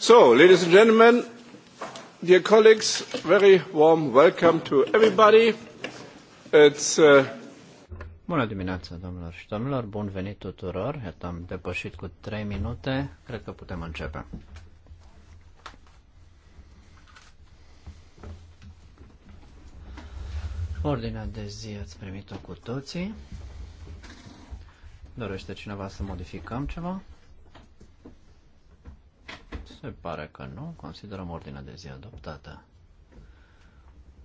So, ladies and gentlemen, dear colleagues, very warm welcome to everybody. It's, uh... Bună dimineața, domnilor și domnilor, bun venit tuturor. Iată, am depășit cu 3 minute, cred că putem începe. Ordinea de zi ați primit-o cu toții. Dorește cineva să modificăm ceva? Se pare că nu. Considerăm ordinea de zi adoptată.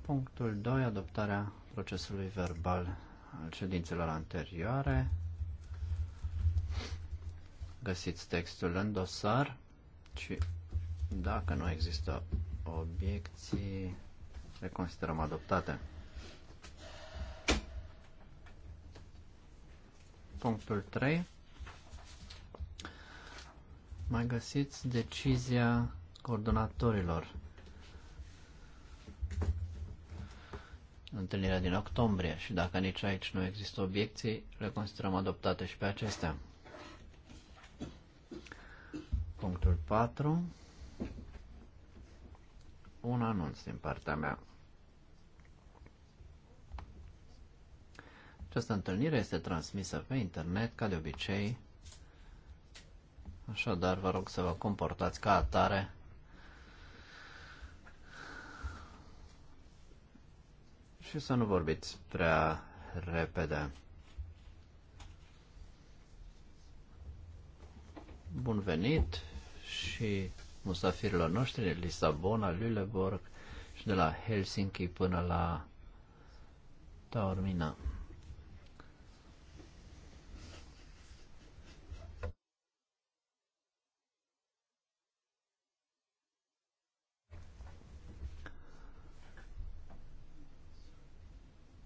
Punctul 2. Adoptarea procesului verbal al ședințelor anterioare. Găsiți textul în dosar și dacă nu există obiecții, le considerăm adoptate. Punctul 3 mai găsiți decizia coordonatorilor. Întâlnirea din octombrie și dacă nici aici nu există obiecții, le considerăm adoptate și pe acestea. Punctul 4. Un anunț din partea mea. Această întâlnire este transmisă pe internet, ca de obicei, Așadar, vă rog să vă comportați ca atare. Și să nu vorbiți prea repede. Bun venit și musafirilor noștri din Lisabona, Luleborg, și de la Helsinki până la Taormina.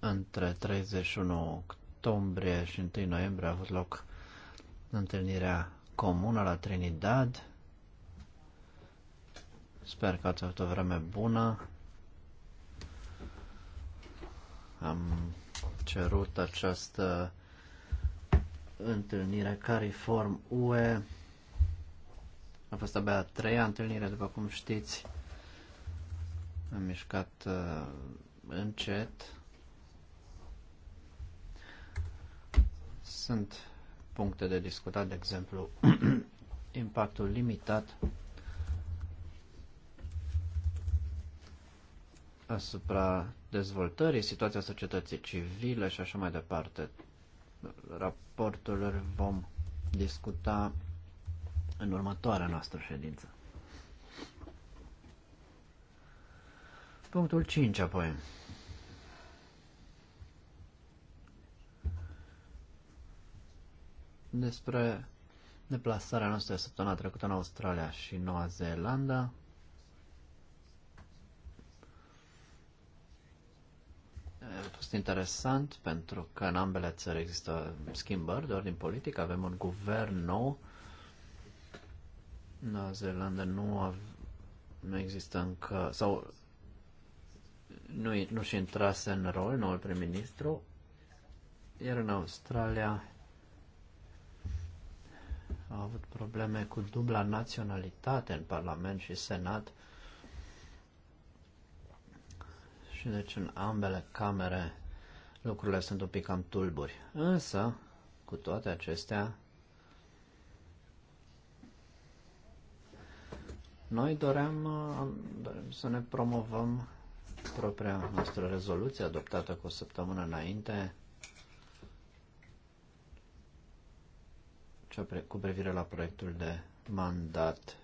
Între 31 octombrie și 1 noiembrie a avut loc întâlnirea comună la Trinidad. Sper că ați avut o vreme bună. Am cerut această întâlnire Cariform UE. A fost abia a treia întâlnire, după cum știți. Am mișcat uh, încet. Sunt puncte de discutat, de exemplu, impactul limitat asupra dezvoltării, situația societății civile și așa mai departe. Raportul îl vom discuta în următoarea noastră ședință. Punctul 5 apoi. despre deplasarea noastră săptămâna trecută în Australia și Noua Zeelandă. A fost interesant pentru că în ambele țări există schimbări de ordin politic, avem un guvern nou. Noua Zeelandă nu, nu există încă, sau nu, nu și intrase în rol noul prim-ministru, iar în Australia au avut probleme cu dubla naționalitate în Parlament și Senat și deci în ambele camere lucrurile sunt un pic cam tulburi. Însă, cu toate acestea, noi doream, doream să ne promovăm propria noastră rezoluție adoptată cu o săptămână înainte cu privire la proiectul de mandat.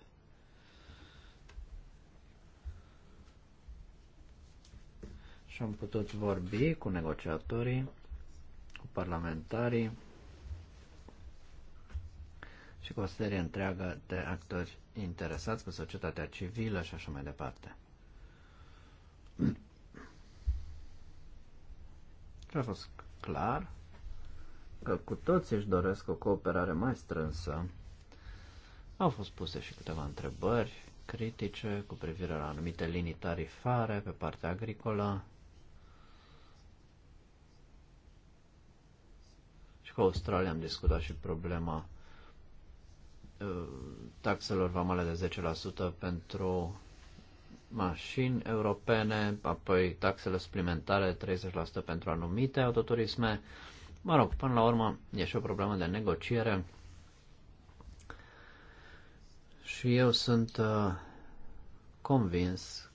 Și am putut vorbi cu negociatorii, cu parlamentarii și cu o serie întreagă de actori interesați, cu societatea civilă și așa mai departe. Și a fost clar că cu toții își doresc o cooperare mai strânsă. Au fost puse și câteva întrebări critice cu privire la anumite linii tarifare pe partea agricolă și cu Australia am discutat și problema ă, taxelor vamale de 10% pentru mașini europene, apoi taxele suplimentare 30% pentru anumite autoturisme. Uh, Mă rog, până la urmă e și o problemă de negociere. Și eu sunt uh, convins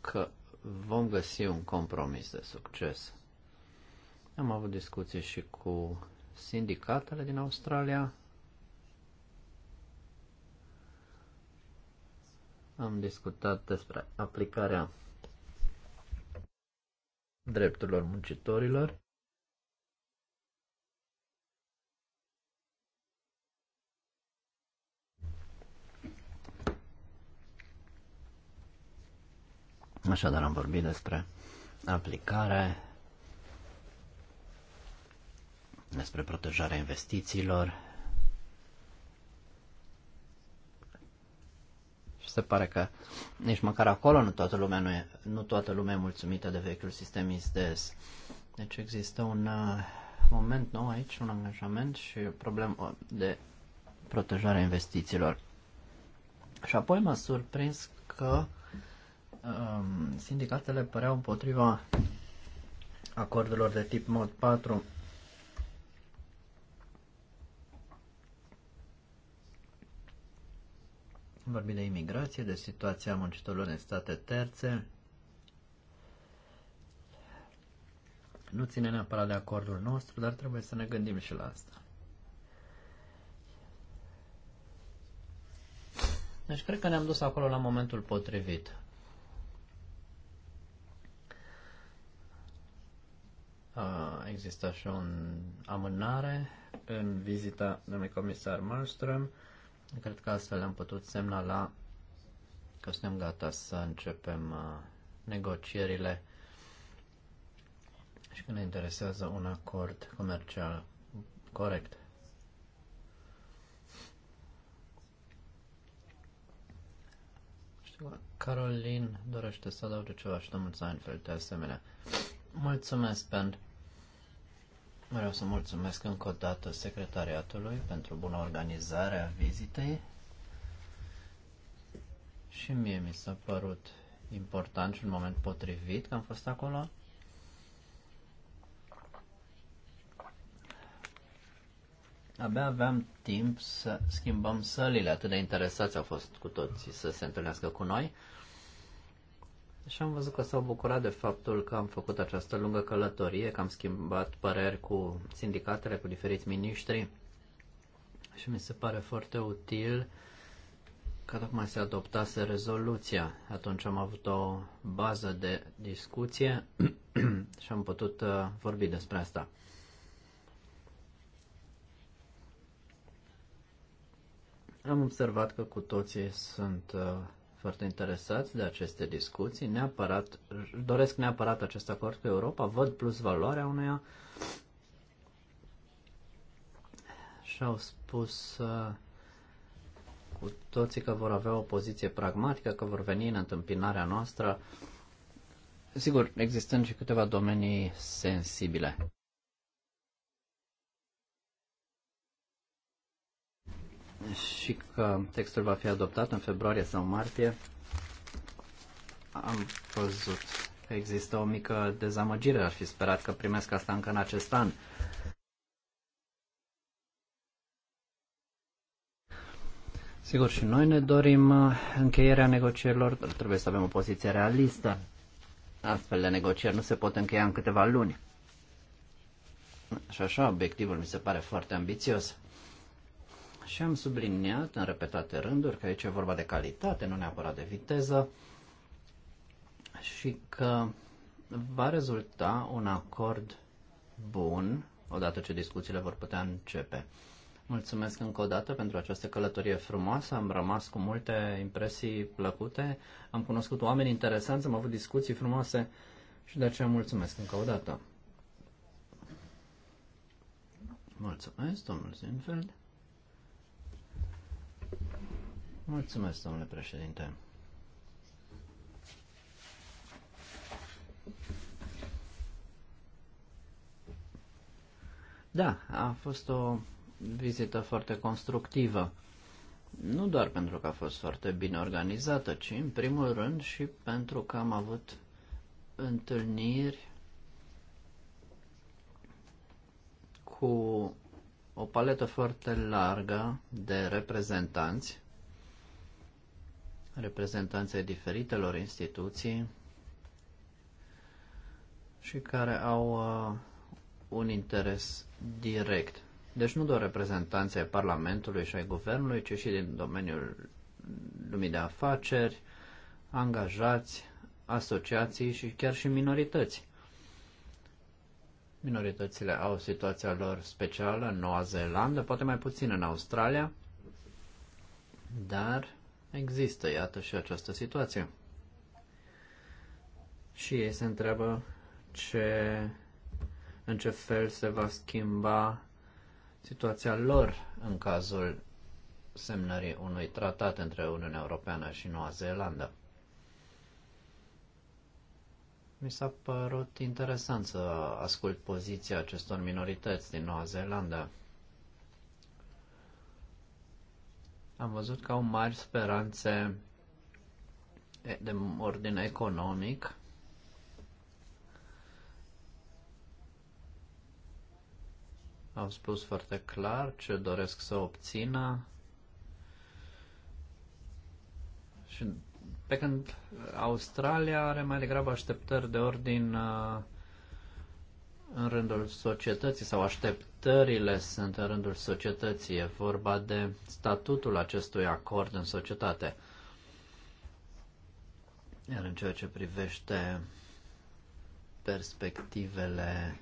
că vom găsi un compromis de succes. Am avut discuții și cu sindicatele din Australia. Am discutat despre aplicarea drepturilor muncitorilor. Așadar am vorbit despre aplicare, despre protejarea investițiilor și se pare că nici măcar acolo nu toată lumea, nu e, nu toată lumea e mulțumită de vechiul sistem ISDS. Deci există un uh, moment nou aici, un angajament și problemă de protejarea investițiilor. Și apoi m-a surprins că um, sindicatele păreau împotriva acordurilor de tip mod 4. Vorbim de imigrație, de situația muncitorilor în state terțe. Nu ține neapărat de acordul nostru, dar trebuie să ne gândim și la asta. Deci cred că ne-am dus acolo la momentul potrivit. exista și o amânare în vizita domnului comisar Malmström. Cred că astfel am putut semnala că suntem gata să începem uh, negocierile și că ne interesează un acord comercial corect. Caroline dorește să adauge ceva și domnul Seinfeld de asemenea. Mulțumesc pentru Vreau să mulțumesc încă o dată secretariatului pentru bună organizare a vizitei și mie mi s-a părut important și un moment potrivit că am fost acolo. Abia aveam timp să schimbăm sălile, atât de interesați au fost cu toții să se întâlnească cu noi. Și am văzut că s-au bucurat de faptul că am făcut această lungă călătorie, că am schimbat păreri cu sindicatele, cu diferiți miniștri. Și mi se pare foarte util că tocmai se adoptase rezoluția. Atunci am avut o bază de discuție și am putut uh, vorbi despre asta. Am observat că cu toții sunt uh, foarte interesați de aceste discuții, neapărat, doresc neapărat acest acord cu Europa, văd plus valoarea uneia și au spus uh, cu toții că vor avea o poziție pragmatică, că vor veni în întâmpinarea noastră, sigur, existând și câteva domenii sensibile. și că textul va fi adoptat în februarie sau martie, am văzut că există o mică dezamăgire. Aș fi sperat că primesc asta încă în acest an. Sigur, și noi ne dorim uh, încheierea negocierilor, dar trebuie să avem o poziție realistă. Astfel de negocieri nu se pot încheia în câteva luni. Și așa, obiectivul mi se pare foarte ambițios și am subliniat în repetate rânduri că aici e vorba de calitate, nu neapărat de viteză și că va rezulta un acord bun odată ce discuțiile vor putea începe. Mulțumesc încă o dată pentru această călătorie frumoasă, am rămas cu multe impresii plăcute, am cunoscut oameni interesanți, am avut discuții frumoase și de aceea mulțumesc încă o dată. Mulțumesc, domnul Zinfeld. Mulțumesc, domnule președinte. Da, a fost o vizită foarte constructivă. Nu doar pentru că a fost foarte bine organizată, ci în primul rând și pentru că am avut întâlniri cu o paletă foarte largă de reprezentanți reprezentanței diferitelor instituții și care au uh, un interes direct. Deci nu doar reprezentanței Parlamentului și ai Guvernului, ci și din domeniul lumii de afaceri, angajați, asociații și chiar și minorități. Minoritățile au situația lor specială în Noua Zeelandă, poate mai puțin în Australia, dar Există, iată, și această situație. Și ei se întreabă ce, în ce fel se va schimba situația lor în cazul semnării unui tratat între Uniunea Europeană și Noua Zeelandă. Mi s-a părut interesant să ascult poziția acestor minorități din Noua Zeelandă. am văzut că au mari speranțe de ordin economic. Au spus foarte clar ce doresc să obțină și pe când Australia are mai degrabă așteptări de ordin uh, în rândul societății sau aștept așteptările sunt în rândul societății, e vorba de statutul acestui acord în societate. Iar în ceea ce privește perspectivele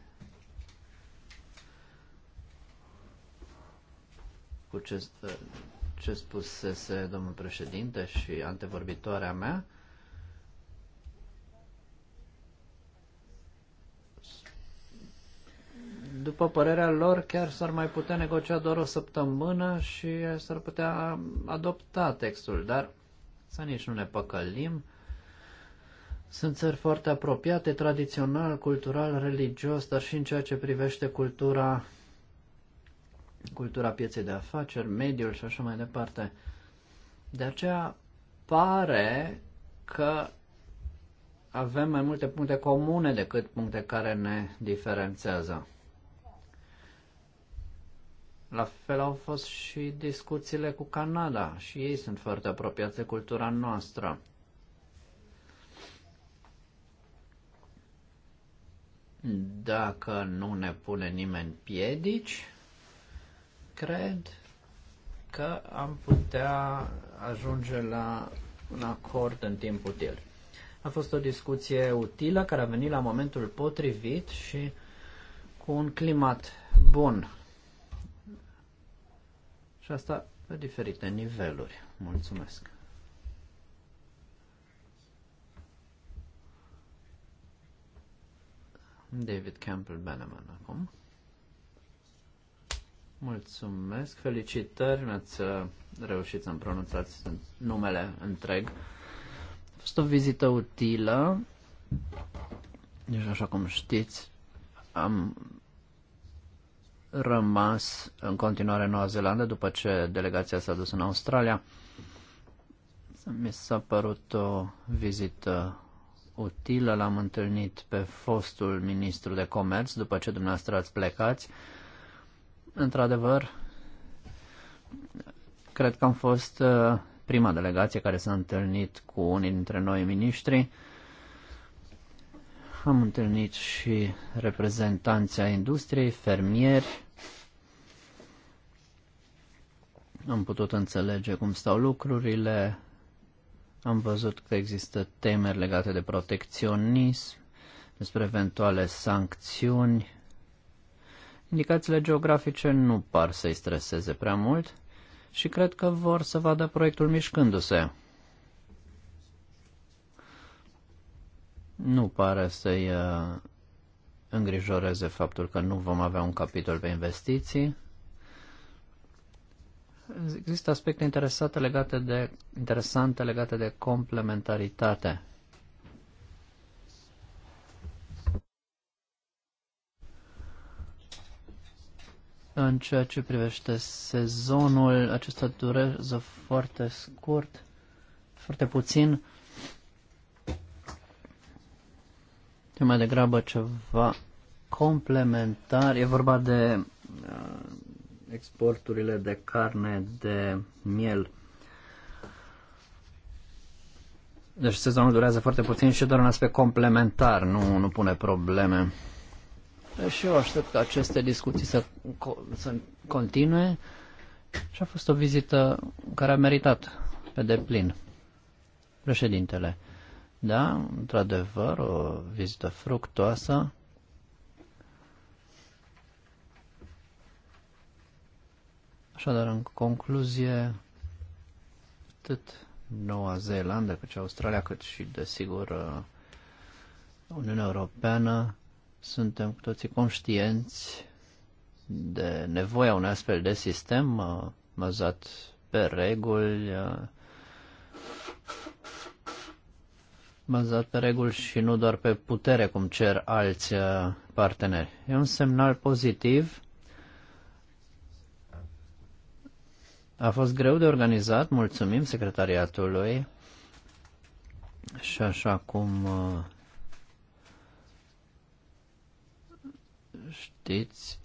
cu ce, ce spusese domnul președinte și antevorbitoarea mea, după părerea lor, chiar s-ar mai putea negocia doar o săptămână și s-ar putea adopta textul, dar să nici nu ne păcălim. Sunt țări foarte apropiate, tradițional, cultural, religios, dar și în ceea ce privește cultura, cultura pieței de afaceri, mediul și așa mai departe. De aceea pare că avem mai multe puncte comune decât puncte care ne diferențează. La fel au fost și discuțiile cu Canada și ei sunt foarte apropiați de cultura noastră. Dacă nu ne pune nimeni piedici, cred că am putea ajunge la un acord în timp util. A fost o discuție utilă care a venit la momentul potrivit și cu un climat bun și asta pe diferite niveluri. Mulțumesc! David Campbell Bannerman acum. Mulțumesc, felicitări, mi-ați uh, reușit să-mi pronunțați numele întreg. A fost o vizită utilă, deci așa cum știți, am rămas în continuare în Noua Zeelandă după ce delegația s-a dus în Australia. Mi s-a părut o vizită utilă. L-am întâlnit pe fostul ministru de comerț după ce dumneavoastră ați plecați. Într-adevăr, cred că am fost uh, prima delegație care s-a întâlnit cu unii dintre noi miniștri am întâlnit și reprezentanții a industriei, fermieri. Am putut înțelege cum stau lucrurile. Am văzut că există temeri legate de protecționism, despre eventuale sancțiuni. Indicațiile geografice nu par să-i streseze prea mult și cred că vor să vadă proiectul mișcându-se. nu pare să-i uh, îngrijoreze faptul că nu vom avea un capitol pe investiții. Există aspecte interesate legate de, interesante legate de complementaritate. În ceea ce privește sezonul, acesta durează foarte scurt, foarte puțin. e mai degrabă ceva complementar. E vorba de uh, exporturile de carne de miel. Deci sezonul durează foarte puțin și doar un aspect complementar, nu, nu pune probleme. Deci eu aștept ca aceste discuții să, să continue și a fost o vizită care a meritat pe deplin. Președintele, da, într-adevăr, o vizită fructoasă. Așadar, în concluzie, atât Noua Zeelandă, cât și Australia, cât și, desigur, Uniunea Europeană, suntem cu toții conștienți de nevoia unui astfel de sistem uh, bazat pe reguli uh, bazat pe reguli și nu doar pe putere, cum cer alți uh, parteneri. E un semnal pozitiv. A fost greu de organizat, mulțumim secretariatului și așa cum uh, știți,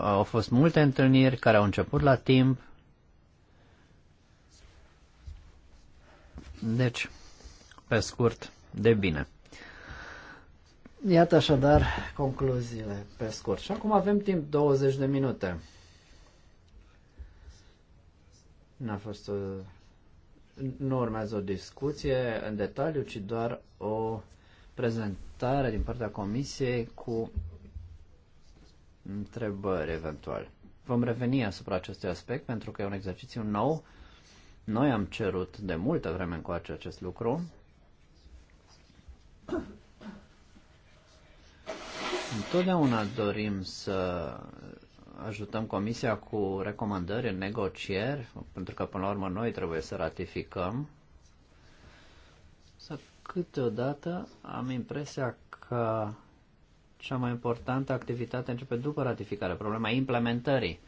au fost multe întâlniri care au început la timp. Deci, pe scurt, de bine. Iată așadar concluziile pe scurt. Și acum avem timp 20 de minute. N-a fost o... Nu urmează o discuție în detaliu, ci doar o prezentare din partea comisiei cu întrebări eventual. Vom reveni asupra acestui aspect pentru că e un exercițiu nou. Noi am cerut de multă vreme încoace acest lucru Întotdeauna dorim să ajutăm Comisia cu recomandări în negocieri, pentru că până la urmă noi trebuie să ratificăm. Să câteodată am impresia că cea mai importantă activitate începe după ratificare, problema implementării.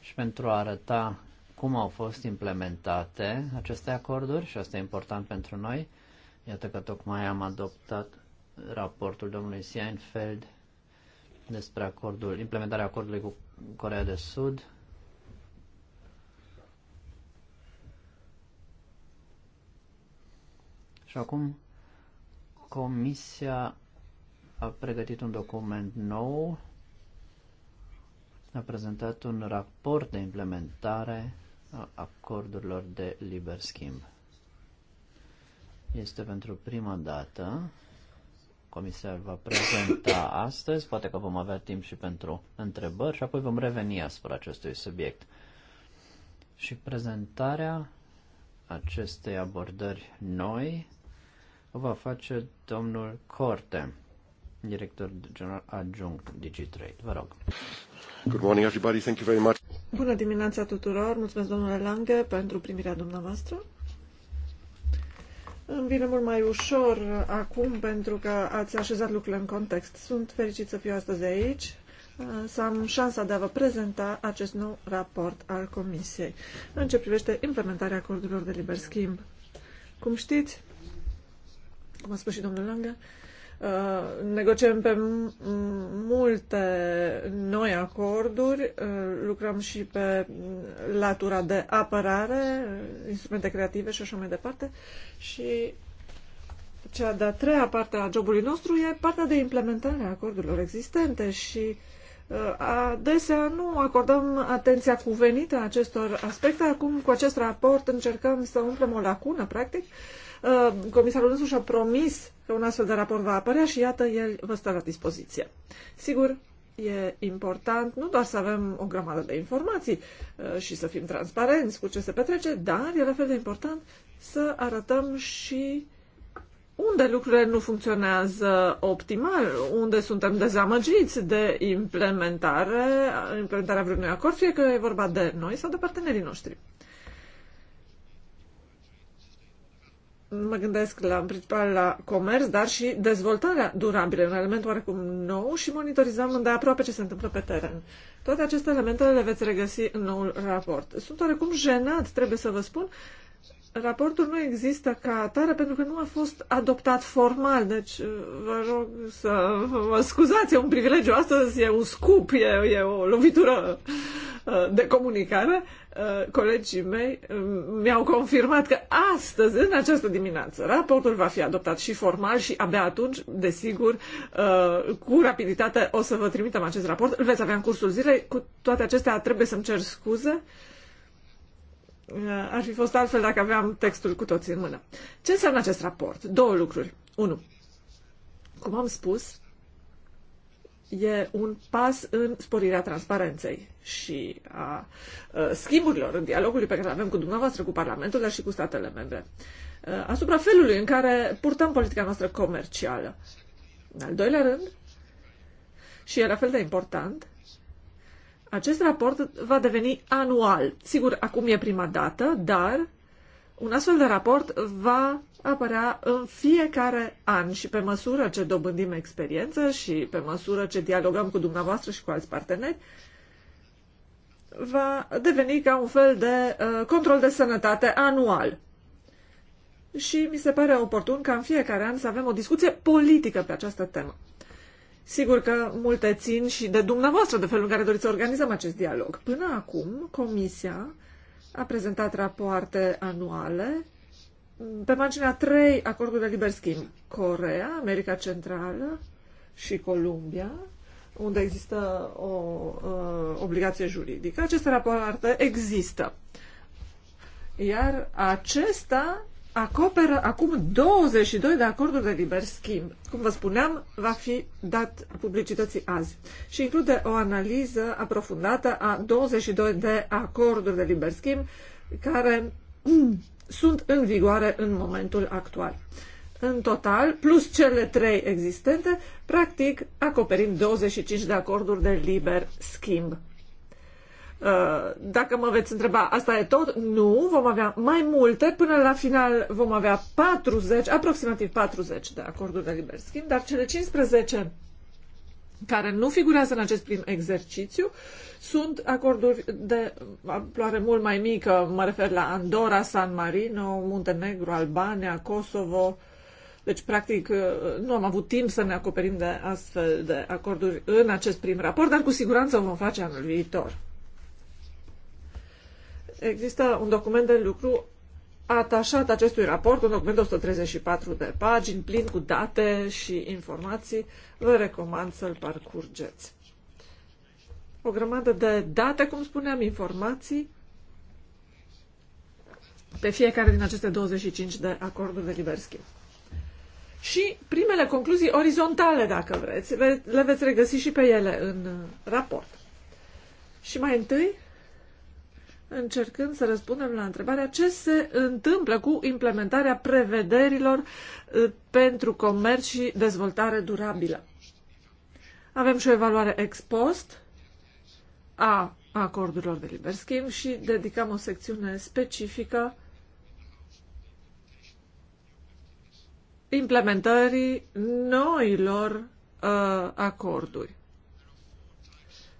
Și pentru a arăta cum au fost implementate aceste acorduri, și asta e important pentru noi, Iată că tocmai am adoptat raportul domnului Seinfeld despre acordul, implementarea acordului cu Corea de Sud. Și acum Comisia a pregătit un document nou, a prezentat un raport de implementare a acordurilor de liber schimb este pentru prima dată. Comisar va prezenta astăzi, poate că vom avea timp și pentru întrebări și apoi vom reveni asupra acestui subiect. Și prezentarea acestei abordări noi o va face domnul Corte, director general adjunct DigiTrade. Vă rog. Good morning everybody. Thank you very much. Bună dimineața tuturor. Mulțumesc domnule Lange pentru primirea dumneavoastră. Îmi vine mult mai ușor acum pentru că ați așezat lucrurile în context. Sunt fericit să fiu astăzi aici, să am șansa de a vă prezenta acest nou raport al Comisiei în ce privește implementarea acordurilor de liber schimb. Cum știți, cum a spus și domnul Lange, Uh, negociem pe multe noi acorduri, uh, lucrăm și pe latura de apărare, instrumente creative și așa mai departe. Și cea de-a treia parte a jobului nostru e partea de implementare a acordurilor existente și uh, adesea nu acordăm atenția cuvenită acestor aspecte. Acum, cu acest raport, încercăm să umplem o lacună, practic, uh, Uh, comisarul însuși a promis că un astfel de raport va apărea și iată, el vă stă la dispoziție. Sigur, e important nu doar să avem o grămadă de informații uh, și să fim transparenți cu ce se petrece, dar e la fel de important să arătăm și unde lucrurile nu funcționează optimal, unde suntem dezamăgiți de implementare, implementarea vreunui acord, fie că e vorba de noi sau de partenerii noștri. mă gândesc la, în principal la comerț, dar și dezvoltarea durabilă, un element oarecum nou și monitorizăm îndeaproape ce se întâmplă pe teren. Toate aceste elemente le veți regăsi în noul raport. Sunt oarecum jenat, trebuie să vă spun, raportul nu există ca atare pentru că nu a fost adoptat formal, deci uh, vă rog să mă scuzați, e un privilegiu astăzi, e un scup, e, e o lovitură uh, de comunicare. Uh, colegii mei um, mi-au confirmat că astăzi, în această dimineață, raportul va fi adoptat și formal și abia atunci, desigur, cu rapiditate o să vă trimitem acest raport. Îl veți avea în cursul zilei. Cu toate acestea trebuie să-mi cer scuze. Uh, ar fi fost altfel dacă aveam textul cu toții în mână. Ce înseamnă acest raport? Două lucruri. Unu, cum am spus, e un pas în sporirea transparenței și a schimburilor în dialogul pe care îl avem cu dumneavoastră, cu Parlamentul, dar și cu statele membre, asupra felului în care purtăm politica noastră comercială. În al doilea rând, și e la fel de important, acest raport va deveni anual. Sigur, acum e prima dată, dar un astfel de raport va apărea în fiecare an și pe măsură ce dobândim experiență și pe măsură ce dialogăm cu dumneavoastră și cu alți parteneri, va deveni ca un fel de uh, control de sănătate anual. Și mi se pare oportun ca în fiecare an să avem o discuție politică pe această temă. Sigur că multe țin și de dumneavoastră, de felul în care doriți să organizăm acest dialog. Până acum, Comisia a prezentat rapoarte anuale pe marginea trei acorduri de liber schimb. Corea, America Centrală și Columbia, unde există o uh, obligație juridică. Aceste rapoarte există. Iar acesta acoperă acum 22 de acorduri de liber schimb. Cum vă spuneam, va fi dat publicității azi și include o analiză aprofundată a 22 de acorduri de liber schimb care mm, sunt în vigoare în momentul actual. În total, plus cele trei existente, practic acoperim 25 de acorduri de liber schimb. Uh, dacă mă veți întreba, asta e tot? Nu, vom avea mai multe. Până la final vom avea 40, aproximativ 40 de acorduri de liber schimb, dar cele 15 care nu figurează în acest prim exercițiu sunt acorduri de amploare mult mai mică, mă refer la Andorra, San Marino, Muntenegru, Albania, Kosovo. Deci, practic, uh, nu am avut timp să ne acoperim de astfel de acorduri în acest prim raport, dar cu siguranță o vom face anul viitor există un document de lucru atașat acestui raport, un document de 134 de pagini, plin cu date și informații. Vă recomand să-l parcurgeți. O grămadă de date, cum spuneam, informații pe fiecare din aceste 25 de acorduri de liber schimb. Și primele concluzii orizontale, dacă vreți, le veți regăsi și pe ele în raport. Și mai întâi, încercând să răspundem la întrebarea ce se întâmplă cu implementarea prevederilor uh, pentru comerț și dezvoltare durabilă. Avem și o evaluare ex post a acordurilor de liber schimb și dedicăm o secțiune specifică implementării noilor uh, acorduri.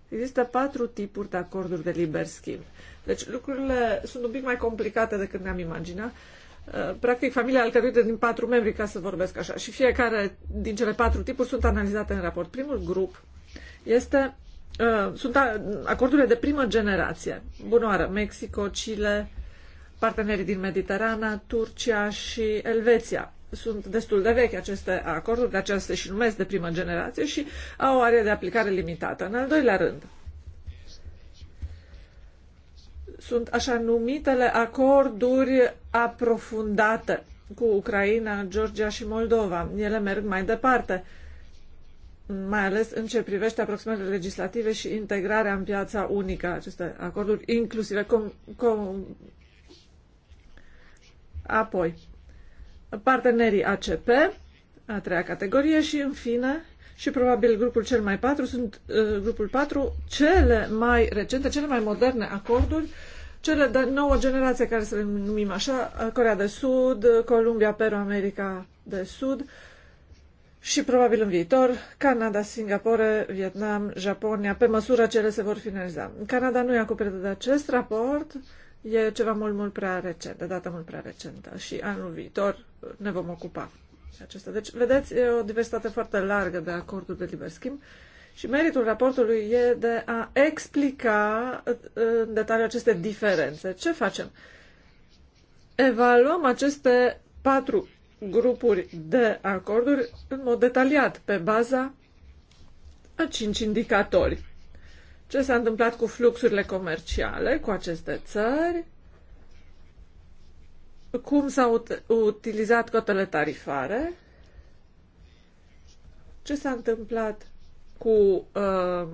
Există patru tipuri de acorduri de liber schimb. Deci lucrurile sunt un pic mai complicate decât ne-am imaginat. Uh, practic, familia alcăruită din patru membri, ca să vorbesc așa, și fiecare din cele patru tipuri sunt analizate în raport. Primul grup este, uh, sunt acordurile de primă generație. Bunoară, Mexico, Chile, partenerii din Mediterana, Turcia și Elveția. Sunt destul de vechi aceste acorduri, de aceea se și numesc de primă generație și au o area de aplicare limitată. În al doilea rând, sunt așa numitele acorduri aprofundate cu Ucraina, Georgia și Moldova. Ele merg mai departe, mai ales în ce privește aproximările legislative și integrarea în piața unică aceste acorduri, inclusive com, com... apoi partenerii ACP, a treia categorie și în fine și probabil grupul cel mai patru sunt uh, grupul patru cele mai recente, cele mai moderne acorduri uh, cele de nouă generație care să le numim așa, Corea de Sud, Columbia, Peru, America de Sud și probabil în viitor Canada, Singapore, Vietnam, Japonia, pe măsură ce ele se vor finaliza. Canada nu e acoperită de acest raport, e ceva mult, mult prea recent, de data mult prea recentă și anul viitor ne vom ocupa de acesta. Deci, vedeți, e o diversitate foarte largă de acorduri de liber schimb și meritul raportului e de a explica uh, în detaliu aceste diferențe. Ce facem? Evaluăm aceste patru grupuri de acorduri în mod detaliat, pe baza a cinci indicatori. Ce s-a întâmplat cu fluxurile comerciale cu aceste țări, cum s-au utilizat cotele tarifare, ce s-a întâmplat cu uh,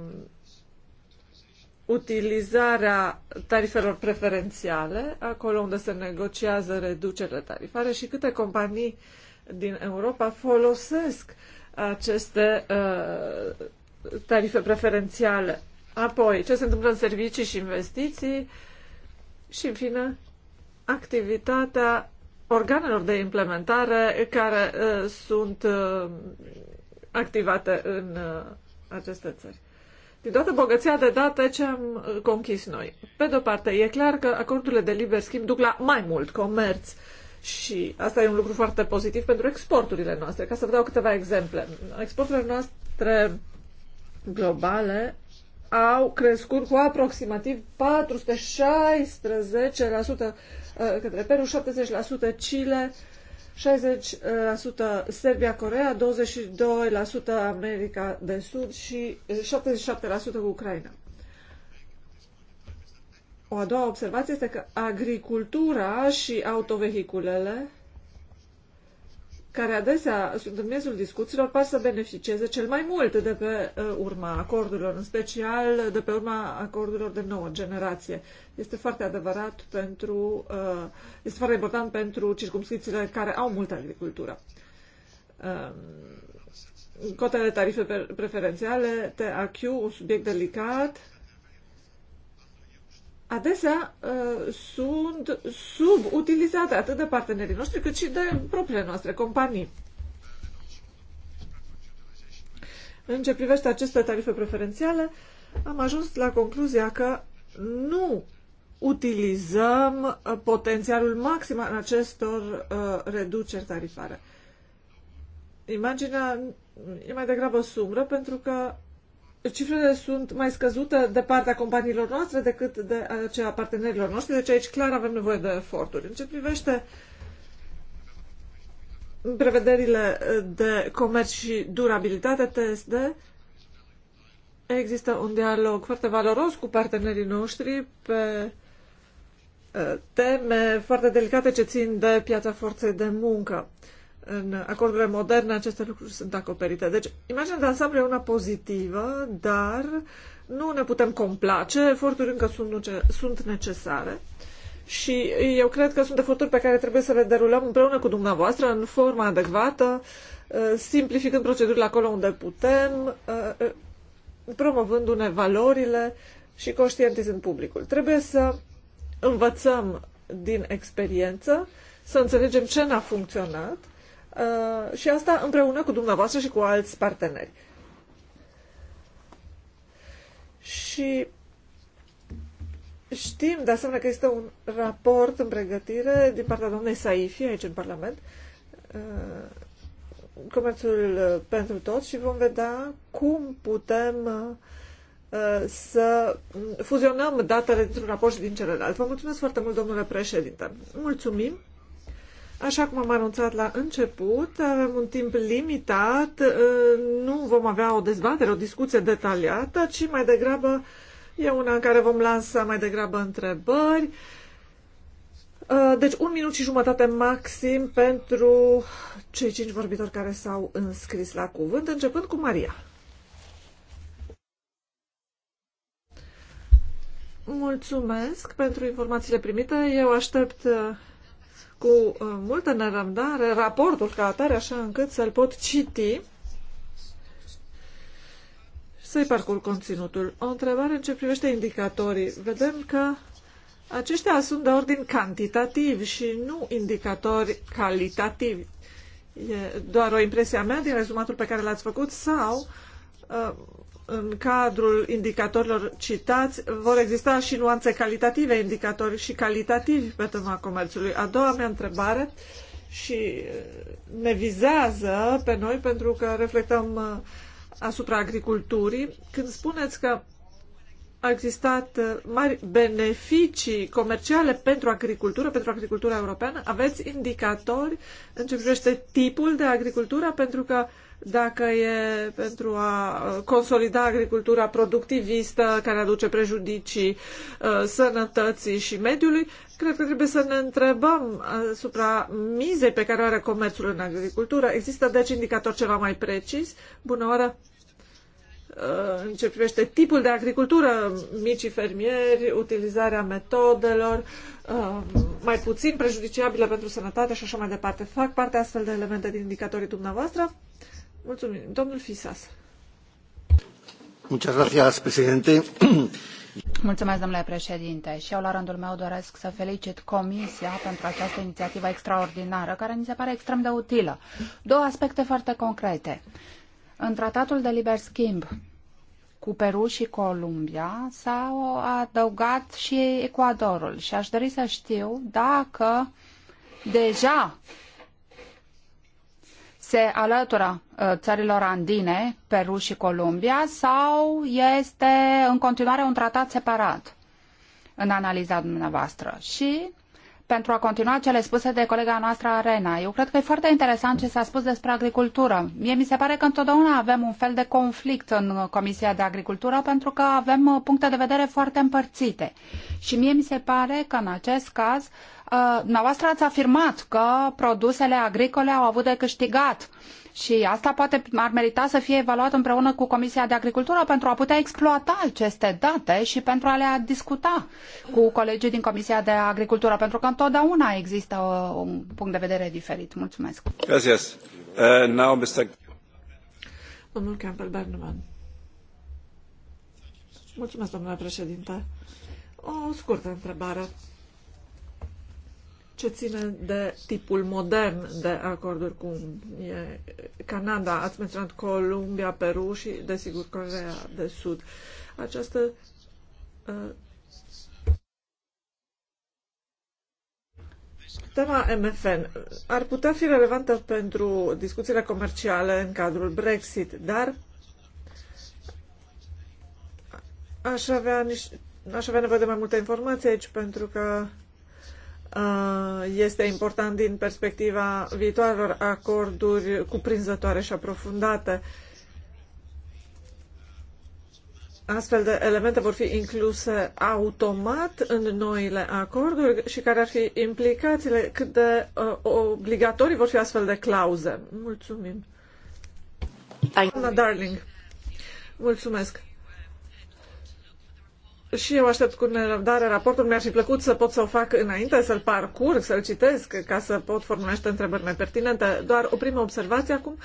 utilizarea tarifelor preferențiale, acolo unde se negociază reducerile tarifare și câte companii din Europa folosesc aceste uh, tarife preferențiale. Apoi, ce se întâmplă în servicii și investiții și, în fine, activitatea organelor de implementare care uh, sunt uh, activate în uh, aceste țări. Din toată bogăția de date ce am uh, conchis noi. Pe de-o parte, e clar că acordurile de liber schimb duc la mai mult comerț și asta e un lucru foarte pozitiv pentru exporturile noastre. Ca să vă dau câteva exemple. Exporturile noastre globale au crescut cu aproximativ 416% uh, către Peru, 70% Chile, 60% Serbia-Corea, 22% America de Sud și 77% uh, cu Ucraina. O a doua observație este că agricultura și autovehiculele care adesea, în miezul discuțiilor, par să beneficieze cel mai mult de pe uh, urma acordurilor, în special de pe urma acordurilor de nouă generație. Este foarte adevărat pentru, uh, este foarte important pentru circumscripțiile care au multă agricultură. Um, cotele tarife preferențiale, TAQ, un subiect delicat, adesea uh, sunt subutilizate atât de partenerii noștri cât și de propriile noastre companii. În ce privește aceste tarife preferențiale, am ajuns la concluzia că nu utilizăm uh, potențialul maxim al acestor uh, reduceri tarifare. Imaginea e mai degrabă sumbră pentru că cifrele sunt mai scăzute de partea companiilor noastre decât de cea a partenerilor noștri, deci aici clar avem nevoie de eforturi. În ce privește prevederile de comerț și durabilitate, TSD, există un dialog foarte valoros cu partenerii noștri pe teme foarte delicate ce țin de piața forței de muncă în acordurile moderne aceste lucruri sunt acoperite. Deci, imaginea de ansamblu e una pozitivă, dar nu ne putem complace, eforturi încă sunt, sunt necesare și eu cred că sunt eforturi pe care trebuie să le derulăm împreună cu dumneavoastră în forma adecvată, uh, simplificând procedurile acolo unde putem, uh, uh, promovându-ne valorile și conștientizând publicul. Trebuie să învățăm din experiență, să înțelegem ce n-a funcționat Uh, și asta împreună cu dumneavoastră și cu alți parteneri. Și știm, de asemenea, că există un raport în pregătire din partea doamnei Saifi aici în Parlament, uh, Comerțul uh, pentru toți și vom vedea cum putem să fuzionăm datele dintr-un raport și din celălalt. Vă mulțumesc foarte mult, domnule președinte. Mulțumim! Așa cum am anunțat la început, avem un timp limitat, ă, nu vom avea o dezbatere, o discuție detaliată, ci mai degrabă e una în care vom lansa mai degrabă întrebări. Ă, deci un minut și jumătate maxim pentru cei cinci vorbitori care s-au înscris la cuvânt, începând cu Maria. Mulțumesc pentru informațiile primite. Eu aștept ă, cu uh, multă nerăbdare raportul ca atare, așa încât să-l pot citi să-i parcur conținutul. O întrebare în ce privește indicatorii. Vedem că aceștia sunt de ordin cantitativ și nu indicatori calitativi. E doar o impresie a mea din rezumatul pe care l-ați făcut sau uh, în cadrul indicatorilor citați vor exista și nuanțe calitative, indicatori și calitativi pe tema comerțului. A doua mea întrebare și uh, ne vizează pe noi pentru că reflectăm uh, asupra agriculturii. Când spuneți că au existat uh, mari beneficii comerciale pentru agricultură, pentru agricultura europeană, aveți indicatori în ce privește tipul de agricultură? Pentru că uh, dacă e pentru a uh, consolida agricultura productivistă care aduce prejudicii uh, sănătății și mediului, cred că trebuie să ne întrebăm asupra mizei pe care o are comerțul în agricultură. Există deci indicator ceva mai precis? Bună oară! Uh, în ce privește tipul de agricultură, micii fermieri, utilizarea metodelor mai puțin prejudiciabile pentru sănătate și așa mai departe. Fac parte astfel de elemente din indicatorii dumneavoastră? Mulțumim. Domnul Fisas. Muchas gracias, presidente. Mulțumesc, domnule președinte. Și eu, la rândul meu, doresc să felicit Comisia pentru această inițiativă extraordinară, care mi se pare extrem de utilă. Două aspecte foarte concrete. În tratatul de liber schimb cu Peru și Columbia s-au adăugat și Ecuadorul și aș dori să știu dacă deja se alătură uh, țărilor andine, Peru și Columbia, sau este în continuare un tratat separat în analiza dumneavoastră? Și pentru a continua cele spuse de colega noastră Arena, eu cred că e foarte interesant ce s-a spus despre agricultură. Mie mi se pare că întotdeauna avem un fel de conflict în Comisia de Agricultură pentru că avem uh, puncte de vedere foarte împărțite. Și mie mi se pare că în acest caz Ă, dumneavoastră ați afirmat că produsele agricole au avut de câștigat și asta poate ar merita să fie evaluat împreună cu Comisia de Agricultură pentru a putea exploata aceste date și pentru a le discuta cu colegii din Comisia de Agricultură, pentru că întotdeauna există ă, un punct de vedere diferit. Mulțumesc. Gracias. Uh, now, Mr. Domnul Campbell Berneman. Mulțumesc, domnule președinte. O scurtă întrebare ce ține de tipul modern de acorduri cu Canada, ați menționat Columbia, Peru și, desigur, Corea de Sud. Această uh, Tema MFN ar putea fi relevantă pentru discuțiile comerciale în cadrul Brexit, dar aș avea, niș- aș avea nevoie de mai multe informații aici pentru că este important din perspectiva viitoarelor acorduri cuprinzătoare și aprofundate. Astfel de elemente vor fi incluse automat în noile acorduri și care ar fi implicațiile cât de uh, obligatorii vor fi astfel de clauze. Mulțumim. Doamna Darling, mulțumesc și eu aștept cu nerăbdare raportul. Mi-ar fi plăcut să pot să o fac înainte, să-l parcurg, să-l citesc, ca să pot formula niște întrebări mai pertinente. Doar o primă observație acum.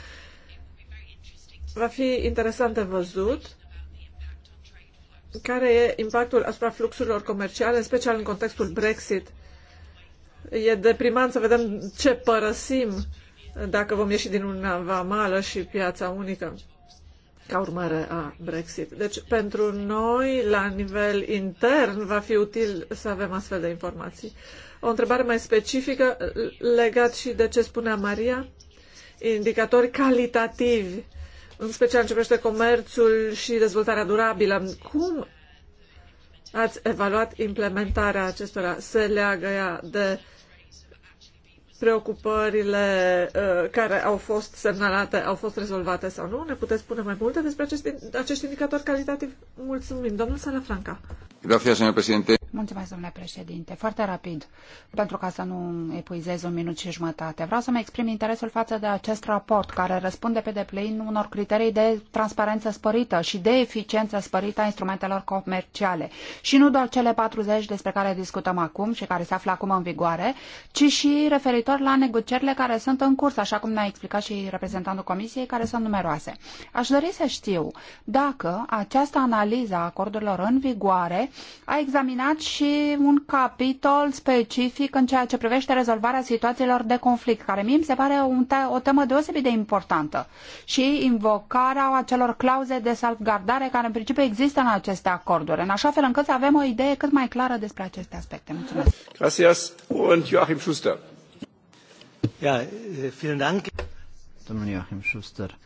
Va fi interesant de văzut care e impactul asupra fluxurilor comerciale, în special în contextul Brexit. E deprimant să vedem ce părăsim dacă vom ieși din Uniunea Vamală și piața unică ca urmare a Brexit. Deci, pentru noi, la nivel intern, va fi util să avem astfel de informații. O întrebare mai specifică legat și de ce spunea Maria, indicatori calitativi, în special în ce privește comerțul și dezvoltarea durabilă. Cum ați evaluat implementarea acestora? Se leagă ea de uh, preocupările uh, care au fost semnalate au fost rezolvate sau nu? Ne puteți spune mai multe despre acest, acest indicator calitativ? Mulțumim. Domnul Salafranca. Franca. Mulțumesc, domnule președinte. Foarte rapid, pentru ca să nu epuizez un minut și jumătate. Vreau să-mi exprim interesul față de acest raport, care răspunde pe deplin unor criterii de transparență spărită și de eficiență spărită a instrumentelor comerciale. Și nu doar cele 40 despre care discutăm acum și care se află acum în vigoare, ci și referitor la negocierile care sunt în curs, așa cum ne-a explicat și reprezentantul Comisiei, care sunt numeroase. Aș dori să știu dacă această analiză a acordurilor în vigoare a examinat și un capitol specific în ceea ce privește rezolvarea situațiilor de conflict, care mie mi se pare o temă deosebit de importantă și invocarea acelor clauze de salvgardare care în principiu există în aceste acorduri, în așa fel încât să avem o idee cât mai clară despre aceste aspecte. Mulțumesc! Gracias und Joachim Schuster. Ja, eh, vielen Dank. Domnul Joachim Schuster.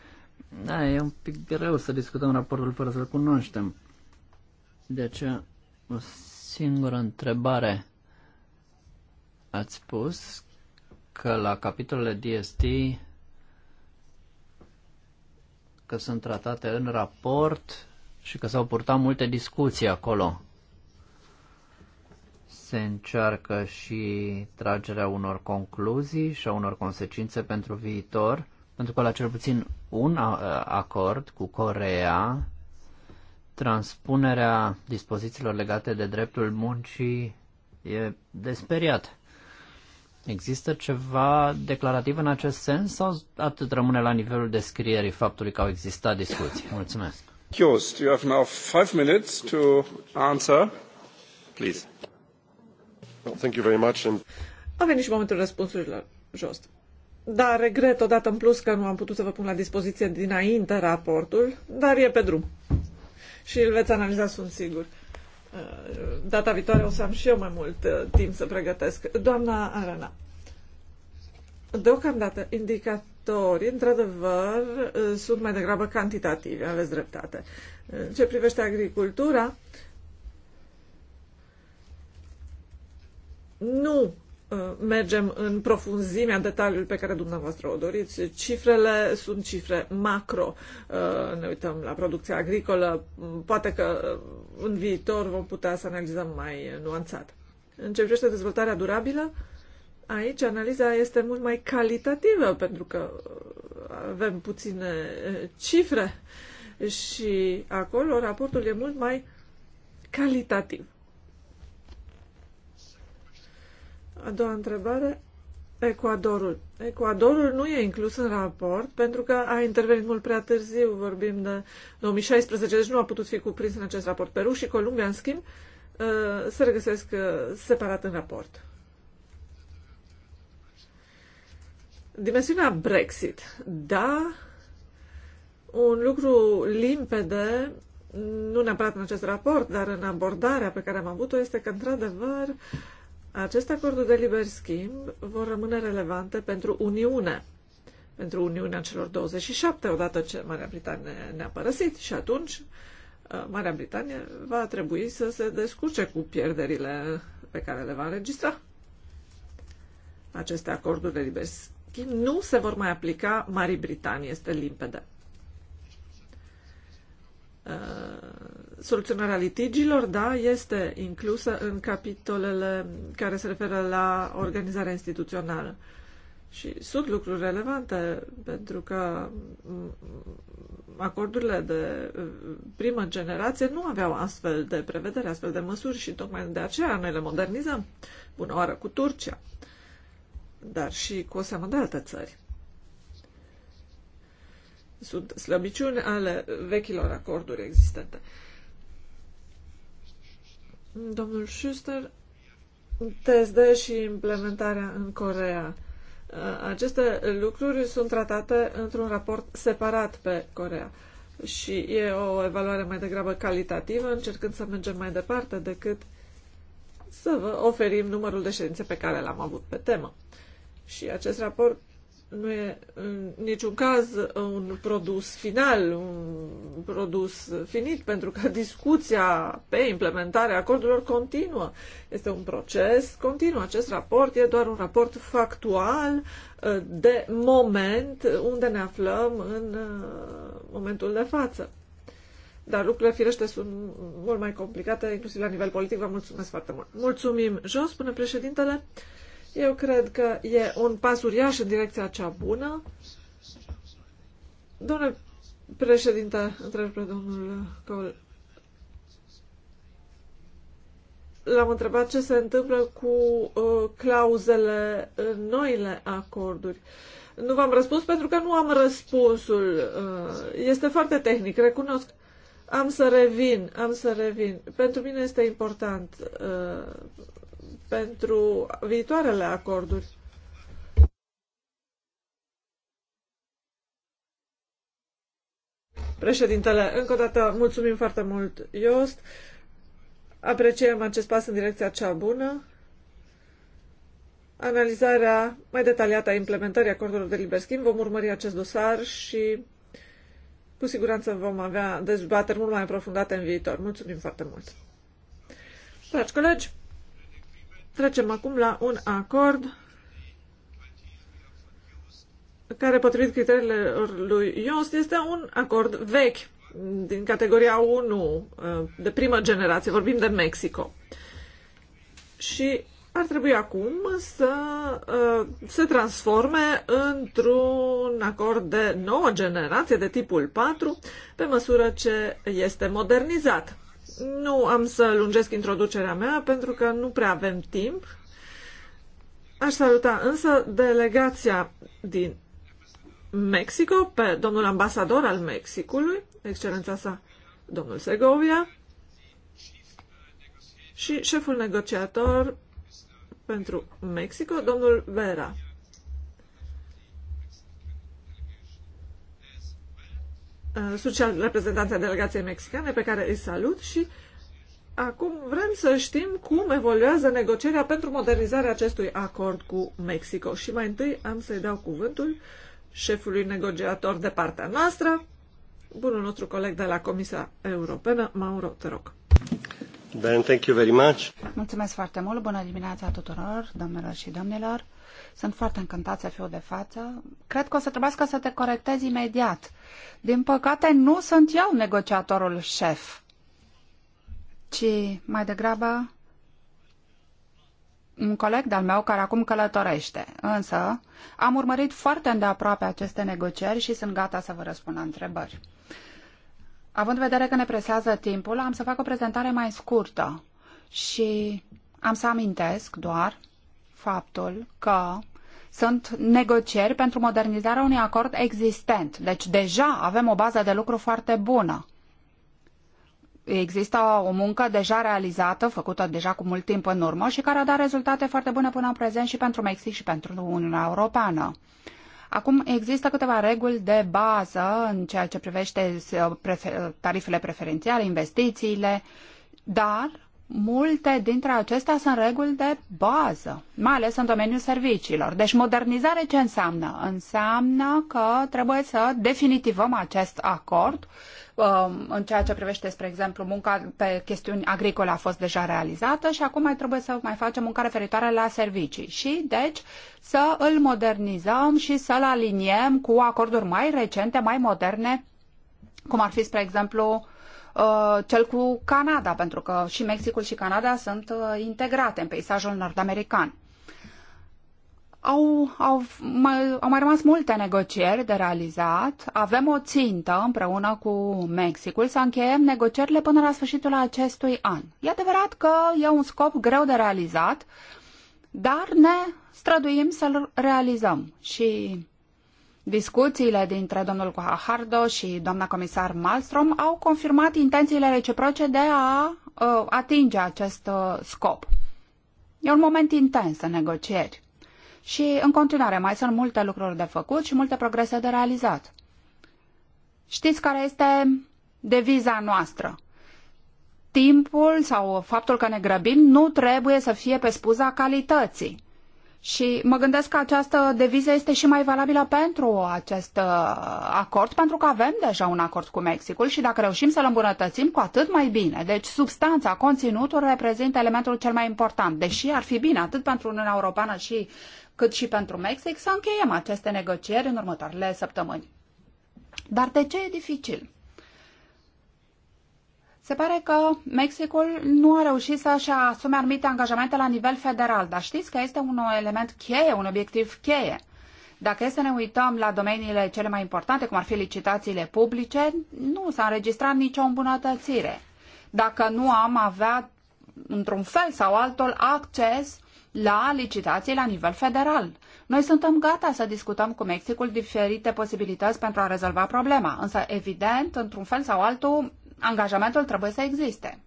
Da, e un pic greu să discutăm raportul fără să-l cunoaștem. De aceea o singură întrebare. Ați spus că la capitolele DST că sunt tratate în raport și că s-au purtat multe discuții acolo. Se încearcă și tragerea unor concluzii și a unor consecințe pentru viitor, pentru că la cel puțin un acord cu Corea Transpunerea dispozițiilor legate de dreptul muncii e desperiat. Există ceva declarativ în acest sens sau atât rămâne la nivelul descrierii faptului că au existat discuții? Mulțumesc. Kjost, you have now five minutes to answer. Please. Well, thank you very much. And... A venit și momentul răspunsurilor, Joost. Dar regret odată în plus că nu am putut să vă pun la dispoziție dinainte raportul, dar e pe drum și îl veți analiza, sunt sigur. Uh, data viitoare o să am și eu mai mult uh, timp să pregătesc. Doamna Arana, deocamdată indicatorii, într-adevăr, uh, sunt mai degrabă cantitative. aveți dreptate. În ce privește agricultura, nu Uh, mergem în profunzimea detaliului pe care dumneavoastră o doriți. Cifrele sunt cifre macro. Uh, ne uităm la producția agricolă. Mm, poate că uh, în viitor vom putea să analizăm mai nuanțat. În ce privește dezvoltarea durabilă, aici analiza este mult mai calitativă pentru că avem puține cifre și acolo raportul e mult mai calitativ. A doua întrebare, Ecuadorul. Ecuadorul nu e inclus în raport pentru că a intervenit mult prea târziu, vorbim de 2016, deci nu a putut fi cuprins în acest raport. Peru și Columbia, în schimb, uh, se regăsesc uh, separat în raport. Dimensiunea Brexit. Da, un lucru limpede, nu neapărat în acest raport, dar în abordarea pe care am avut-o, este că, într-adevăr, uh, aceste acorduri de liber schimb vor rămâne relevante pentru Uniune, pentru Uniunea celor 27, odată ce Marea Britanie ne-a părăsit și atunci uh, Marea Britanie va trebui să se descurce cu pierderile pe care le va înregistra. Aceste acorduri de liber schimb nu se vor mai aplica Marii Britanii, este limpede. Uh, soluționarea litigiilor, da, este inclusă în capitolele care se referă la organizarea instituțională. Și sunt lucruri relevante, pentru că acordurile de uh, primă generație nu aveau astfel de prevedere, astfel de măsuri și tocmai de aceea noi le modernizăm. Bună oară cu Turcia, dar și cu o seamă de alte țări. Sunt slăbiciuni ale vechilor acorduri existente. Domnul Schuster, TSD și implementarea în Corea. Uh, aceste lucruri sunt tratate într-un raport separat pe Corea și e o evaluare mai degrabă calitativă, încercând să mergem mai departe decât să vă oferim numărul de ședințe pe care l-am avut pe temă. Și acest raport nu e în niciun caz uh, un produs final, un produs finit, pentru că discuția pe implementarea acordurilor continuă. Este un proces continuu. Acest raport e doar un raport factual uh, de moment unde ne aflăm în uh, momentul de față. Dar lucrurile, firește, sunt mult mai complicate, inclusiv la nivel politic. Vă mulțumesc foarte mult. Mulțumim, Jos, spune președintele. Eu cred că e un pas uriaș în direcția cea bună. Domnule președinte, întreb pe domnul Col. L-am întrebat ce se întâmplă cu uh, clauzele în noile acorduri. Nu v-am răspuns pentru că nu am răspunsul. Uh, este foarte tehnic, recunosc. Am să revin, am să revin. Pentru mine este important uh, pentru viitoarele acorduri. Președintele, încă o dată mulțumim foarte mult, Iost. Apreciem acest pas în direcția cea bună. Analizarea mai detaliată a implementării acordurilor de liber schimb. Vom urmări acest dosar și cu siguranță vom avea dezbateri mult mai aprofundate în viitor. Mulțumim foarte mult! Dragi colegi, Trecem acum la un acord care, potrivit criteriilor lui Iost, este un acord vechi, din categoria 1, uh, de primă generație, vorbim de Mexico. Și ar trebui acum să uh, se transforme într-un acord de nouă generație, de tipul 4, pe măsură ce este modernizat. Nu am să lungesc introducerea mea pentru că nu prea avem timp. Aș saluta însă delegația din Mexico pe domnul ambasador al Mexicului, excelența sa domnul Segovia, și șeful negociator pentru Mexico, domnul Vera. Uh, social, reprezentanța delegației mexicane, pe care îi salut și acum vrem să știm cum evoluează negocierea pentru modernizarea acestui acord cu Mexico. Și mai întâi am să-i dau cuvântul șefului negociator de partea noastră, bunul nostru coleg de la Comisia Europeană, Mauro, te rog. Ben, thank you very much. Mulțumesc foarte mult. Bună dimineața tuturor, domnilor și domnilor. Sunt foarte încântat să fiu de față. Cred că o să trebuiască să te corectezi imediat. Din păcate, nu sunt eu negociatorul șef, ci mai degrabă un coleg de-al meu care acum călătorește. Însă, am urmărit foarte îndeaproape aceste negocieri și sunt gata să vă răspund la întrebări. Având în vedere că ne presează timpul, am să fac o prezentare mai scurtă și am să amintesc doar faptul că sunt negocieri pentru modernizarea unui acord existent. Deci deja avem o bază de lucru foarte bună. Există o muncă deja realizată, făcută deja cu mult timp în urmă și care a dat rezultate foarte bune până în prezent și pentru Mexic și pentru Uniunea Europeană. Acum există câteva reguli de bază în ceea ce privește tarifele preferențiale, investițiile, dar multe dintre acestea sunt reguli de bază, mai ales în domeniul serviciilor. Deci modernizare ce înseamnă? Înseamnă că trebuie să definitivăm acest acord um, în ceea ce privește, spre exemplu, munca pe chestiuni agricole a fost deja realizată și acum mai trebuie să mai facem munca referitoare la servicii și, deci, să îl modernizăm și să-l aliniem cu acorduri mai recente, mai moderne, cum ar fi, spre exemplu, Uh, cel cu Canada, pentru că și Mexicul și Canada sunt uh, integrate în peisajul nord-american. Au, au, mai, au mai rămas multe negocieri de realizat. Avem o țintă împreună cu Mexicul să încheiem negocierile până la sfârșitul acestui an. E adevărat că e un scop greu de realizat, dar ne străduim să-l realizăm. Și Discuțiile dintre domnul Guahardo și doamna comisar Malmström au confirmat intențiile reciproce de a uh, atinge acest uh, scop. E un moment intens de negocieri. Și, în continuare, mai sunt multe lucruri de făcut și multe progrese de realizat. Știți care este deviza noastră? Timpul sau faptul că ne grăbim nu trebuie să fie pe spuza calității. Și mă gândesc că această deviză este și mai valabilă pentru acest uh, acord, pentru că avem deja un acord cu Mexicul și dacă reușim să-l îmbunătățim, cu atât mai bine. Deci substanța, conținutul reprezintă elementul cel mai important, deși ar fi bine atât pentru Uniunea Europeană și, cât și pentru Mexic să încheiem aceste negocieri în următoarele săptămâni. Dar de ce e dificil? Se pare că Mexicul nu a reușit să-și asume anumite angajamente la nivel federal, dar știți că este un element cheie, un obiectiv cheie. Dacă este să ne uităm la domeniile cele mai importante, cum ar fi licitațiile publice, nu s-a înregistrat nicio îmbunătățire. Dacă nu am avea, într-un fel sau altul, acces la licitații la nivel federal. Noi suntem gata să discutăm cu Mexicul diferite posibilități pentru a rezolva problema, însă, evident, într-un fel sau altul, Angajamentul trebuie să existe.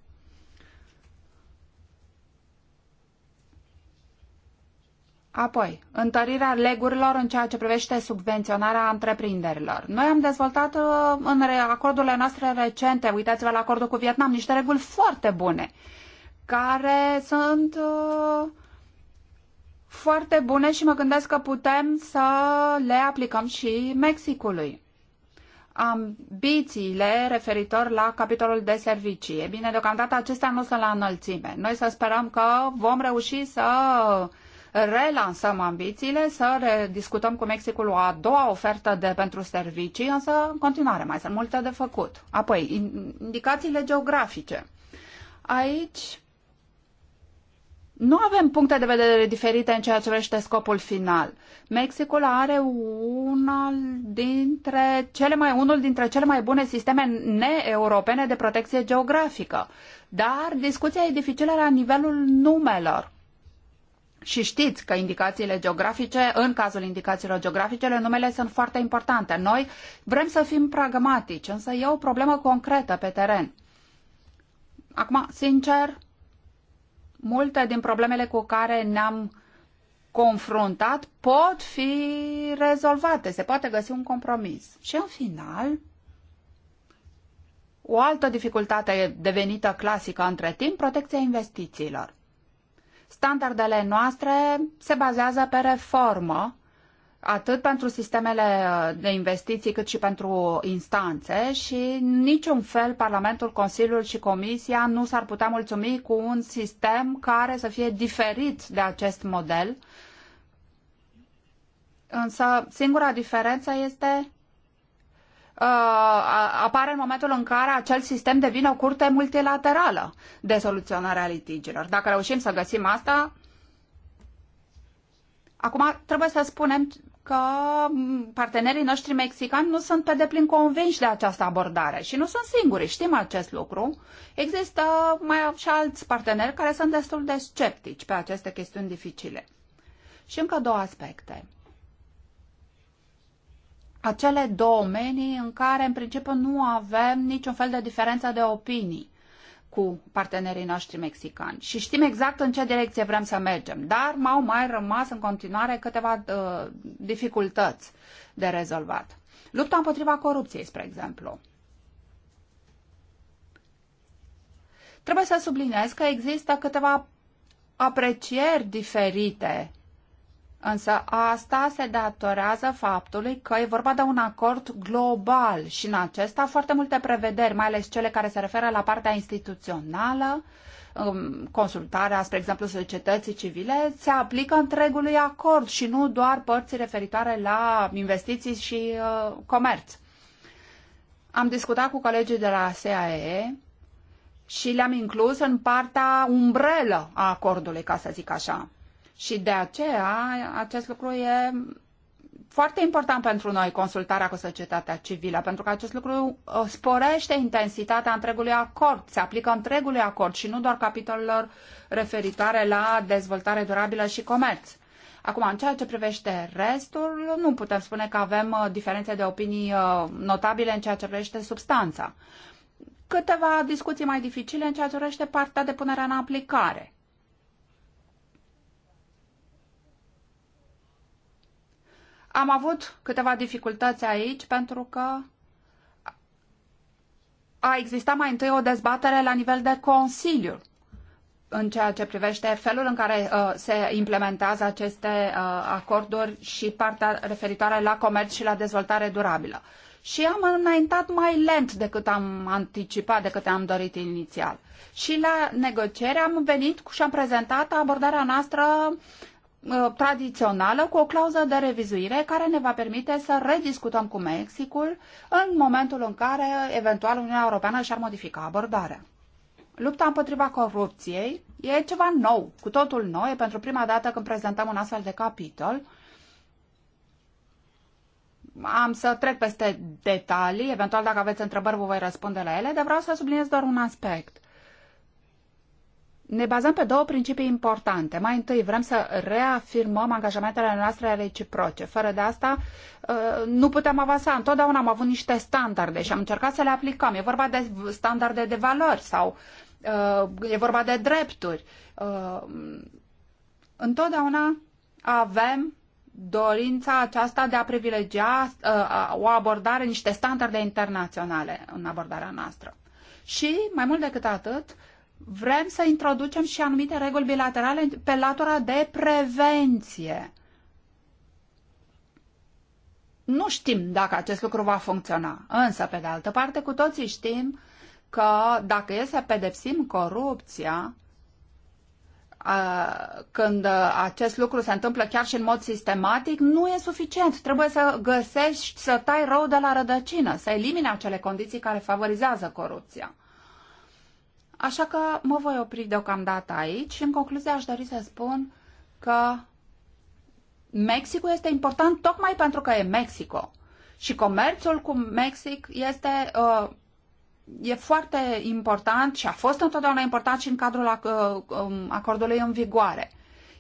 Apoi, întărirea legurilor în ceea ce privește subvenționarea întreprinderilor. Noi am dezvoltat uh, în acordurile noastre recente, uitați-vă la acordul cu Vietnam, niște reguli foarte bune, care sunt uh, foarte bune și mă gândesc că putem să le aplicăm și Mexicului ambițiile referitor la capitolul de servicii. E bine, deocamdată acestea nu sunt la înălțime. Noi să sperăm că vom reuși să relansăm ambițiile, să discutăm cu Mexicul o a doua ofertă de pentru servicii, însă în continuare mai sunt multe de făcut. Apoi, indicațiile geografice. Aici nu avem puncte de vedere diferite în ceea ce vrește scopul final. Mexicul are una dintre cele mai, unul dintre cele mai bune sisteme neeuropene de protecție geografică, dar discuția e dificilă la nivelul numelor. Și știți că indicațiile geografice, în cazul indicațiilor geografice, numele sunt foarte importante. Noi vrem să fim pragmatici, însă e o problemă concretă pe teren. Acum, sincer, multe din problemele cu care ne-am confruntat pot fi rezolvate, se poate găsi un compromis. Și în final, o altă dificultate devenită clasică între timp, protecția investițiilor. Standardele noastre se bazează pe reformă atât pentru sistemele de investiții cât și pentru instanțe și niciun fel Parlamentul, Consiliul și Comisia nu s-ar putea mulțumi cu un sistem care să fie diferit de acest model. Însă singura diferență este uh, apare în momentul în care acel sistem devine o curte multilaterală de soluționare a litigilor. Dacă reușim să găsim asta, Acum trebuie să spunem că partenerii noștri mexicani nu sunt pe deplin convinși de această abordare și nu sunt singuri, știm acest lucru. Există mai și alți parteneri care sunt destul de sceptici pe aceste chestiuni dificile. Și încă două aspecte. Acele domenii în care, în principiu, nu avem niciun fel de diferență de opinii cu partenerii noștri mexicani și știm exact în ce direcție vrem să mergem, dar m-au mai rămas în continuare câteva uh, dificultăți de rezolvat. Lupta împotriva corupției, spre exemplu. Trebuie să subliniez că există câteva aprecieri diferite Însă asta se datorează faptului că e vorba de un acord global și în acesta foarte multe prevederi, mai ales cele care se referă la partea instituțională, um, consultarea, spre exemplu, societății civile, se aplică întregului acord și nu doar părții referitoare la investiții și uh, comerț. Am discutat cu colegii de la SAE și le-am inclus în partea umbrelă a acordului, ca să zic așa. Și de aceea acest lucru e foarte important pentru noi, consultarea cu societatea civilă, pentru că acest lucru uh, sporește intensitatea întregului acord, se aplică întregului acord și nu doar capitolelor referitoare la dezvoltare durabilă și comerț. Acum, în ceea ce privește restul, nu putem spune că avem uh, diferențe de opinii uh, notabile în ceea ce privește substanța. Câteva discuții mai dificile în ceea ce privește partea de punere în aplicare. Am avut câteva dificultăți aici pentru că a existat mai întâi o dezbatere la nivel de Consiliu în ceea ce privește felul în care uh, se implementează aceste uh, acorduri și partea referitoare la comerț și la dezvoltare durabilă. Și am înaintat mai lent decât am anticipat, decât am dorit inițial. Și la negociere am venit și am prezentat abordarea noastră Uh, tradițională cu o clauză de revizuire care ne va permite să rediscutăm cu Mexicul în momentul în care eventual Uniunea Europeană și-ar modifica abordarea. Lupta împotriva corupției e ceva nou, cu totul nou, e pentru prima dată când prezentăm un astfel de capitol. Am să trec peste detalii, eventual dacă aveți întrebări vă voi răspunde la ele, dar vreau să subliniez doar un aspect ne bazăm pe două principii importante. Mai întâi, vrem să reafirmăm angajamentele noastre reciproce. Fără de asta, uh, nu putem avansa. Întotdeauna am avut niște standarde și am încercat să le aplicăm. E vorba de standarde de valori sau uh, e vorba de drepturi. Uh, întotdeauna avem dorința aceasta de a privilegia o abordare, niște standarde internaționale în abordarea noastră. Și, mai mult decât atât, uh, vrem să introducem și anumite reguli bilaterale pe latura de prevenție. Nu știm dacă acest lucru va funcționa, însă, pe de altă parte, cu toții știm că dacă e să pedepsim corupția, când acest lucru se întâmplă chiar și în mod sistematic, nu e suficient. Trebuie să găsești, să tai rău de la rădăcină, să elimini acele condiții care favorizează corupția. Așa că mă voi opri deocamdată aici și în concluzie aș dori să spun că Mexicul este important tocmai pentru că e Mexico. Și comerțul cu Mexic este uh, e foarte important și a fost întotdeauna important și în cadrul ac uh, um, acordului în vigoare.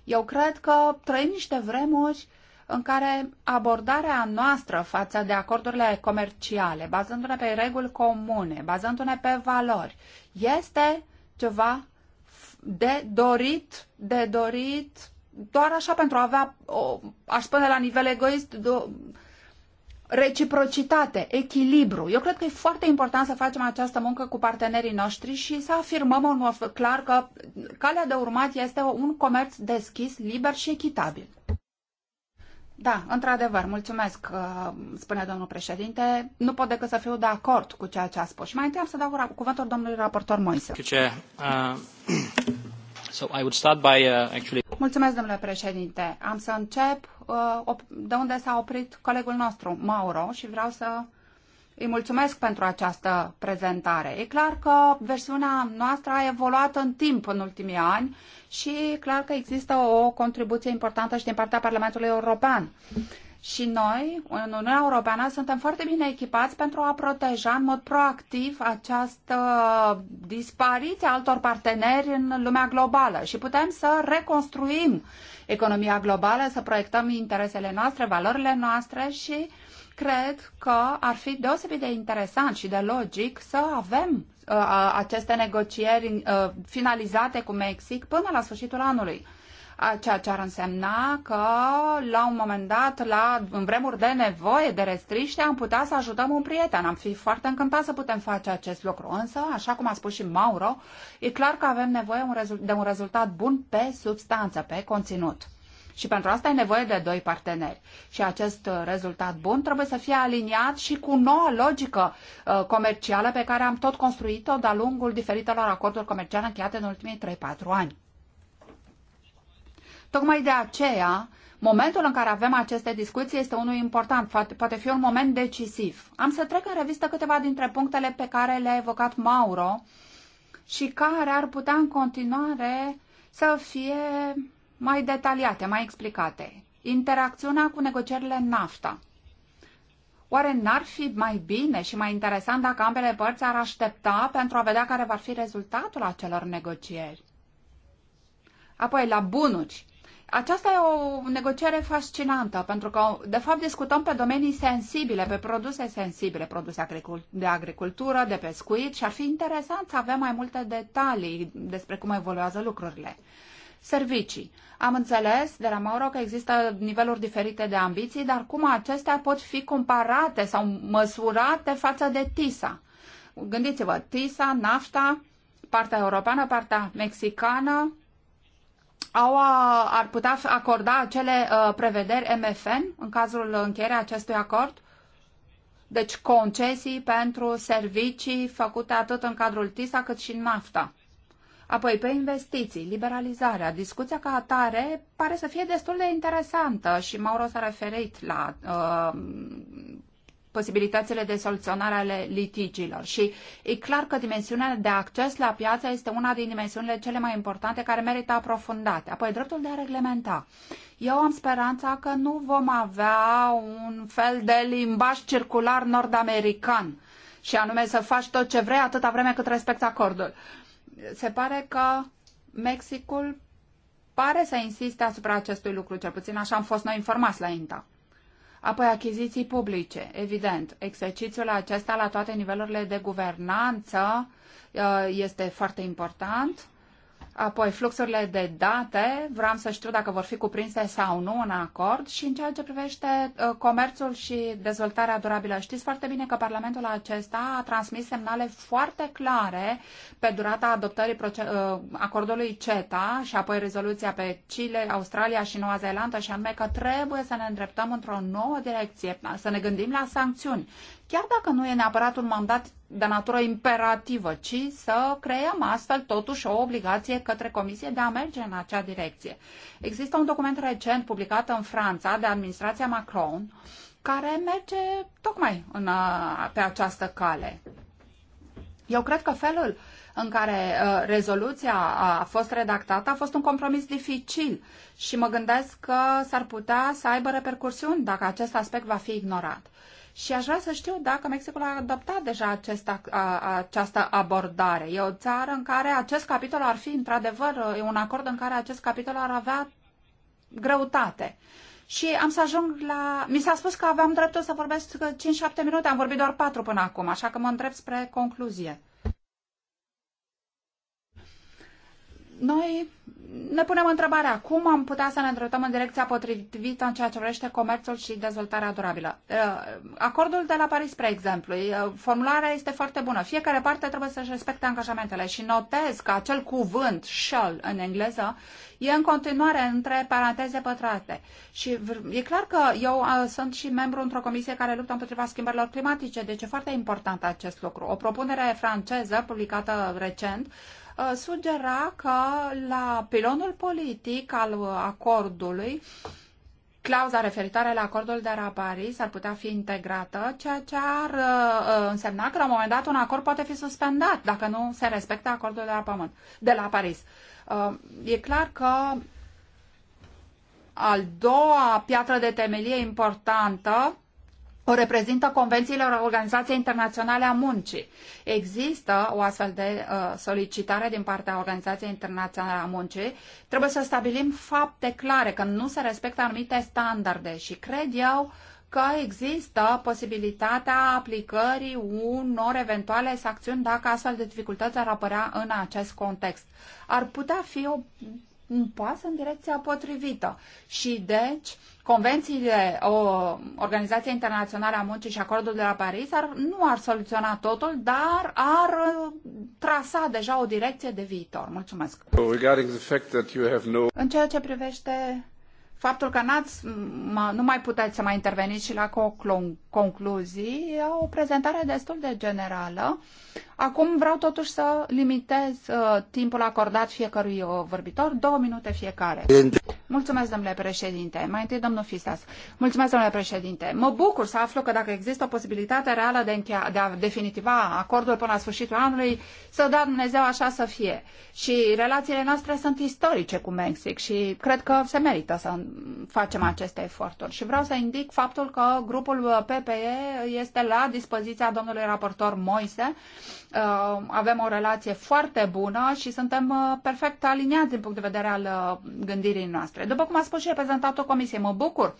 Eu cred că trăim niște vremuri uh, în care abordarea noastră față de acordurile comerciale, bazându-ne pe reguli comune, bazându-ne pe valori, este ceva de dorit, de dorit, doar așa pentru a avea, o, aș spune la nivel egoist, do, reciprocitate, echilibru. Eu cred că e foarte important să facem această muncă cu partenerii noștri și să afirmăm în mod clar că calea de urmat este un comerț deschis, liber și echitabil. Da, într-adevăr, mulțumesc, uh, spune domnul președinte. Nu pot decât să fiu de acord cu ceea ce a spus. Și mai întâi am să dau cuvântul domnului raportor Moise. Mulțumesc, domnule președinte. Am să încep uh, de unde s-a oprit colegul nostru, Mauro, și vreau să îi mulțumesc pentru această prezentare. E clar că versiunea noastră a evoluat în timp în ultimii ani și e clar că există o contribuție importantă și din partea Parlamentului European. Și noi, în Uniunea Europeană, suntem foarte bine echipați pentru a proteja în mod proactiv această dispariție altor parteneri în lumea globală și putem să reconstruim economia globală, să proiectăm interesele noastre, valorile noastre și uh, cred că ar fi deosebit de interesant și de logic să avem uh, aceste negocieri uh, finalizate cu Mexic până la sfârșitul anului ceea ce ar însemna că la un moment dat, la, în vremuri de nevoie, de restriște, am putea să ajutăm un prieten. Am fi foarte încântat să putem face acest lucru. Însă, așa cum a spus și Mauro, e clar că avem nevoie un rezult, de un rezultat bun pe substanță, pe conținut. Și pentru asta e nevoie de doi parteneri. Și acest uh, rezultat bun trebuie să fie aliniat și cu noua logică uh, comercială pe care am tot construit-o de-a lungul diferitelor acorduri comerciale încheiate în ultimii 3-4 ani. Tocmai de aceea, momentul în care avem aceste discuții este unul important, poate fi un moment decisiv. Am să trec în revistă câteva dintre punctele pe care le-a evocat Mauro și care ar putea în continuare să fie mai detaliate, mai explicate. Interacțiunea cu negocierile NAFTA. Oare n-ar fi mai bine și mai interesant dacă ambele părți ar aștepta pentru a vedea care va fi rezultatul acelor negocieri? Apoi, la bunuri. Aceasta e o negociere fascinantă, pentru că, de fapt, discutăm pe domenii sensibile, pe produse sensibile, produse de agricultură, de pescuit și ar fi interesant să avem mai multe detalii despre cum evoluează lucrurile servicii. Am înțeles de la Mauro că există niveluri diferite de ambiții, dar cum acestea pot fi comparate sau măsurate față de TISA? Gândiți-vă, TISA, NAFTA, partea europeană, partea mexicană, au, ar putea acorda acele uh, prevederi MFN în cazul încheierii acestui acord? Deci concesii pentru servicii făcute atât în cadrul TISA cât și în NAFTA. Apoi, pe investiții, liberalizarea, discuția ca atare pare să fie destul de interesantă și Mauro s-a referit la uh, posibilitățile de soluționare ale litigilor. Și e clar că dimensiunea de acces la piață este una din dimensiunile cele mai importante care merită aprofundate. Apoi, dreptul de a reglementa. Eu am speranța că nu vom avea un fel de limbaj circular nord-american și anume să faci tot ce vrei atâta vreme cât respecti acordul. Uh, se pare că Mexicul pare să insiste asupra acestui lucru, cel puțin așa am fost noi informați la INTA. Apoi achiziții publice, evident. Exercițiul acesta la toate nivelurile de guvernanță uh, este foarte important Apoi, fluxurile de date, vreau să știu dacă vor fi cuprinse sau nu în acord și în ceea ce privește uh, comerțul și dezvoltarea durabilă. Știți foarte bine că Parlamentul acesta a transmis semnale foarte clare pe durata adoptării uh, acordului CETA și apoi rezoluția pe Chile, Australia și Noua Zeelandă și anume că trebuie să ne îndreptăm într-o nouă direcție, să ne gândim la sancțiuni. Chiar dacă nu e neapărat un mandat de natură imperativă, ci să creăm astfel totuși o obligație către Comisie de a merge în acea direcție. Există un document recent publicat în Franța de administrația Macron care merge tocmai în, uh, pe această cale. Eu cred că felul în care uh, rezoluția a fost redactată a fost un compromis dificil și mă gândesc că s-ar putea să aibă repercursiuni dacă acest aspect va fi ignorat. Și aș vrea să știu dacă Mexicul a adoptat deja acest, a, această abordare. E o țară în care acest capitol ar fi, într-adevăr, un acord în care acest capitol ar avea greutate. Și am să ajung la... Mi s-a spus că aveam dreptul să vorbesc 5-7 minute, am vorbit doar 4 până acum, așa că mă întreb spre concluzie. Noi ne punem întrebarea cum am putea să ne îndreptăm în direcția potrivită în ceea ce vrește comerțul și dezvoltarea durabilă. Uh, acordul de la Paris, spre exemplu, formularea este foarte bună. Fiecare parte trebuie să-și respecte angajamentele și notez că acel cuvânt shall în engleză e în continuare între paranteze pătrate. Și e clar că eu uh, sunt și membru într-o comisie care luptă împotriva schimbărilor climatice, deci e foarte important acest lucru. O propunere franceză publicată recent Uh, sugera că la pilonul politic al uh, acordului clauza referitoare la acordul de la Paris ar putea fi integrată, ceea ce ar uh, uh, însemna că la un moment dat un acord poate fi suspendat dacă nu se respectă acordul de la, pământ, de la Paris. Uh, e clar că al doua piatră de temelie importantă o reprezintă convențiile Organizației Internaționale a Muncii. Există o astfel de uh, solicitare din partea Organizației Internaționale a Muncii. Trebuie să stabilim fapte clare că nu se respectă anumite standarde și cred eu că există posibilitatea aplicării unor eventuale sancțiuni dacă astfel de dificultăți ar apărea în acest context. Ar putea fi o, un pas în direcția potrivită și deci convențiile o, Organizația Internațională a Muncii și acordul de la Paris ar, nu ar soluționa totul, dar ar uh, trasa deja o direcție de viitor. Mulțumesc. No... În ceea ce privește faptul că n-ați, nu mai puteți să mai interveniți și la concluzii, o prezentare destul de generală Acum vreau totuși să limitez uh, timpul acordat fiecărui uh, vorbitor, două minute fiecare. Mulțumesc, domnule președinte. Mai întâi, domnul Fistas. Mulțumesc, domnule președinte. Mă bucur să aflu că dacă există o posibilitate reală de, încheia, de a definitiva acordul până la sfârșitul anului, să da Dumnezeu așa să fie. Și relațiile noastre sunt istorice cu Mexic și cred că se merită să facem aceste eforturi. Și vreau să indic faptul că grupul PPE este la dispoziția domnului raportor Moise Uh, avem o relație foarte bună și suntem uh, perfect aliniați din punct de vedere al uh, gândirii noastre. După cum a spus și o comisie, mă bucur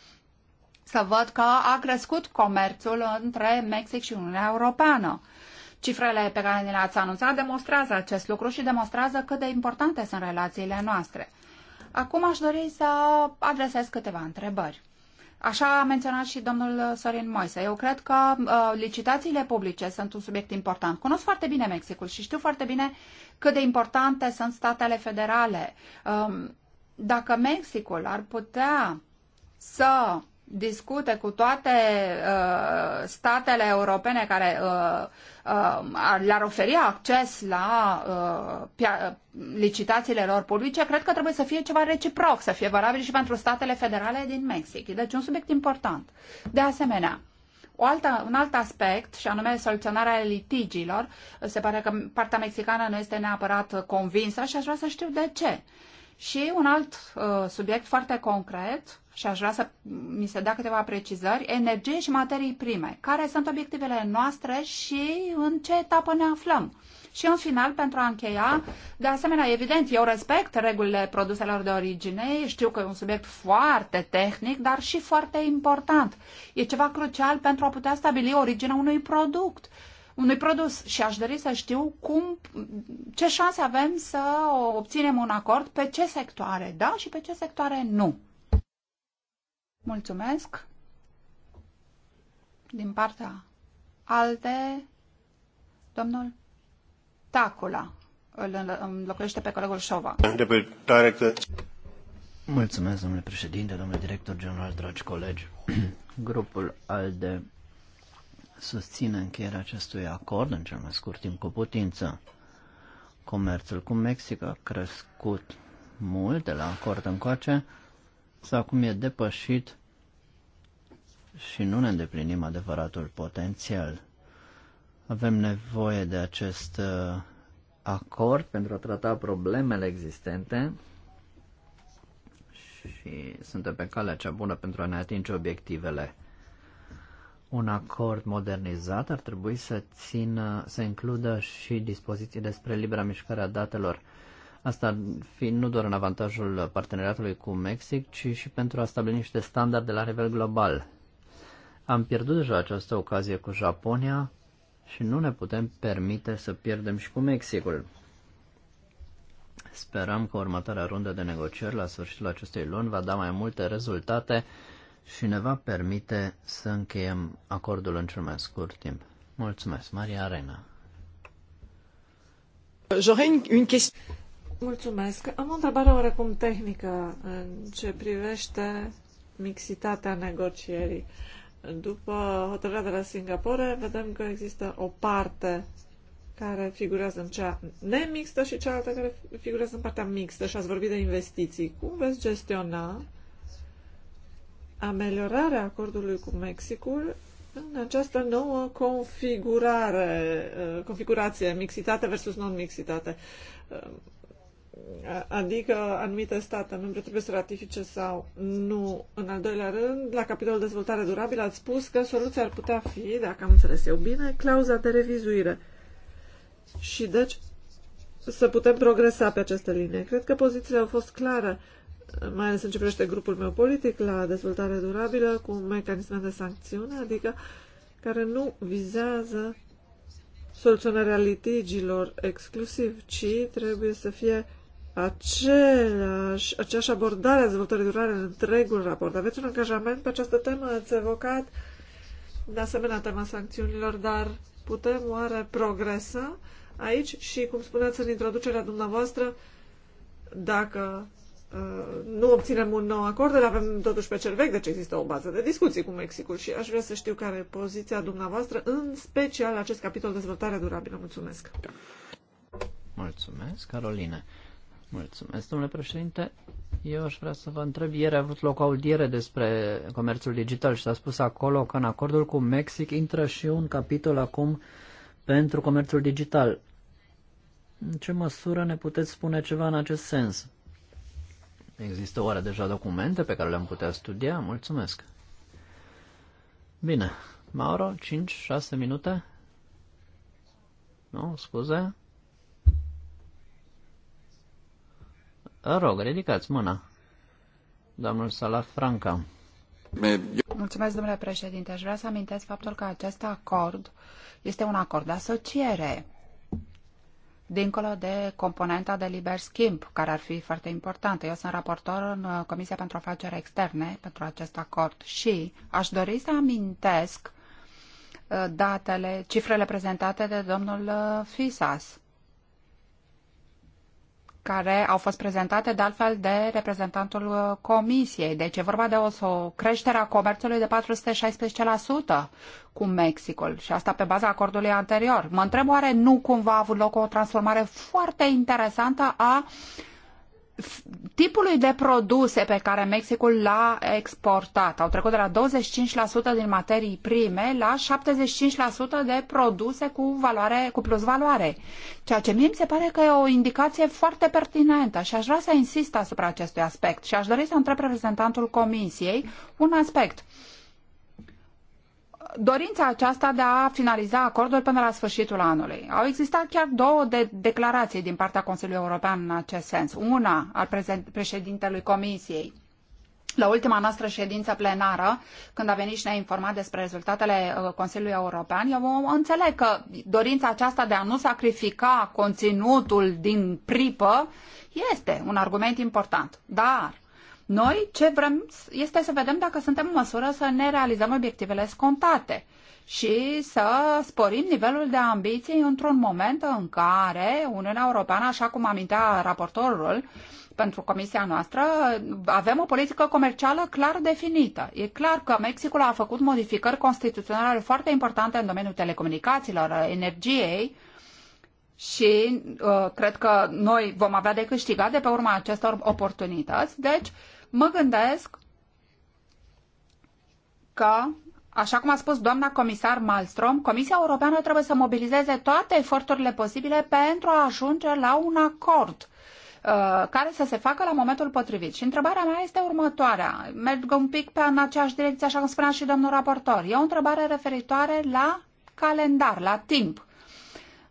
să văd că a crescut comerțul între Mexic și Uniunea Europeană. Cifrele pe care ni le-ați anunțat demonstrează acest lucru și demonstrează cât de importante sunt relațiile noastre. Acum aș dori să adresez câteva întrebări. Așa a menționat și domnul uh, Sorin Moise. Eu cred că uh, licitațiile publice sunt un subiect important. Cunosc foarte bine Mexicul și știu foarte bine cât de importante sunt statele federale. Um, dacă Mexicul ar putea să discute cu toate uh, statele europene care uh, uh, le-ar oferi acces la uh, licitațiile lor publice, cred că trebuie să fie ceva reciproc, să fie valabil și pentru statele federale din Mexic. Deci un subiect important. De asemenea, o altă, un alt aspect, și anume soluționarea litigiilor, se pare că partea mexicană nu este neapărat convinsă și aș vrea să știu de ce. Uh, și un alt uh, subiect foarte concret, și aș vrea să mi se dea câteva precizări, energie și materii prime. Care sunt obiectivele noastre și în ce etapă ne aflăm? Și în final, pentru a încheia, de asemenea, evident, eu respect regulile produselor de origine, știu că e un subiect foarte tehnic, dar și foarte important. E ceva crucial pentru a putea stabili originea unui produs unui produs și aș dori să știu cum, ce șanse avem să obținem un acord, pe ce sectoare da și pe ce sectoare nu. Mulțumesc. Din partea alte, domnul Tacula îl înlocuiește pe colegul Șova. Mulțumesc, domnule președinte, domnule director general, dragi colegi. Grupul ALDE susține încheierea acestui acord în cel mai scurt timp cu putință. Comerțul cu Mexic a crescut mult de la acord încoace, sau acum e depășit și nu ne îndeplinim adevăratul potențial. Avem nevoie de acest uh, acord pentru a trata problemele existente și suntem pe calea cea bună pentru a ne atinge obiectivele un acord modernizat ar trebui să țină, să includă și dispoziții despre libera mișcare a datelor. Asta fiind nu doar în avantajul parteneriatului cu Mexic, ci și pentru a stabili niște standarde la nivel global. Am pierdut deja această ocazie cu Japonia și nu ne putem permite să pierdem și cu Mexicul. Sperăm că următoarea rundă de negocieri la sfârșitul acestei luni va da mai multe rezultate și ne va permite să încheiem acordul în cel mai scurt timp. Mulțumesc, Maria Arena. Mulțumesc. Am o întrebare oarecum tehnică în ce privește mixitatea negocierii. După hotărârea de la Singapore, vedem că există o parte care figurează în cea nemixtă și cealaltă care figurează în partea mixtă și ați vorbit de investiții. Cum veți gestiona ameliorarea acordului cu Mexicul în această nouă configurare, uh, configurație, mixitate versus non-mixitate. Uh, adică anumite state membre trebuie să ratifice sau nu. În al doilea rând, la capitolul dezvoltare durabilă ați spus că soluția ar putea fi, dacă am înțeles eu bine, clauza de revizuire. Și deci să putem progresa pe aceste linie. Cred că pozițiile au fost clare mai ales în ce privește grupul meu politic, la dezvoltare durabilă cu mecanisme de sancțiune, adică care nu vizează soluționarea litigilor exclusiv, ci trebuie să fie același, aceeași abordare a dezvoltării durare în întregul raport. Aveți un angajament pe această temă, ați evocat de asemenea tema sancțiunilor, dar putem oare progresa aici și, cum spuneați în introducerea dumneavoastră, dacă Uh, nu obținem un nou acord, îl avem totuși pe cel vechi, deci există o bază de discuții cu Mexicul și aș vrea să știu care e poziția dumneavoastră, în special acest capitol dezvoltare durabilă. Mulțumesc! Mulțumesc, Caroline! Mulțumesc, domnule președinte! Eu aș vrea să vă întreb, ieri a avut loc o audiere despre comerțul digital și s-a spus acolo că în acordul cu Mexic intră și un capitol acum pentru comerțul digital. În ce măsură ne puteți spune ceva în acest sens? Există oare deja documente pe care le-am putea studia? Mulțumesc. Bine. Mauro, 5-6 minute? Nu, scuze. Rog, ridicați mâna. Domnul Sala Franca. Mulțumesc, domnule președinte. Aș vrea să amintesc faptul că acest acord este un acord de asociere dincolo de componenta de liber schimb, care ar fi foarte importantă. Eu sunt raportor în uh, Comisia pentru Afaceri Externe pentru acest acord și aș dori să amintesc uh, datele, cifrele prezentate de domnul uh, Fisas care au fost prezentate de altfel de reprezentantul uh, Comisiei. Deci e vorba de o, creștere a comerțului de 416% cu Mexicul și asta pe baza acordului anterior. Mă întreb oare nu cumva a avut loc o transformare foarte interesantă a uh, tipului de produse pe care Mexicul l-a exportat. Au trecut de la 25% din materii prime la 75% de produse cu valoare, cu plus valoare. Ceea ce mie mi se pare că e o indicație foarte pertinentă și aș vrea să insist asupra acestui aspect și aș dori să întreb reprezentantul Comisiei un aspect. Uh, dorința aceasta de a finaliza acordul până la sfârșitul anului. Au existat chiar două de declarații din partea Consiliului European în acest sens. Una al președintelui Comisiei la ultima noastră ședință plenară, când a venit și ne-a informat despre rezultatele uh, Consiliului European, eu înțeleg că dorința aceasta de a nu sacrifica conținutul din pripă este un argument important. Dar noi ce vrem este să vedem dacă suntem în măsură să ne realizăm obiectivele scontate și să sporim nivelul de ambiții într-un moment în care Uniunea Europeană, așa cum amintea raportorul pentru comisia noastră, avem o politică comercială clar definită. E clar că Mexicul a făcut modificări constituționale foarte importante în domeniul telecomunicațiilor, energiei, și uh, cred că noi vom avea de câștigat de pe urma acestor oportunități. Deci, Mă gândesc că, așa cum a spus doamna comisar Malmström, Comisia Europeană trebuie să mobilizeze toate eforturile posibile pentru a ajunge la un acord uh, care să se facă la momentul potrivit. Și întrebarea mea este următoarea. Merg un pic pe în aceeași direcție, așa cum spunea și domnul raportor. E o întrebare referitoare la calendar, la timp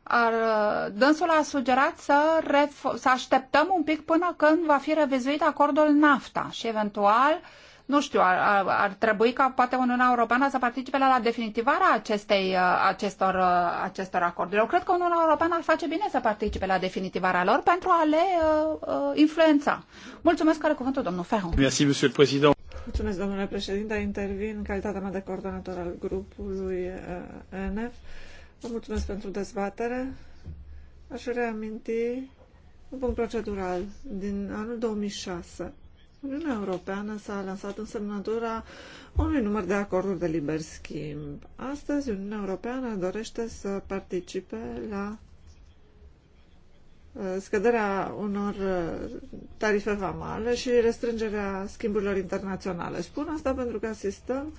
ar, uh, dânsul a sugerat să, ref, să așteptăm un pic până când va fi revizuit acordul NAFTA și eventual, nu știu, ar, ar trebui ca poate Uniunea Europeană să participe la, la definitivarea acestei, uh, acestor, uh, acestor acorduri. Eu cred că Uniunea Europeană ar face bine să participe la definitivarea lor pentru a le uh, uh, influența. Mulțumesc, care cuvântul, domnul Ferro. monsieur président. Mulțumesc, domnule președinte. Intervin în calitatea mea de coordonator al grupului uh, NF. Uh, Vă mulțumesc pentru dezbatere. Aș reaminti un punct procedural din anul 2006. Uniunea Europeană s-a lansat în semnătura unui număr de acorduri de liber schimb. Astăzi, Uniunea Europeană dorește să participe la uh, scăderea unor uh, tarife vamale și restrângerea schimburilor internaționale. Spun asta pentru că asistăm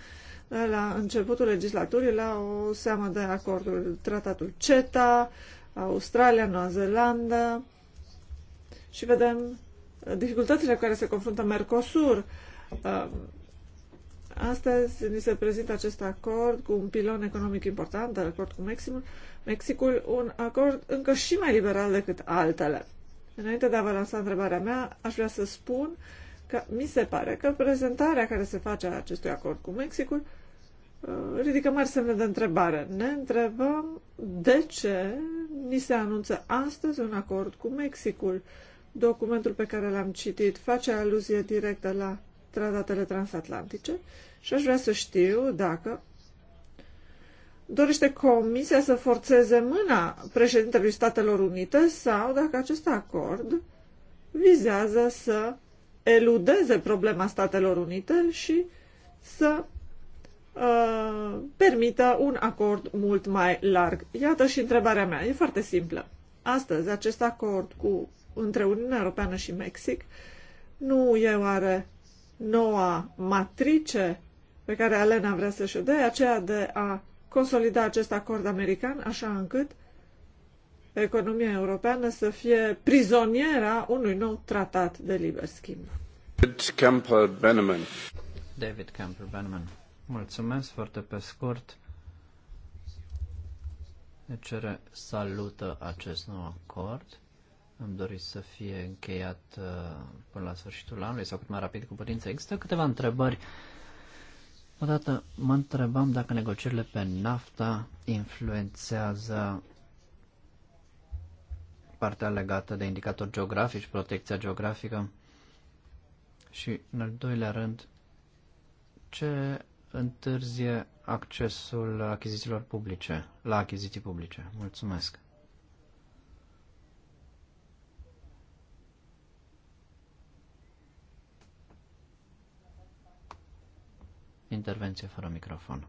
la începutul legislaturii la o seamă de acorduri. Tratatul CETA, Australia, Noua Zeelandă și vedem dificultățile cu care se confruntă Mercosur. Um, Astăzi ni se prezintă acest acord cu un pilon economic important, acord cu Mexicul, Mexicul, un acord încă și mai liberal decât altele. Înainte de a vă lansa întrebarea mea, aș vrea să spun uh, că mi se pare că prezentarea care se face a acestui acord cu Mexicul uh, ridică mari semne de întrebare. Ne întrebăm de ce ni se anunță astăzi un acord cu Mexicul. Documentul pe care l-am citit face aluzie directă la tratatele transatlantice și aș vrea să știu dacă dorește Comisia să forțeze mâna președintelui Statelor Unite sau dacă acest acord vizează să eludeze problema Statelor Unite și să uh, permită un acord mult mai larg. Iată și întrebarea mea. E foarte simplă. Astăzi, acest acord cu între Uniunea Europeană și Mexic nu e oare noua matrice pe care Alena vrea să-și o dea, aceea de a consolida acest acord american, așa încât economia europeană să fie prizoniera unui nou tratat de liber schimb. David Campbell Bannerman. David Campbell Bannerman. Mulțumesc foarte pe scurt. Cere salută acest nou acord. Am dorit să fie încheiat uh, până la sfârșitul anului sau cât mai rapid cu putință. Există câteva întrebări. Odată mă întrebam dacă negocierile pe NAFTA influențează partea legată de indicatori geografici, protecția geografică. Și, în al doilea rând, ce întârzie accesul achizițiilor publice, la achiziții publice. Mulțumesc. Intervenție fără microfon.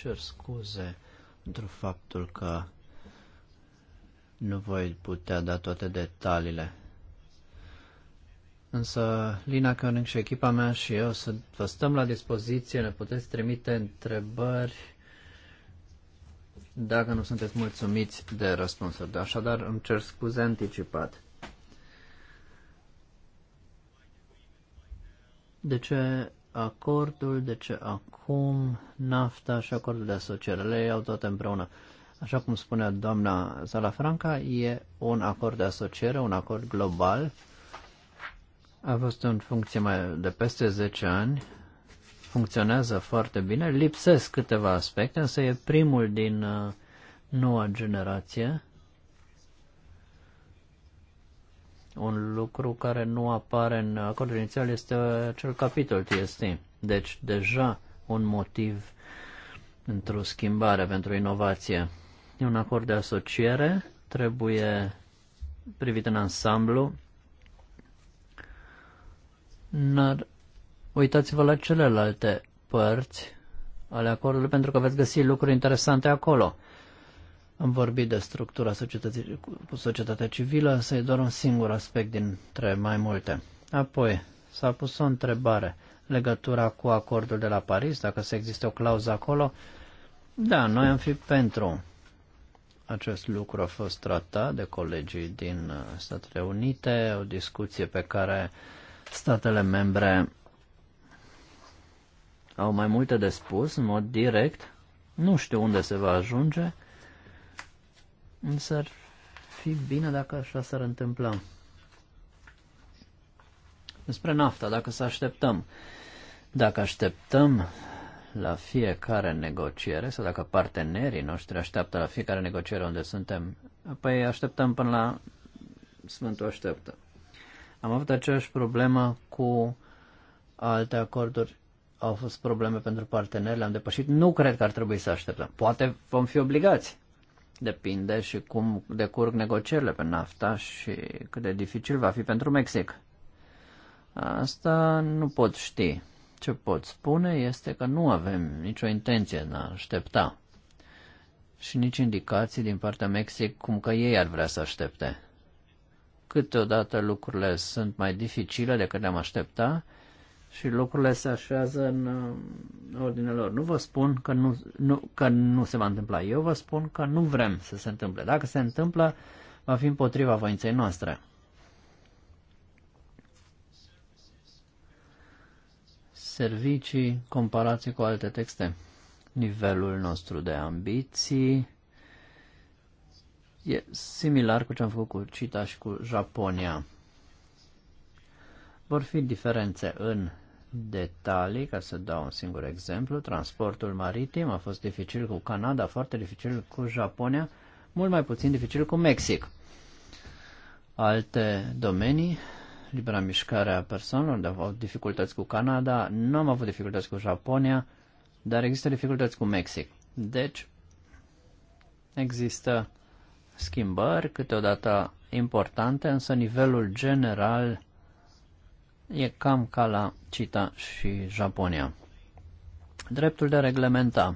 cer scuze pentru faptul că nu voi putea da toate detaliile. Însă Lina Koenig și echipa mea și eu să vă stăm la dispoziție, ne puteți trimite întrebări dacă nu sunteți mulțumiți de răspunsuri. Așadar, îmi cer scuze anticipat. De ce acordul, de deci ce acum NAFTA și acordul de asociere le iau toate împreună. Așa cum spunea doamna Salafranca, e un acord de asociere, un acord global. A fost în funcție mai de peste 10 ani, funcționează foarte bine, lipsesc câteva aspecte, însă e primul din uh, noua generație Un lucru care nu apare în acordul inițial este acel capitol TST. Deci deja un motiv într-o schimbare pentru inovație. E un acord de asociere, trebuie privit în ansamblu. Dar uitați-vă la celelalte părți ale acordului pentru că veți găsi lucruri interesante acolo. Am vorbit de structura societății, cu societatea civilă, să e doar un singur aspect dintre mai multe. Apoi, s-a pus o întrebare, legătura cu acordul de la Paris, dacă se există o clauză acolo. Da, noi am fi pentru. Acest lucru a fost tratat de colegii din uh, Statele Unite, o discuție pe care statele membre au mai multe de spus în mod direct. Nu știu unde se va ajunge, Însă ar fi bine dacă așa s-ar întâmpla. Despre nafta, dacă să așteptăm. Dacă așteptăm la fiecare negociere sau dacă partenerii noștri așteaptă la fiecare negociere unde suntem, apoi așteptăm până la Sfântul așteaptă. Am avut aceeași problemă cu alte acorduri. Au fost probleme pentru parteneri, le-am depășit. Nu cred că ar trebui să așteptăm. Poate vom fi obligați. Depinde și cum decurg negocierile pe nafta și cât de dificil va fi pentru Mexic. Asta nu pot ști. Ce pot spune este că nu avem nicio intenție în a aștepta și nici indicații din partea Mexic cum că ei ar vrea să aștepte. Câteodată lucrurile sunt mai dificile decât am aștepta și lucrurile se așează în uh, ordinea lor. Nu vă spun că nu, nu, că nu se va întâmpla. Eu vă spun că nu vrem să se întâmple. Dacă se întâmplă, va fi împotriva voinței noastre. Servicii, comparații cu alte texte. Nivelul nostru de ambiții e similar cu ce am făcut cu CITA și cu Japonia vor fi diferențe în detalii, ca să dau un singur exemplu, transportul maritim a fost dificil cu Canada, foarte dificil cu Japonia, mult mai puțin dificil cu Mexic. Alte domenii, libera mișcare a persoanelor, unde au dificultăți cu Canada, nu am avut dificultăți cu Japonia, dar există dificultăți cu Mexic. Deci, există schimbări, câteodată importante, însă nivelul general E cam ca la CITA și Japonia. Dreptul de a reglementa.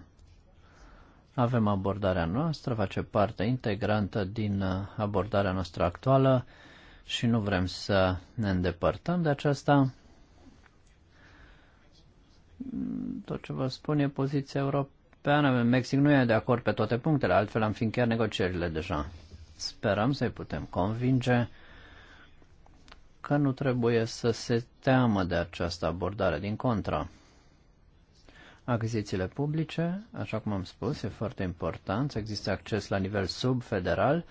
Avem abordarea noastră, face parte integrantă din uh, abordarea noastră actuală și nu vrem să ne îndepărtăm de aceasta. Tot ce vă spun e poziția europeană. Mexic nu e de acord pe toate punctele, altfel am fi încheiat negocierile deja. Sperăm să-i putem convinge că nu trebuie să se teamă de această abordare, din contra. Achizițiile publice, așa cum am spus, e foarte important să existe acces la nivel subfederal,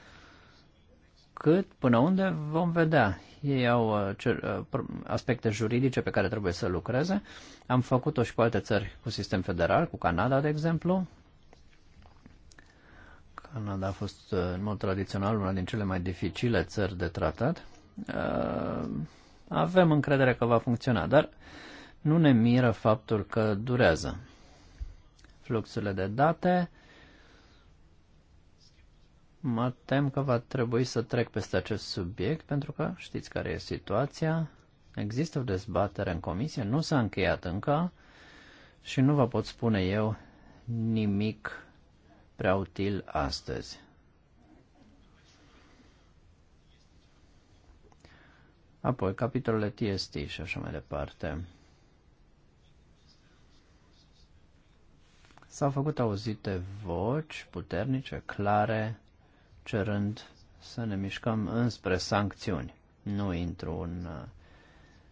cât până unde vom vedea. Ei au uh, uh, aspecte juridice pe care trebuie să lucreze. Am făcut-o și cu alte țări cu sistem federal, cu Canada, de exemplu. Canada a fost, uh, în mod tradițional, una din cele mai dificile țări de tratat. Uh, avem încredere că va funcționa, dar nu ne miră faptul că durează fluxurile de date. Mă tem că va trebui să trec peste acest subiect pentru că știți care e situația. Există o dezbatere în comisie, nu s-a încheiat încă și nu vă pot spune eu nimic prea util astăzi. Apoi, capitolele TST și așa mai departe. S-au făcut auzite voci puternice, clare, cerând să ne mișcăm înspre sancțiuni. Nu intru în uh,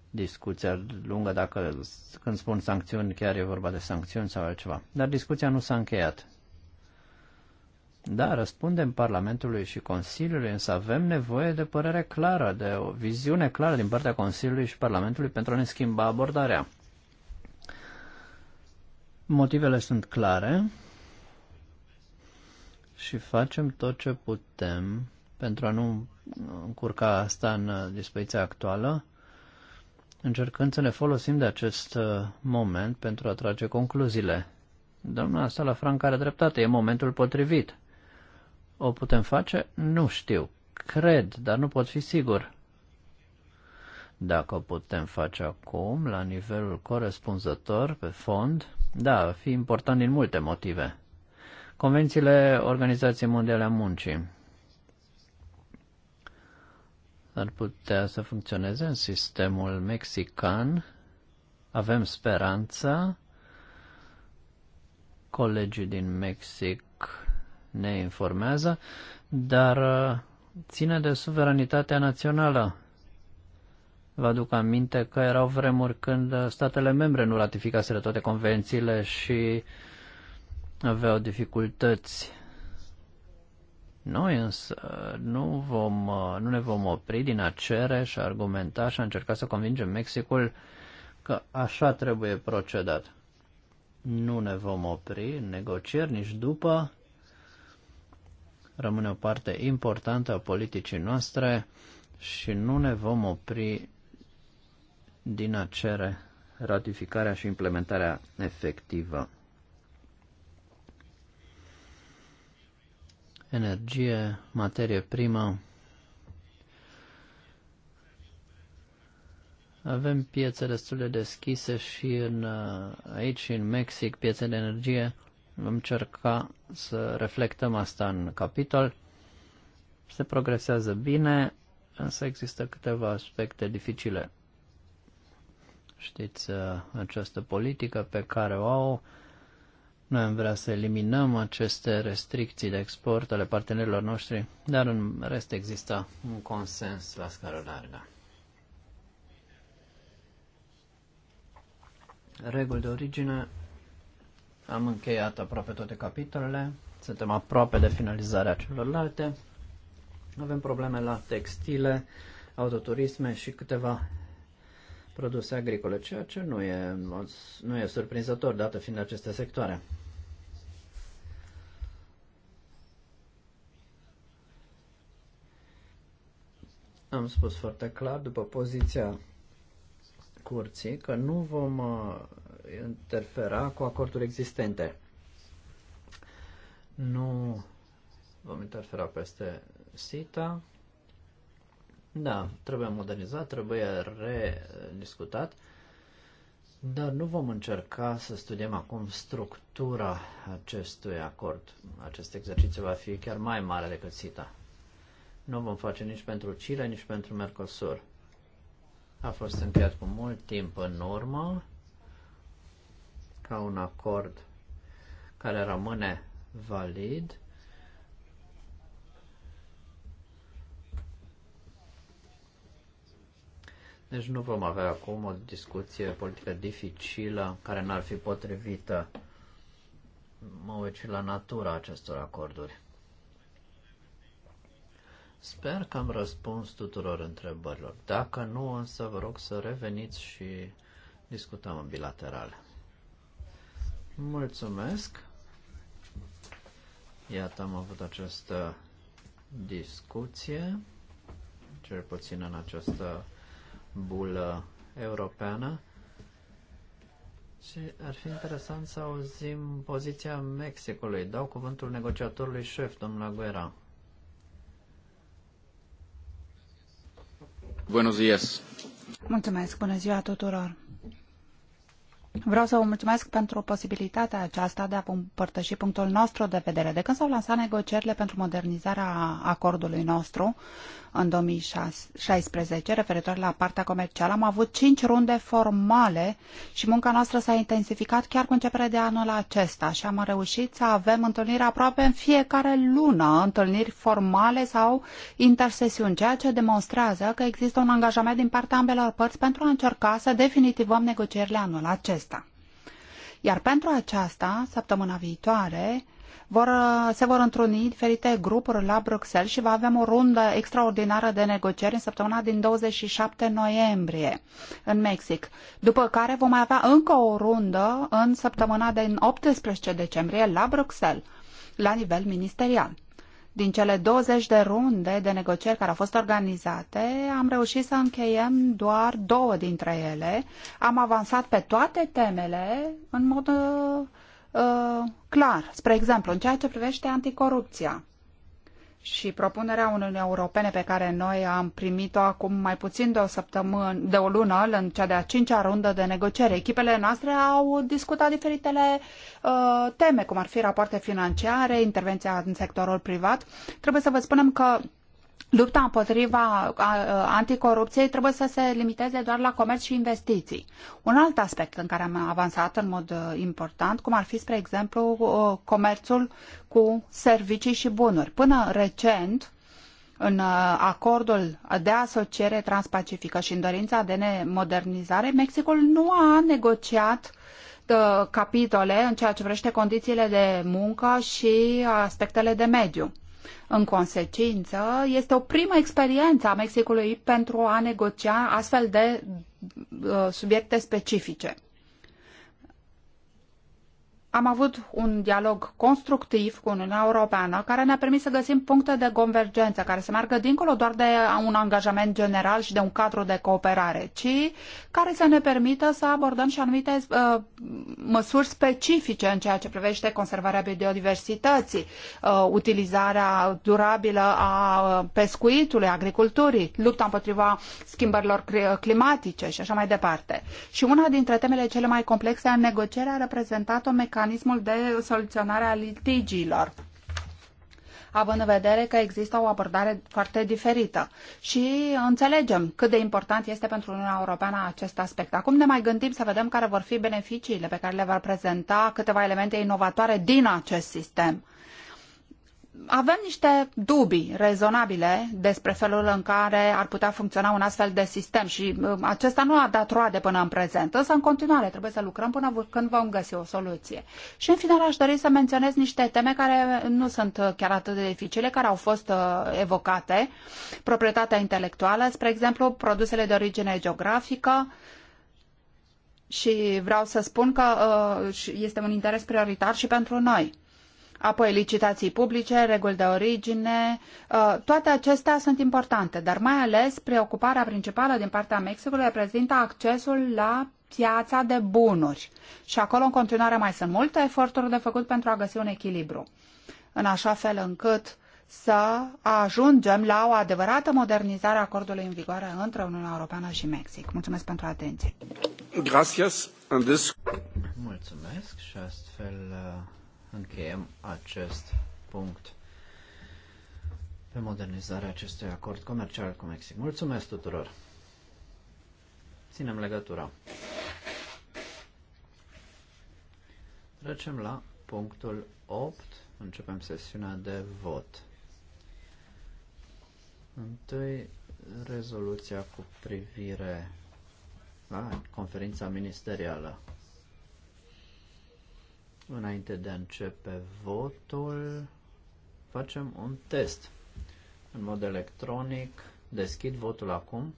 discuția lungă dacă când spun sancțiuni chiar e vorba de sancțiuni sau altceva. Dar discuția nu s-a încheiat. Da, răspundem Parlamentului și Consiliului, însă avem nevoie de părere clară, de o viziune clară din partea Consiliului și Parlamentului pentru a ne schimba abordarea. Motivele sunt clare și facem tot ce putem pentru a nu încurca asta în dispoziția actuală, încercând să ne folosim de acest uh, moment pentru a trage concluziile. Doamna Sala Franca are dreptate, e momentul potrivit o putem face? Nu știu. Cred, dar nu pot fi sigur. Dacă o putem face acum, la nivelul corespunzător, pe fond, da, fi important din multe motive. Convențiile Organizației Mondiale a Muncii ar putea să funcționeze în sistemul mexican. Avem speranța. Colegii din Mexic ne informează, dar uh, ține de suveranitatea națională. Vă aduc aminte că erau vremuri când uh, statele membre nu ratificaseră toate convențiile și aveau dificultăți. Noi însă nu, vom, uh, nu ne vom opri din a cere și a argumenta și a încerca să convingem Mexicul că așa trebuie procedat. Nu ne vom opri în negocieri nici după rămâne o parte importantă a politicii noastre și nu ne vom opri din a cere ratificarea și implementarea efectivă. Energie, materie primă. Avem piețe destul de deschise și în, aici în Mexic, piețe de energie Vom încerca să reflectăm asta în capitol. Se progresează bine, însă există câteva aspecte dificile. Știți, uh, această politică pe care o au, noi am vrea să eliminăm aceste restricții de export ale partenerilor noștri, dar în rest există un consens la scară largă. Reguli de origine am încheiat aproape toate capitolele, suntem aproape de finalizarea celorlalte. Avem probleme la textile, autoturisme și câteva produse agricole, ceea ce nu e, nu e surprinzător, dată fiind aceste sectoare. Am spus foarte clar, după poziția curții, că nu vom interfera cu acorduri existente. Nu vom interfera peste SITA. Da, trebuie modernizat, trebuie rediscutat, dar nu vom încerca să studiem acum structura acestui acord. Acest exercițiu va fi chiar mai mare decât SITA. Nu vom face nici pentru Chile, nici pentru Mercosur. A fost încheiat cu mult timp în urmă ca un acord care rămâne valid. Deci nu vom avea acum o discuție politică dificilă care n-ar fi potrivită. Mă uit și la natura acestor acorduri. Sper că am răspuns tuturor întrebărilor. Dacă nu, însă vă rog să reveniți și discutăm în bilateral. Mulțumesc. Iată, am avut această discuție, cel puțin în această bulă europeană. Și ar fi interesant să auzim poziția Mexicului. Dau cuvântul negociatorului șef, domnul Aguera. Buenos días. Mulțumesc, bună ziua tuturor. Vreau să vă mulțumesc pentru posibilitatea aceasta de a împărtăși punctul nostru de vedere. De când s-au lansat negocierile pentru modernizarea acordului nostru în 2016, referitor la partea comercială, am avut cinci runde formale și munca noastră s-a intensificat chiar cu începerea de anul acesta și am reușit să avem întâlniri aproape în fiecare lună, întâlniri formale sau intersesiuni, ceea ce demonstrează că există un angajament din partea ambelor părți pentru a încerca să definitivăm negocierile anul acesta acesta. Iar pentru aceasta, săptămâna viitoare, vor, se vor întruni diferite grupuri la Bruxelles și va avea o rundă extraordinară de negocieri în săptămâna din 27 noiembrie în Mexic, după care vom mai avea încă o rundă în săptămâna din 18 decembrie la Bruxelles, la nivel ministerial. Din cele 20 de runde de negocieri care au fost organizate, am reușit să încheiem doar două dintre ele. Am avansat pe toate temele în mod uh, uh clar. Spre exemplu, în ceea ce privește anticorupția și propunerea Uniunii Europene pe care noi am primit-o acum mai puțin de o săptămână, de o lună, în cea de-a cincea rundă de negociere. Echipele noastre au discutat diferitele uh, teme, cum ar fi rapoarte financiare, intervenția în sectorul privat. Trebuie să vă spunem că lupta împotriva anticorupției trebuie să se limiteze doar la comerț și investiții. Un alt aspect în care am avansat în mod uh, important, cum ar fi, spre exemplu, uh, comerțul cu servicii și bunuri. Până recent, în uh, acordul de asociere transpacifică și în dorința de modernizare, Mexicul nu a negociat capitole în ceea ce vrește condițiile de muncă și aspectele de mediu. În consecință, este o primă experiență a Mexicului pentru a negocia astfel de uh, subiecte specifice am avut un dialog constructiv cu Uniunea Europeană care ne-a permis să găsim puncte de convergență care să meargă dincolo doar de un angajament general și de un cadru de cooperare, ci care să ne permită să abordăm și anumite uh, măsuri specifice în ceea ce privește conservarea biodiversității, uh, utilizarea durabilă a uh, pescuitului, agriculturii, lupta împotriva schimbărilor uh, climatice și așa mai departe. Și una dintre temele cele mai complexe a negocierea a reprezentat o mecanism mecanismul de soluționare a litigiilor având în vedere că există o abordare foarte diferită. Și înțelegem cât de important este pentru Uniunea Europeană acest aspect. Acum ne mai gândim să vedem care vor fi beneficiile pe care le va prezenta câteva elemente inovatoare din acest sistem avem niște dubii rezonabile despre felul în care ar putea funcționa un astfel de sistem și uh, acesta nu a dat roade până în prezent, însă în continuare trebuie să lucrăm până când vom găsi o soluție. Și în final aș dori să menționez niște teme care nu sunt chiar atât de dificile, care au fost uh, evocate, proprietatea intelectuală, spre exemplu, produsele de origine geografică, și vreau să spun că uh, este un interes prioritar și pentru noi apoi licitații publice, reguli de origine, uh, toate acestea sunt importante, dar mai ales preocuparea principală din partea Mexicului reprezintă accesul la piața de bunuri. Și acolo în continuare mai sunt multe eforturi de făcut pentru a găsi un echilibru, în așa fel încât să ajungem la o adevărată modernizare a acordului în vigoare între Uniunea Europeană și Mexic. Mulțumesc pentru atenție. Gracias. Mulțumesc și astfel uh, încheiem acest punct pe modernizarea acestui acord comercial cu Mexic. Mulțumesc tuturor! Ținem legătura. Trecem la punctul 8. Începem sesiunea de vot. Întâi, rezoluția cu privire la conferința ministerială. Înainte de a începe votul, facem un test în mod electronic. Deschid votul acum.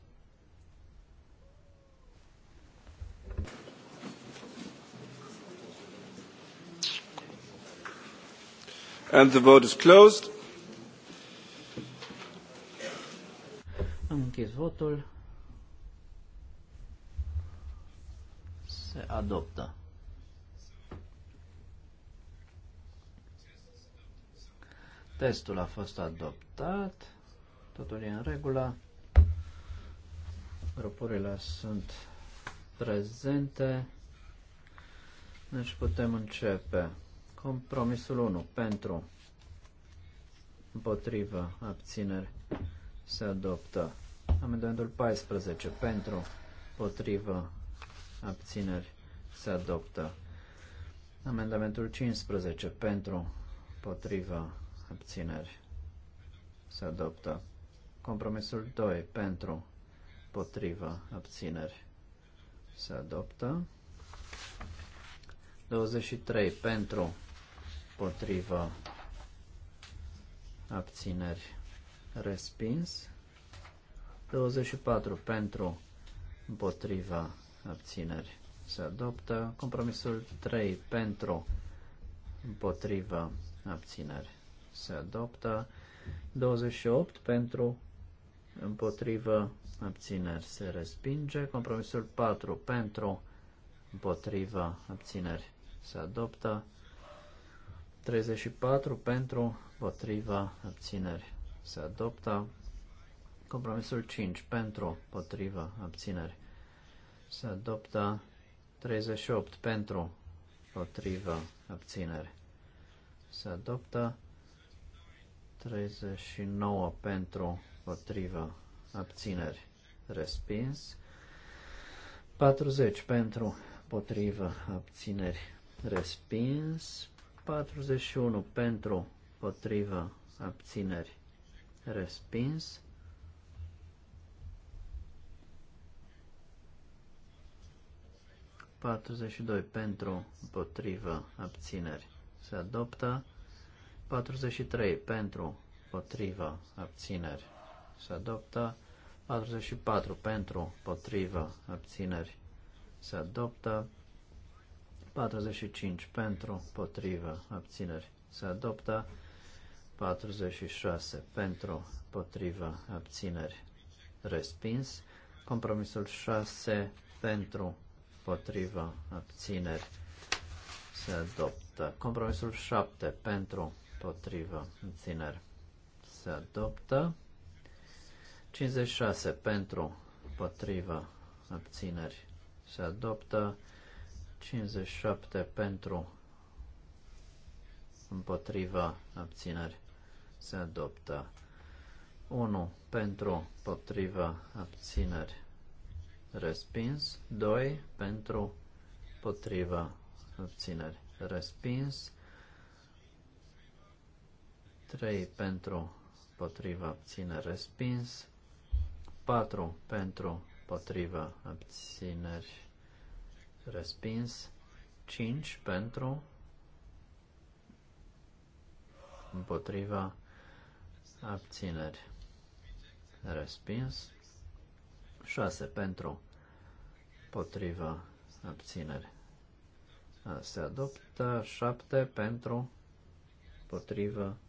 And the vote is closed. Am închis votul. Se adoptă. Testul a fost adoptat, totul e în regulă, grupurile sunt prezente, deci putem începe. Compromisul 1 pentru împotrivă abțineri se adoptă. Amendamentul 14 pentru împotrivă abțineri se adoptă. Amendamentul 15 pentru împotrivă abțineri, se adoptă. Compromisul 2, pentru, potrivă, abțineri, se adoptă. 23, pentru, potrivă, abțineri, respins. 24, pentru, împotriva, abțineri, se adoptă. Compromisul 3, pentru, împotriva, abțineri, se adoptă. 28 pentru, împotrivă, abțineri se respinge. Compromisul 4 pentru, împotrivă, abțineri se adoptă. 34 pentru, împotrivă abțineri se adoptă. Compromisul 5 pentru, împotrivă abțineri se adoptă. 38 pentru, împotrivă abțineri se adoptă. 39 pentru, potrivă, abțineri, respins. 40 pentru, potrivă, abțineri, respins. 41 pentru, potrivă, abțineri, respins. 42 pentru, potrivă abțineri. Se adoptă. 43 pentru, potrivă, abțineri se adoptă. 44 pentru, potrivă, abțineri se adoptă. 45 pentru, potrivă, abțineri se adoptă. 46 pentru, potrivă, abțineri respins. Compromisul 6 pentru, potrivă, abțineri se adoptă. Compromisul 7 pentru, împotrivă, abțineri se adoptă. 56 pentru, împotrivă, abțineri se adoptă. 57 pentru, împotriva abțineri se adoptă. 1. Pentru potriva abțineri respins. 2. Pentru potriva abțineri respins. 3 pentru potriva abține respins, 4 pentru potriva abțineri respins, 5 pentru împotriva abțineri respins, 6 pentru potriva abțineri se adoptă, 7 pentru potriva abțineri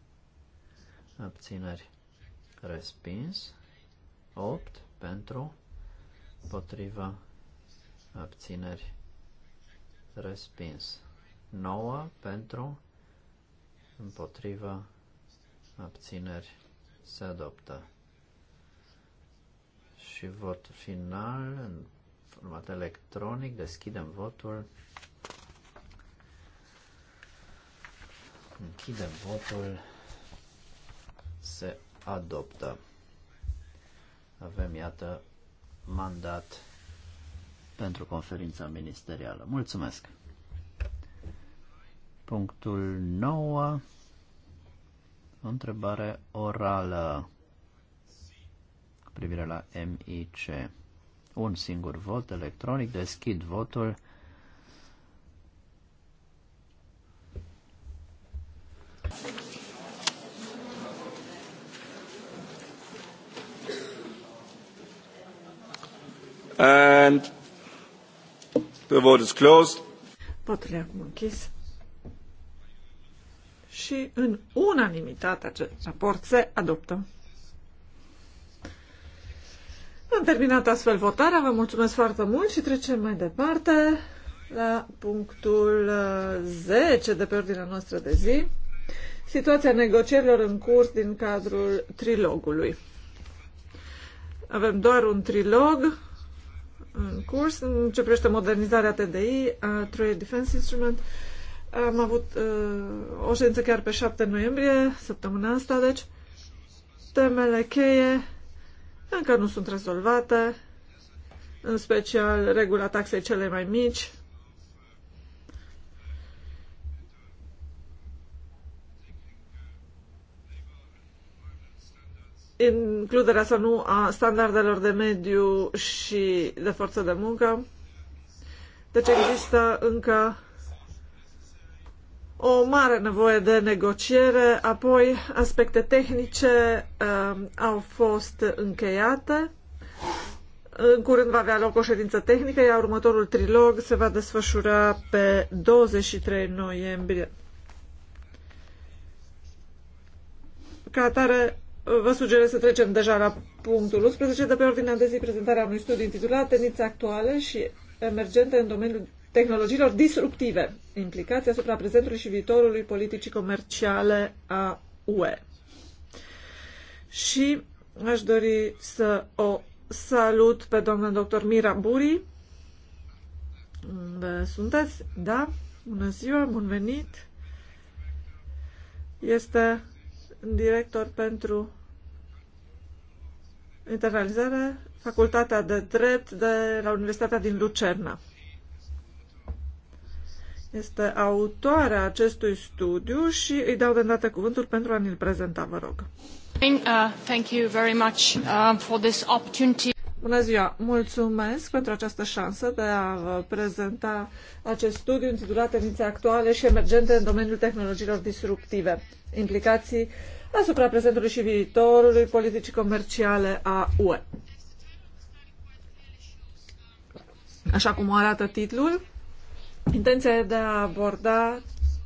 abțineri, respins. 8 pentru, potriva, abțineri, respins. 9 pentru, împotriva, abțineri, se adoptă. Și vot final în format electronic, deschidem votul. Închidem votul se adoptă. Avem, iată, mandat pentru conferința ministerială. Mulțumesc! Punctul 9. O întrebare orală cu privire la MIC. Un singur vot electronic. Deschid votul. And the vote is closed. Votul e acum închis. Și în unanimitate acest raport se adoptă. Am terminat astfel votarea, vă mulțumesc foarte mult și trecem mai departe la punctul 10 uh, de pe ordinea noastră de zi, situația negocierilor în curs din cadrul trilogului. Avem doar un trilog în curs. În ce privește modernizarea TDI, a Trade Defense Instrument, am avut uh, o ședință chiar pe 7 noiembrie, săptămâna asta, deci temele cheie încă nu sunt rezolvate, în special regula taxei cele mai mici, includerea sau nu a standardelor de mediu și de forță de muncă. Deci există încă o mare nevoie de negociere, apoi aspecte tehnice uh, au fost încheiate. În curând va avea loc o ședință tehnică, iar următorul trilog se va desfășura pe 23 noiembrie. Ca atare, vă sugerez să trecem deja la punctul 11 de pe ordinea de zi prezentarea unui studiu intitulat Tendințe actuale și emergente în domeniul tehnologiilor disruptive, implicația asupra prezentului și viitorului politicii comerciale a UE. Și aș dori să o salut pe doamna doctor Mira Buri. Unde sunteți? Da? Bună ziua, bun venit! Este director pentru internalizare, Facultatea de Drept de la Universitatea din Lucerna. Este autoarea acestui studiu și îi dau de îndată cuvântul pentru a ne-l prezenta, vă rog. Uh, thank you very much uh, for this opportunity. Bună ziua! Mulțumesc pentru această șansă de a vă prezenta acest studiu intitulat Tendințe actuale și emergente în domeniul tehnologiilor disruptive. Implicații asupra prezentului și viitorului politicii comerciale a UE. Așa cum arată titlul, intenția e de a aborda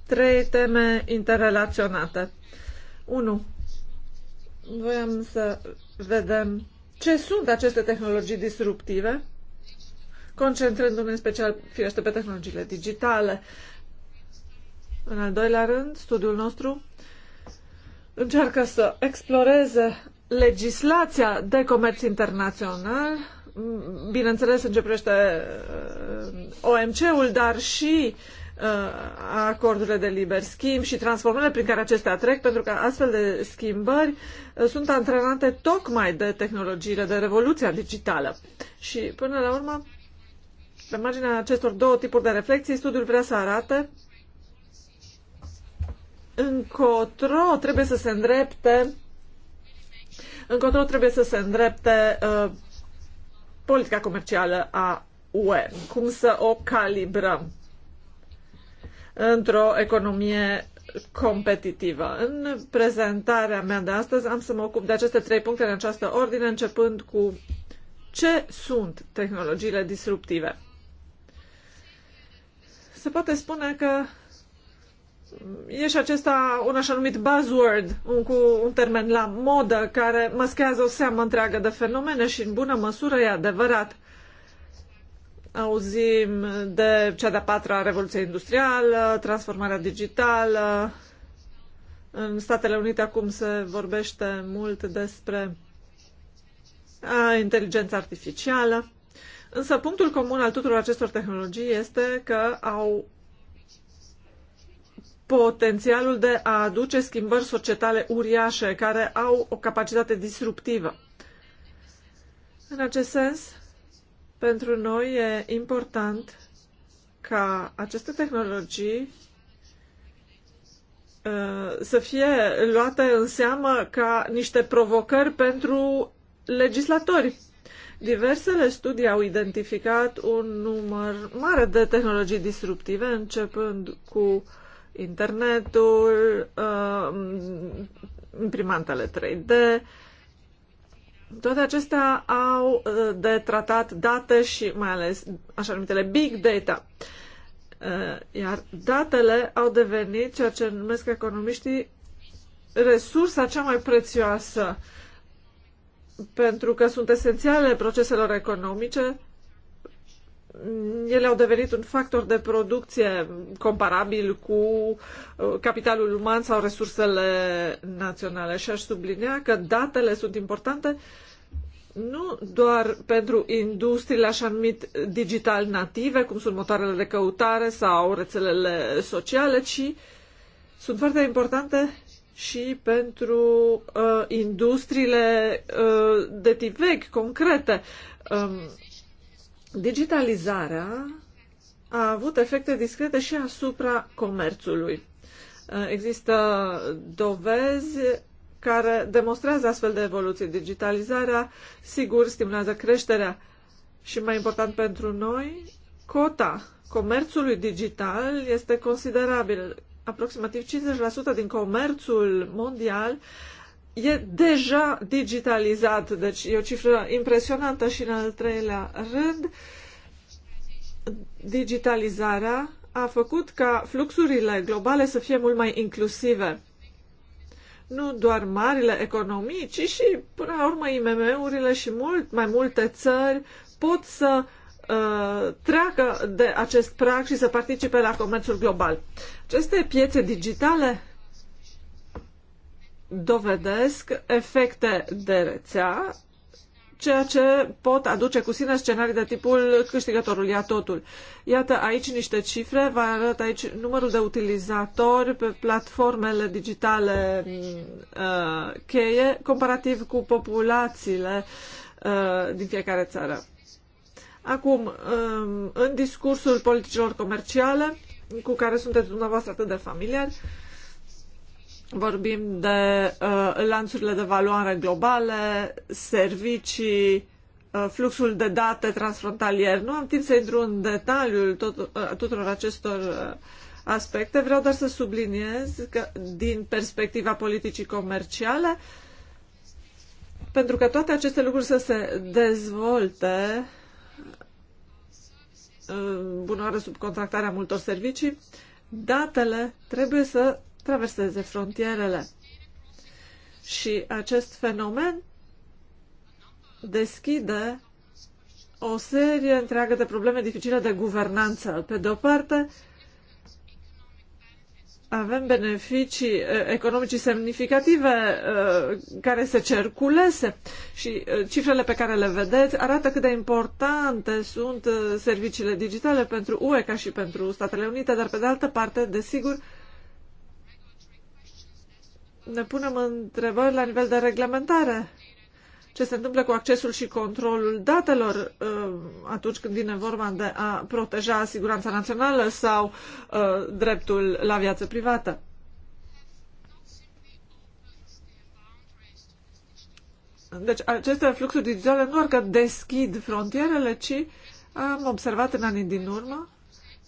trei teme interrelaționate. 1. Voiam să vedem ce sunt aceste tehnologii disruptive, concentrându-ne în special, firește, pe tehnologiile digitale. În al doilea rând, studiul nostru încearcă să exploreze legislația de comerț internațional, bineînțeles începește uh, OMC-ul, dar și a uh, acordurile de liber schimb și transformările prin care acestea trec, pentru că astfel de schimbări uh, sunt antrenate tocmai de tehnologiile, de revoluția digitală. Și până la urmă, pe marginea acestor două tipuri de reflexii, studiul vrea să arate încotro trebuie să se îndrepte încotro trebuie să se îndrepte uh, politica comercială a UE, cum să o calibrăm într-o economie competitivă. În prezentarea mea de astăzi am să mă ocup de aceste trei puncte în această ordine, începând cu ce sunt tehnologiile disruptive. Se poate spune că e și acesta un așa numit buzzword, un, cu un termen la modă care măschează o seamă întreagă de fenomene și în bună măsură e adevărat. Auzim de cea de-a patra revoluție industrială, transformarea digitală. În Statele Unite acum se vorbește mult despre inteligența artificială. Însă punctul comun al tuturor acestor tehnologii este că au potențialul de a aduce schimbări societale uriașe care au o capacitate disruptivă. În acest sens, pentru noi e important ca aceste tehnologii uh, să fie luate în seamă ca niște provocări pentru legislatori. Diversele studii au identificat un număr mare de tehnologii disruptive, începând cu internetul, uh, imprimantele 3D, toate acestea au uh, de tratat date și mai ales așa numitele big data. Uh, iar datele au devenit ceea ce numesc economiștii resursa cea mai prețioasă pentru că sunt esențiale proceselor economice Mm, ele au devenit un factor de producție comparabil cu uh, capitalul uman sau resursele naționale. Și aș sublinea că datele sunt importante nu doar pentru industriile așa numit digital native, cum sunt motoarele de căutare sau rețelele sociale, ci sunt foarte importante și pentru uh, industriile uh, de tip vechi, concrete, um, Digitalizarea a avut efecte discrete și asupra comerțului. Există dovezi care demonstrează astfel de evoluții. Digitalizarea, sigur, stimulează creșterea și, mai important pentru noi, cota comerțului digital este considerabil. Aproximativ 50% din comerțul mondial uh, e deja digitalizat, deci e o cifră impresionantă și în al treilea rând, digitalizarea a făcut ca fluxurile globale să fie mult mai inclusive. Nu doar marile economii, ci și, până la urmă, IMM-urile și mult mai multe țări pot să uh, treacă de acest prag și să participe la comerțul global. Aceste piețe digitale dovedesc efecte de rețea, ceea ce pot aduce cu sine scenarii de tipul câștigătorul ia totul. Iată aici niște cifre, vă arăt aici numărul de utilizatori pe platformele digitale mm, uh, cheie, comparativ cu populațiile uh, din fiecare țară. Acum, um, în discursul politicilor comerciale, cu care sunteți dumneavoastră atât de familiari, uh, Vorbim de uh, lanțurile de valoare globale, servicii, uh, fluxul de date transfrontalier. Nu am timp să intru în detaliul tot, uh, tuturor acestor uh, aspecte. Vreau doar să subliniez că din perspectiva politicii comerciale, pentru că toate aceste lucruri să se dezvolte, uh, bunoare subcontractarea multor servicii, datele trebuie să traverseze frontierele. Și acest fenomen deschide o serie întreagă de probleme dificile de guvernanță. Pe de o parte, avem beneficii economice semnificative care se cerculese și cifrele pe care le vedeți arată cât de importante sunt serviciile digitale pentru UE ca și pentru Statele Unite, dar pe de altă parte, desigur, ne punem întrebări la nivel de reglementare. Ce se întâmplă cu accesul și controlul datelor uh, atunci când vine vorba de a proteja siguranța națională sau uh, dreptul la viață privată? Deci aceste fluxuri digitale nu doar că deschid frontierele, ci am observat în anii din urmă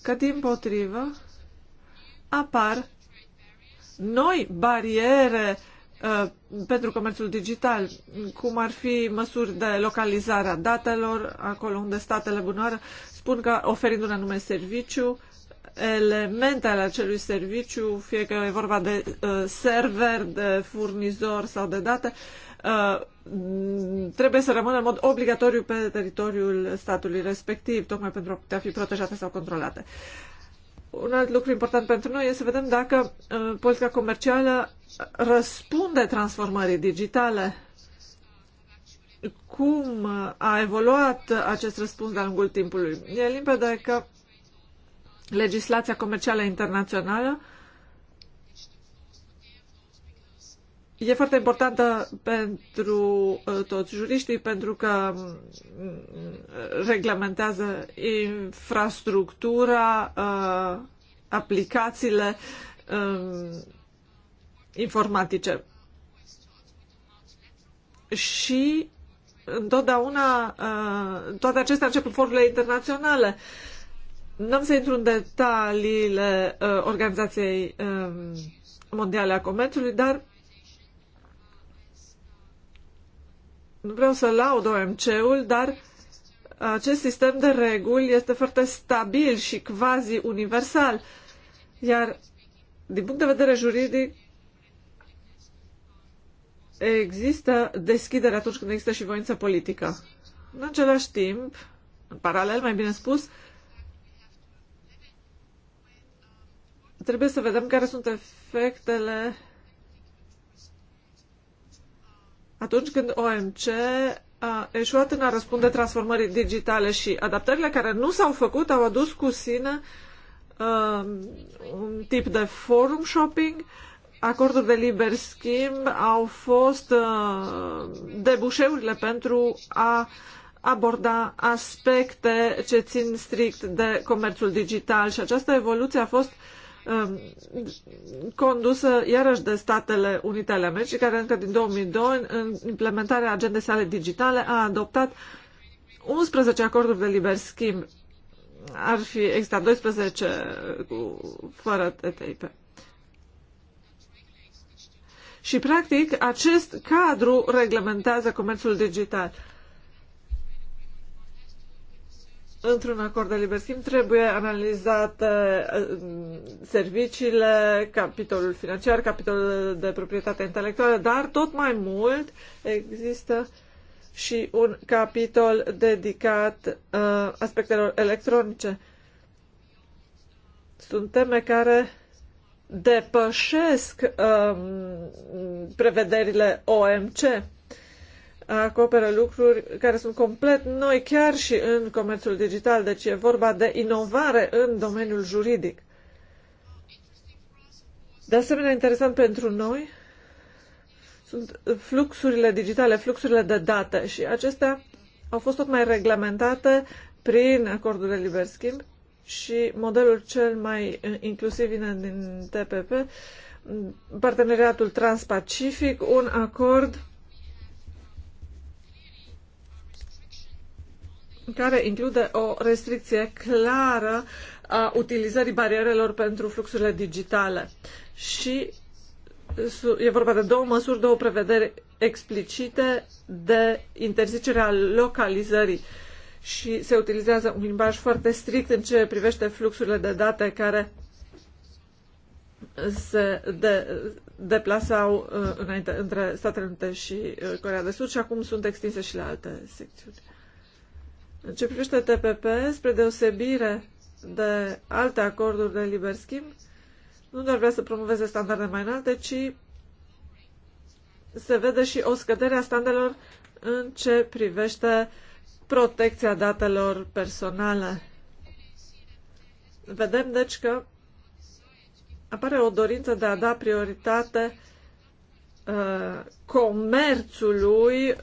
că, din potrivă, apar noi bariere uh, pentru comerțul digital, cum ar fi măsuri de localizare a datelor, acolo unde statele bunoare spun că oferind un anume serviciu, elemente ale acelui serviciu, fie că e vorba de uh, server, de furnizor sau de date, uh, trebuie să rămână în mod obligatoriu pe teritoriul statului respectiv, tocmai pentru a putea fi protejate sau controlate. Uh, un alt lucru important pentru noi este să vedem dacă uh, politica comercială răspunde transformării digitale. Cum uh, a evoluat acest răspuns de-a lungul timpului? E limpede că legislația comercială internațională uh, e foarte importantă pentru uh, toți juriștii pentru că mm, reglementează infrastructura, uh, aplicațiile um, informatice. Și întotdeauna uh, toate acestea încep în forurile internaționale. Nu am să intru în detaliile Organizației um, Mondiale a Comerțului, dar Nu vreau să laud OMC-ul, dar acest sistem de reguli este foarte stabil și quasi universal. Iar din punct de vedere juridic, există deschidere atunci când există și voință politică. În același timp, în paralel, mai bine spus, trebuie să vedem care sunt efectele atunci când OMC a eșuat în a răspunde transformării digitale și adaptările care nu s-au făcut au adus cu sine um, un tip de forum shopping, acorduri de liber schimb au fost uh, debușeurile pentru a aborda aspecte ce țin strict de comerțul digital și această evoluție a fost uh, Um, condusă iarăși de Statele Unite ale Americii, care încă din 2002, în implementarea agendei sale digitale, a adoptat 11 acorduri de liber schimb. Ar fi existat 12 cu, fără TTIP. Și, practic, acest cadru reglementează comerțul digital. Uh, într-un acord de liber schimb trebuie analizate uh, serviciile, capitolul financiar, capitolul de proprietate intelectuală, dar tot mai mult există și un capitol dedicat uh, aspectelor electronice. Sunt teme care depășesc um, prevederile OMC acoperă lucruri care sunt complet noi chiar și în comerțul digital, deci e vorba de inovare în domeniul juridic. De asemenea, interesant pentru noi sunt fluxurile digitale, fluxurile de date și acestea au fost tot mai reglementate prin acordul de liber schimb și modelul cel mai inclusiv vine din TPP, parteneriatul transpacific, un acord care include o restricție clară a utilizării barierelor pentru fluxurile digitale. Și e vorba de două măsuri, două prevederi explicite de interzicerea localizării și se utilizează un limbaj foarte strict în ce privește fluxurile de date care se de, deplasau uh, înainte, între Statele Unite și uh, Corea de Sud și acum sunt extinse și la alte secțiuni. În ce privește TPP, spre deosebire de alte acorduri de liber schimb, nu doar vrea să promoveze standarde mai înalte, ci se vede și o scădere a standardelor în ce privește protecția datelor personale. Vedem, deci, că apare o dorință de a da prioritate uh, comerțului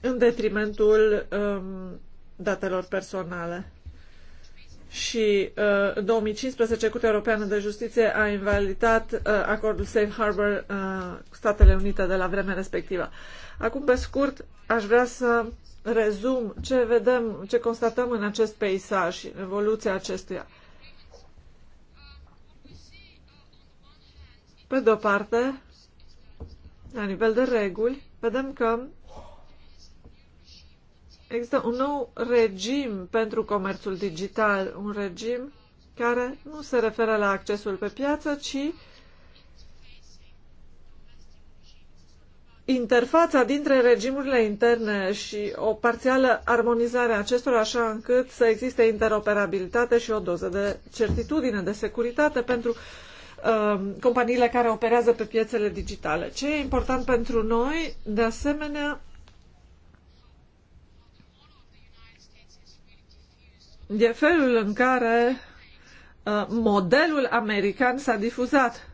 în detrimentul um, datelor personale. Și uh, în 2015, Curtea Europeană de Justiție a invalidat uh, acordul Safe Harbor uh, cu Statele Unite de la vremea respectivă. Acum, pe scurt, aș vrea să rezum ce vedem, ce constatăm în acest peisaj, evoluția acestuia. Pe de-o parte, la nivel de reguli, vedem că Există un nou regim pentru comerțul digital, un regim care nu se referă la accesul pe piață, ci interfața dintre regimurile interne și o parțială armonizare a acestora așa încât să existe interoperabilitate și o doză de certitudine, de securitate pentru um, companiile care operează pe piețele digitale. Ce e important pentru noi, de asemenea, e felul în care uh, modelul american s-a difuzat.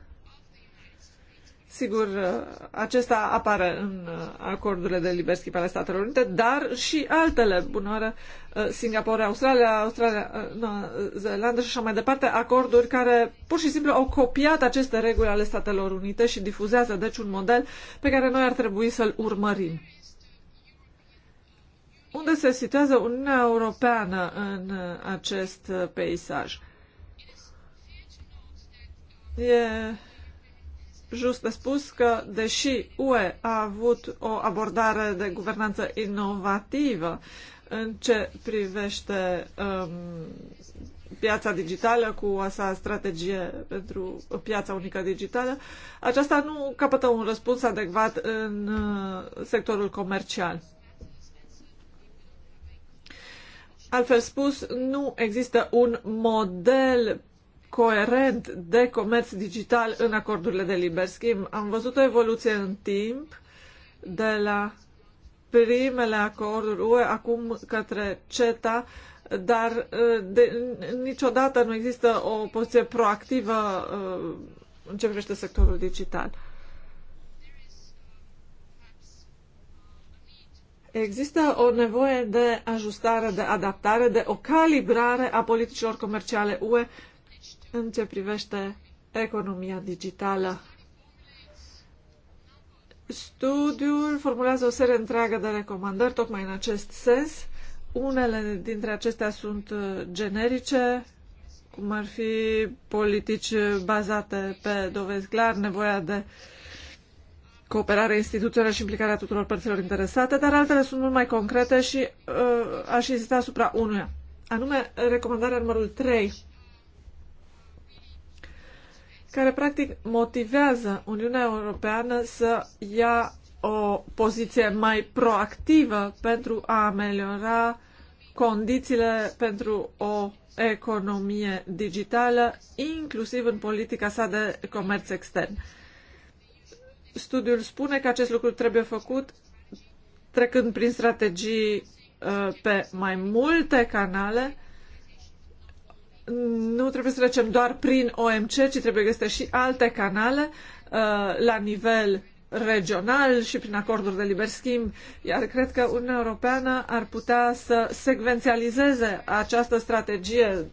Sigur, uh, acesta apare în uh, acordurile de liber schimb ale Statelor Unite, dar și altele, bunoară, Singapore, Australia, Australia, Noua Zeelandă și așa mai departe, acorduri care pur și simplu au copiat aceste reguli ale Statelor Unite și difuzează, deci, un model pe care noi ar trebui să-l urmărim unde se situează Uniunea Europeană în uh, acest uh, peisaj. E just de spus că, deși UE a avut o abordare de guvernanță inovativă în ce privește um, piața digitală cu sa strategie pentru piața unică digitală, aceasta nu capătă un răspuns adecvat în uh, sectorul comercial. Altfel spus, nu există un model coerent de comerț digital în acordurile de liber schimb. Am văzut o evoluție în timp de la primele acorduri UE acum către CETA, dar uh, de, niciodată nu există o poziție proactivă uh, în ce privește sectorul digital. Există o nevoie de ajustare, de adaptare, de o calibrare a politicilor comerciale UE în ce privește economia digitală. Studiul formulează o serie întreagă de recomandări, tocmai în acest sens. Unele dintre acestea sunt uh, generice, cum ar fi politici bazate pe dovezi clar, nevoia de uh, cooperare instituțională și implicarea tuturor părților interesate, dar altele sunt mult mai concrete și uh, aș insista asupra unuia, anume recomandarea numărul 3, care practic motivează Uniunea Europeană să ia o poziție mai proactivă pentru a ameliora condițiile pentru o economie digitală, inclusiv în politica sa de comerț extern. Studiul spune că acest lucru trebuie făcut trecând prin strategii uh, pe mai multe canale. Nu trebuie să trecem doar prin OMC, ci trebuie găsite și alte canale uh, la nivel regional și prin acorduri de liber schimb, iar cred că Uniunea Europeană ar putea să secvențializeze această strategie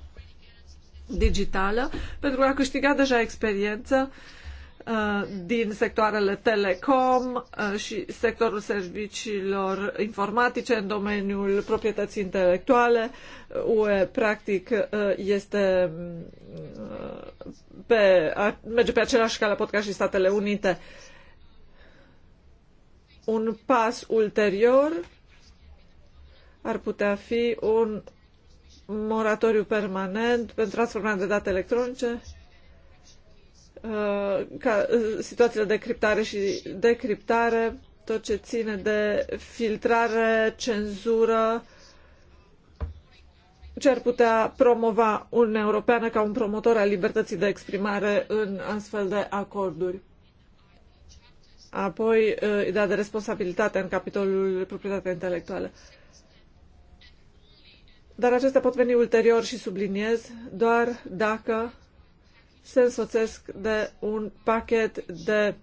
digitală pentru a câștiga deja experiență uh, Uh, din sectoarele telecom uh, și sectorul serviciilor informatice în domeniul proprietății intelectuale. Uh, UE, practic, este pe, merge pe același cale pot ca și Statele Unite. Un pas ulterior ar putea fi un moratoriu permanent pentru transformarea de date electronice Uh, ca uh, situațiile de criptare și decriptare, tot ce ține de filtrare, cenzură, ce ar putea promova Uniunea Europeană ca un promotor al libertății de exprimare în astfel de acorduri. Apoi, uh, ideea de responsabilitate în capitolul proprietatea intelectuală. Dar acestea pot veni ulterior și subliniez doar dacă se însoțesc de un pachet de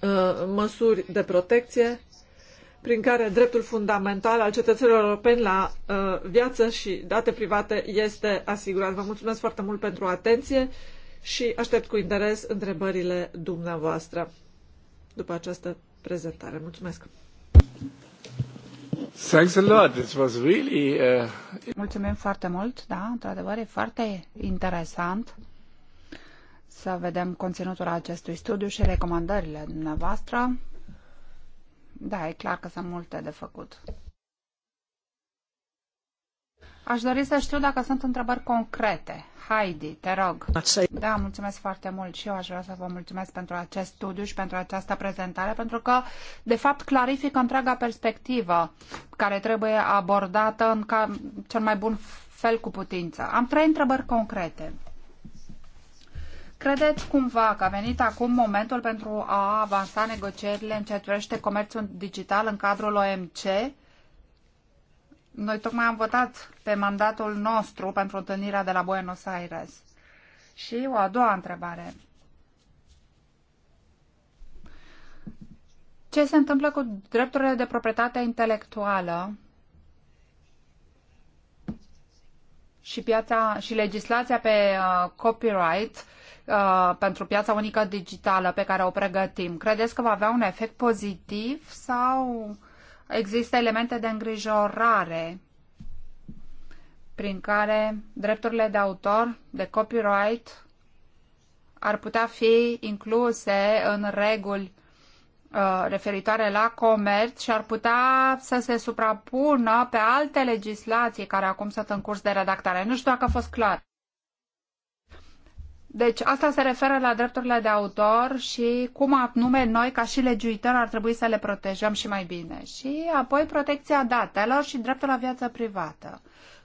uh, măsuri de protecție prin care dreptul fundamental al cetățenilor europeni la uh, viață și date private este asigurat. Vă mulțumesc foarte mult pentru atenție și aștept cu interes întrebările dumneavoastră după această prezentare. Mulțumesc! Thanks a lot. It was really, uh... Mulțumim foarte mult, da, într-adevăr e foarte interesant să vedem conținutul acestui studiu și recomandările dumneavoastră. Da, e clar că sunt multe de făcut. Aș dori să știu dacă sunt întrebări concrete. Heidi, te rog. Da, mulțumesc foarte mult și eu aș vrea să vă mulțumesc pentru acest studiu și pentru această prezentare, pentru că, de fapt, clarifică întreaga perspectivă care trebuie abordată în cel mai bun fel cu putință. Am trei întrebări concrete. Credeți cumva că a venit acum momentul pentru a avansa negocierile în ceea ce privește comerțul digital în cadrul OMC? Noi tocmai am votat pe mandatul nostru pentru întâlnirea de la Buenos Aires. Și o a doua întrebare. Ce se întâmplă cu drepturile de proprietate intelectuală și, piața, și legislația pe uh, copyright Uh, pentru piața unică digitală pe care o pregătim, credeți că va avea un efect pozitiv sau există elemente de îngrijorare prin care drepturile de autor, de copyright, ar putea fi incluse în reguli uh, referitoare la comerț și ar putea să se suprapună pe alte legislații care acum sunt în curs de redactare. Nu știu dacă a fost clar. Deci asta se referă la drepturile de autor și cum anume noi ca și legiuitori ar trebui să le protejăm și mai bine. Și apoi protecția datelor și dreptul la viață privată.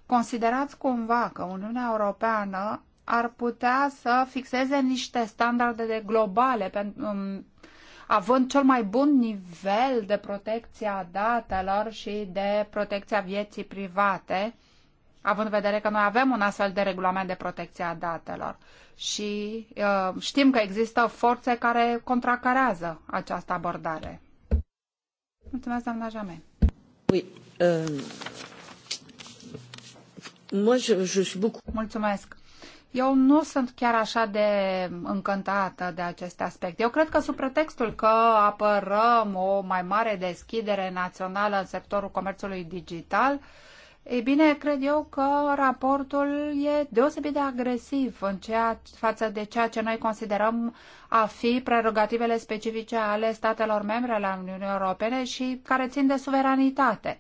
Considerați cumva că Uniunea Europeană ar putea să fixeze niște standarde de globale pentru, um, având cel mai bun nivel de protecție a datelor și de protecția vieții private având în vedere că noi avem un astfel de regulament de protecție a datelor și uh, știm că există forțe care contracarează această abordare. Mulțumesc, doamna Jamen. Oui, uh... Moi, je, je suis beaucoup... Mulțumesc. Eu nu sunt chiar așa de încântată de acest aspect. Eu cred că sub pretextul că apărăm o mai mare deschidere națională în sectorul comerțului digital, uh, ei bine, cred eu că raportul e deosebit de agresiv în ceea, față de ceea ce noi considerăm a fi prerogativele specifice ale statelor membre ale Uniunii Europene și care țin de suveranitate.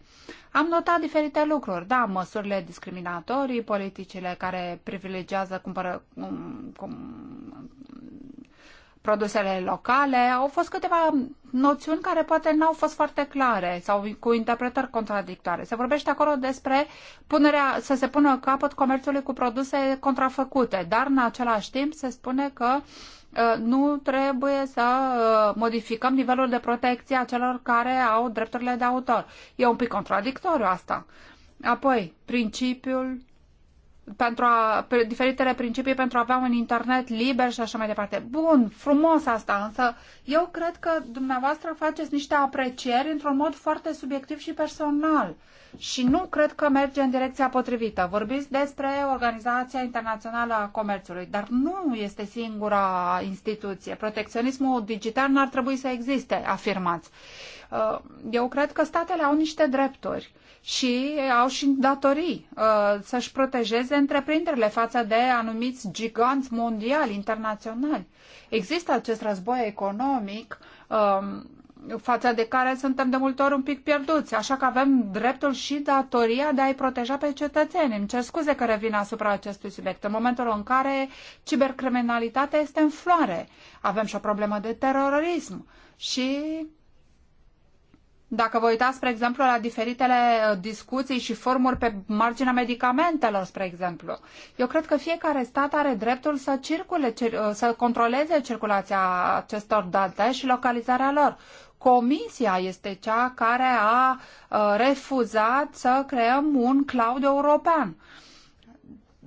Am notat diferite lucruri, da, măsurile discriminatorii, politicile care privilegiază cumpără, cum, cum, produsele locale, au fost câteva noțiuni care poate n-au fost foarte clare sau cu interpretări contradictoare. Se vorbește acolo despre punerea, să se pună capăt comerțului cu produse contrafăcute, dar în același timp se spune că uh, nu trebuie să uh, modificăm nivelul de protecție a celor care au drepturile de autor. E un pic contradictoriu asta. Apoi, principiul pentru a, pe diferitele principii pentru a avea un internet liber și așa mai departe. Bun, frumos asta, însă eu cred că dumneavoastră faceți niște aprecieri într-un mod foarte subiectiv și personal și nu cred că merge în direcția potrivită. Vorbiți despre Organizația Internațională a Comerțului, dar nu este singura instituție. Protecționismul digital n-ar trebui să existe, afirmați. Eu cred că statele au niște drepturi și au și datorii uh, să-și protejeze întreprinderile față de anumiți giganți mondiali, internaționali. Există acest război economic uh, față de care suntem de multe ori un pic pierduți, așa că avem dreptul și datoria de a-i proteja pe cetățeni. Îmi cer scuze că revin asupra acestui subiect. În momentul în care cibercriminalitatea este în floare, avem și o problemă de terorism și dacă vă uitați, spre exemplu, la diferitele uh, discuții și formuri pe marginea medicamentelor, spre exemplu, eu cred că fiecare stat are dreptul să circule, uh, să controleze circulația acestor date și localizarea lor. Comisia este cea care a uh, refuzat să creăm un cloud european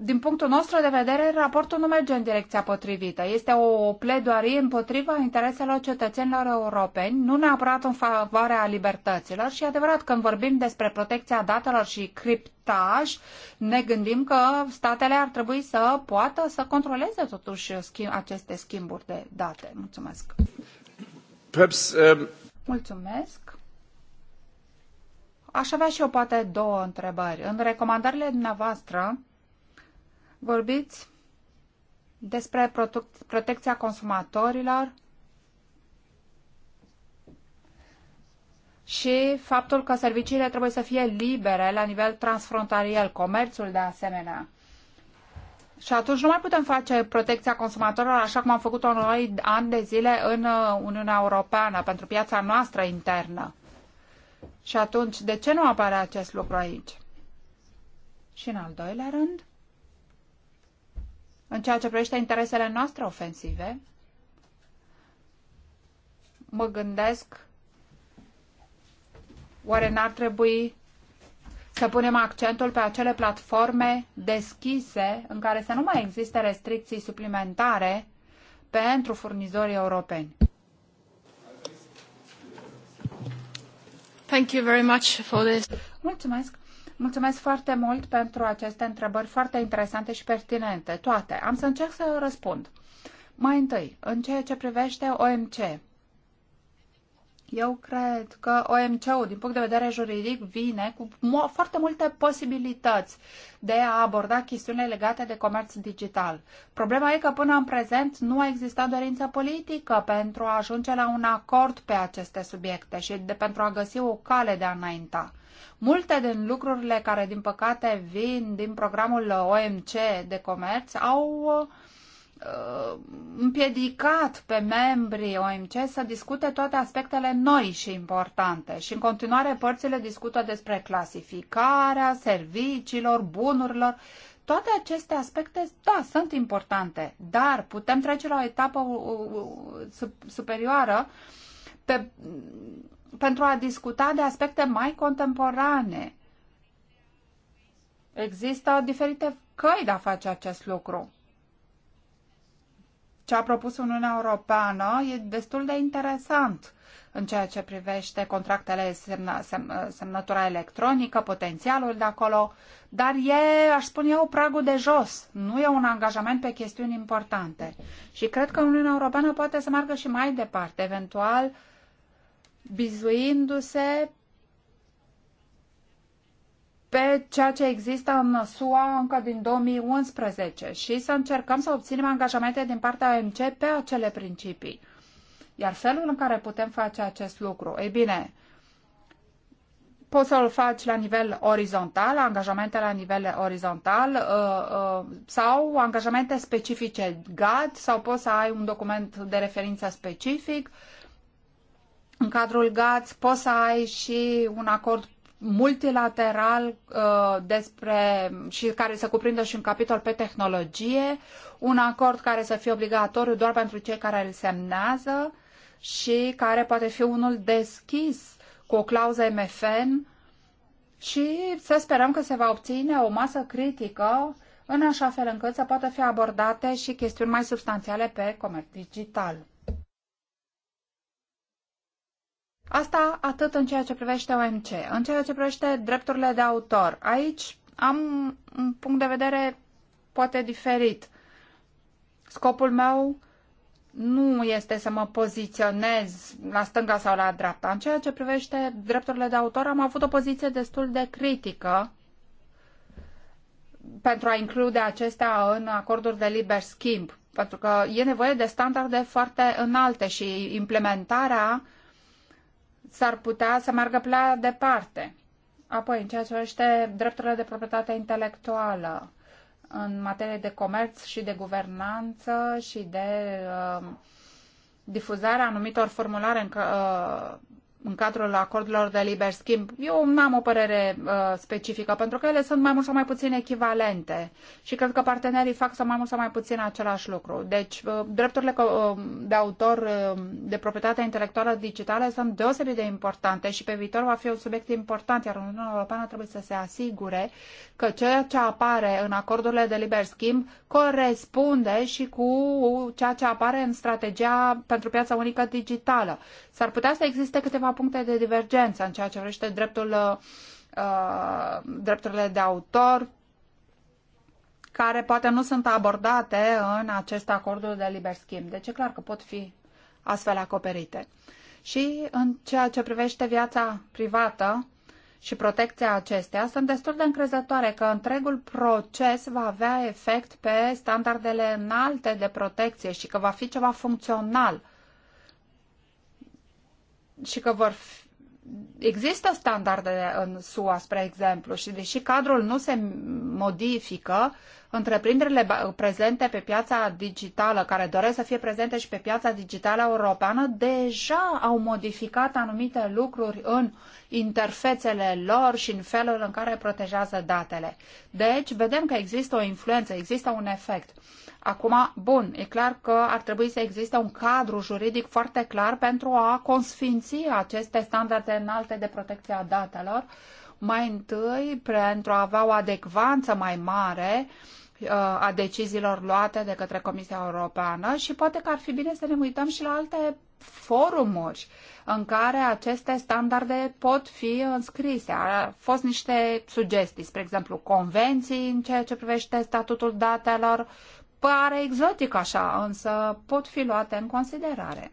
din punctul nostru de vedere, raportul nu merge în direcția potrivită. Este o pledoarie împotriva intereselor cetățenilor europeni, nu neapărat în favoarea libertăților și adevărat când vorbim despre protecția datelor și criptaj, ne gândim că statele ar trebui să poată să controleze totuși schim- aceste schimburi de date. Mulțumesc. Perhaps, um... Mulțumesc. Aș avea și eu poate două întrebări. În recomandările dumneavoastră, vorbiți despre protecția consumatorilor și faptul că serviciile trebuie să fie libere la nivel transfrontalier, comerțul de asemenea. Și atunci nu mai putem face protecția consumatorilor așa cum am făcut-o noi ani de zile în uh, Uniunea Europeană, pentru piața noastră internă. Și atunci, de ce nu apare acest lucru aici? Și în al doilea rând, în ceea ce privește interesele noastre ofensive, mă gândesc oare n-ar trebui să punem accentul pe acele platforme deschise în care să nu mai existe restricții suplimentare pentru furnizorii europeni. Thank you very much for this. Mulțumesc Mulțumesc foarte mult pentru aceste întrebări foarte interesante și pertinente, toate. Am să încerc să răspund. Mai întâi, în ceea ce privește OMC, eu cred că OMC-ul, din punct de vedere juridic, vine cu foarte multe posibilități de a aborda chestiunile legate de comerț digital. Problema e că până în prezent nu a existat dorință politică pentru a ajunge la un acord pe aceste subiecte și de, pentru a găsi o cale de a înainta. Multe din lucrurile care, din păcate, vin din programul OMC de comerț au uh, împiedicat pe membrii OMC să discute toate aspectele noi și importante și în continuare părțile discută despre clasificarea serviciilor, bunurilor, toate aceste aspecte, da, sunt importante, dar putem trece la o etapă uh, uh, uh, superioară pe, pentru a discuta de aspecte mai contemporane. Există diferite căi de a face acest lucru. Ce a propus Uniunea Europeană e destul de interesant în ceea ce privește contractele, semna, sem, semnătura electronică, potențialul de acolo, dar e, aș spune eu, pragul de jos. Nu e un angajament pe chestiuni importante. Și cred că Uniunea Europeană poate să meargă și mai departe, eventual uh, bizuindu-se pe ceea ce există în SUA încă din 2011 și să încercăm să obținem angajamente din partea OMC pe acele principii. Iar felul în care putem face acest lucru, ei bine, poți să-l faci la nivel orizontal, angajamente la nivel orizontal uh, uh, sau angajamente specifice GAD sau poți să ai un document de referință specific în cadrul GATS poți să ai și un acord multilateral uh, despre și care să cuprindă și un capitol pe tehnologie, un acord care să fie obligatoriu doar pentru cei care îl semnează și care poate fi unul deschis cu o clauză MFN și să sperăm că se va obține o masă critică în așa fel încât să poată fi abordate și chestiuni mai substanțiale pe comerț digital. Asta atât în ceea ce privește OMC. În ceea ce privește drepturile de autor, aici am un punct de vedere poate diferit. Scopul meu nu este să mă poziționez la stânga sau la dreapta. În ceea ce privește drepturile de autor, am avut o poziție destul de critică pentru a include acestea în acorduri de liber schimb, pentru că e nevoie de standarde foarte înalte și implementarea uh, s-ar putea să meargă prea departe. Apoi, în ceea ce privește drepturile de proprietate intelectuală, în materie de comerț și de guvernanță și de uh, difuzarea anumitor formulare în, uh, în cadrul acordurilor de liber schimb, eu nu am o părere uh, specifică, pentru că ele sunt mai mult sau mai puțin echivalente și cred că partenerii fac sau mai mult sau mai puțin același lucru. Deci, uh, drepturile uh, de autor, uh, de proprietate intelectuală digitală sunt deosebit de importante și pe viitor va fi un subiect important, iar Uniunea Europeană trebuie să se asigure că ceea ce apare în acordurile de liber schimb corespunde și cu ceea ce apare în strategia pentru piața unică digitală. S-ar putea să existe câteva câteva puncte de divergență în ceea ce privește dreptul, uh, drepturile de autor, care poate nu sunt abordate în acest acord de liber schimb. Deci e clar că pot fi astfel acoperite. Și în ceea ce privește viața privată și protecția acestea sunt destul de încrezătoare că întregul proces va avea efect pe standardele înalte de protecție și că va fi ceva funcțional și că vor fi, există standarde în SUA, spre exemplu, și deși cadrul nu se modifică, întreprinderile prezente pe piața digitală, care doresc să fie prezente și pe piața digitală europeană, deja au modificat anumite lucruri în interfețele lor și în felul în care protejează datele. Deci, vedem că există o influență, există un efect. Acum, bun, e clar că ar trebui să existe un cadru juridic foarte clar pentru a consfinți aceste standarde înalte de protecție a datelor, mai întâi pentru a avea o adecvanță mai mare uh, a deciziilor luate de către Comisia Europeană și poate că ar fi bine să ne uităm și la alte forumuri în care aceste standarde pot fi înscrise. Au fost niște sugestii, spre exemplu, convenții în ceea ce privește statutul datelor, pare exotic așa, însă pot fi luate în considerare.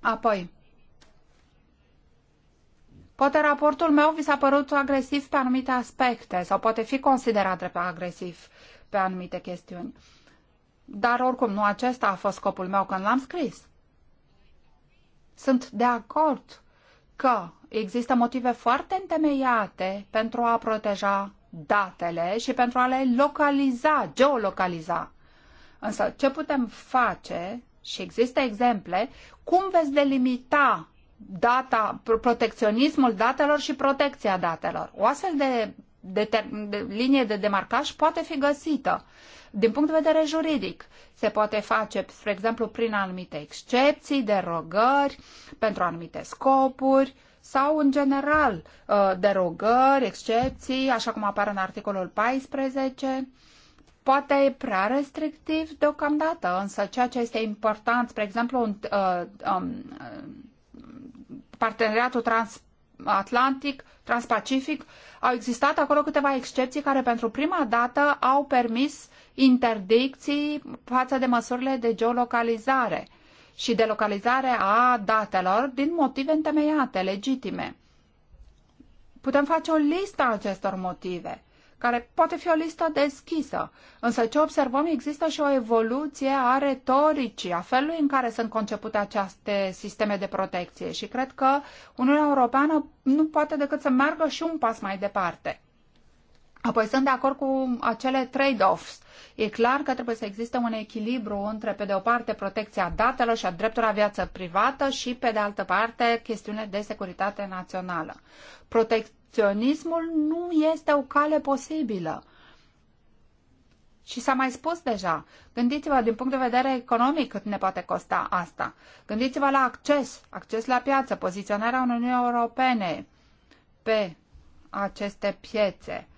Apoi, poate raportul meu vi s-a părut agresiv pe anumite aspecte sau poate fi considerat drept agresiv pe anumite chestiuni. Dar oricum, nu acesta a fost scopul meu când l-am scris. Sunt de acord că există motive foarte întemeiate pentru a proteja datele și pentru a le localiza, geolocaliza. Însă, ce putem face, și există exemple, cum veți delimita data, protecționismul datelor și protecția datelor? O astfel de, de, de linie de demarcaj poate fi găsită. Din punct de vedere juridic, se poate face, spre exemplu, prin anumite excepții, derogări, pentru anumite scopuri, uh, sau în general uh, derogări, excepții, așa cum apare în articolul 14, poate e prea restrictiv deocamdată, însă ceea ce este important, spre exemplu, un, uh, um, parteneriatul transatlantic, transpacific, au existat acolo câteva excepții care pentru prima dată au permis interdicții față de măsurile de geolocalizare și de localizare a datelor din motive întemeiate, legitime. Putem face o listă a acestor motive, care poate fi o listă deschisă, însă ce observăm există și o evoluție a retoricii, a felului în care sunt concepute aceste sisteme de protecție și cred că Uniunea Europeană nu poate decât să meargă și un pas mai departe. Apoi sunt de acord cu acele trade-offs. E clar că trebuie să existe un echilibru între, pe de o parte, protecția datelor și a dreptului la viață privată și, pe de altă parte, chestiune de securitate națională. Protecționismul nu este o cale posibilă. Și s-a mai spus deja, gândiți-vă din punct de vedere economic cât ne poate costa asta. Gândiți-vă la acces, acces la piață, poziționarea Uniunii Europene pe aceste piețe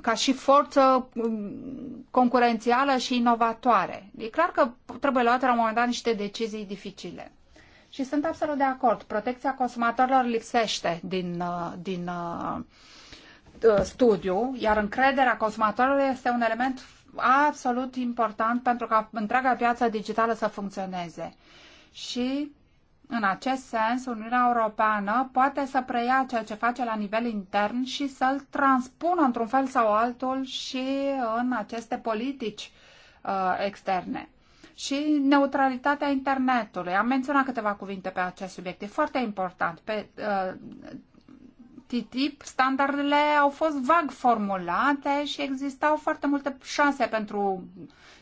ca și forță mm, concurențială și inovatoare. E clar că trebuie luate la un moment dat niște decizii dificile. Și sunt absolut de acord. Protecția consumatorilor lipsește din, uh, din uh, uh, studiu, iar încrederea consumatorilor este un element absolut important pentru ca întreaga piață digitală să funcționeze. Și în acest sens, Uniunea Europeană poate să preia ceea ce face la nivel intern și să-l transpună într-un fel sau altul și în aceste politici uh, externe. Și neutralitatea internetului. Am menționat câteva cuvinte pe acest subiect. E foarte important. Pe uh, TTIP, standardele au fost vag formulate și existau foarte multe șanse pentru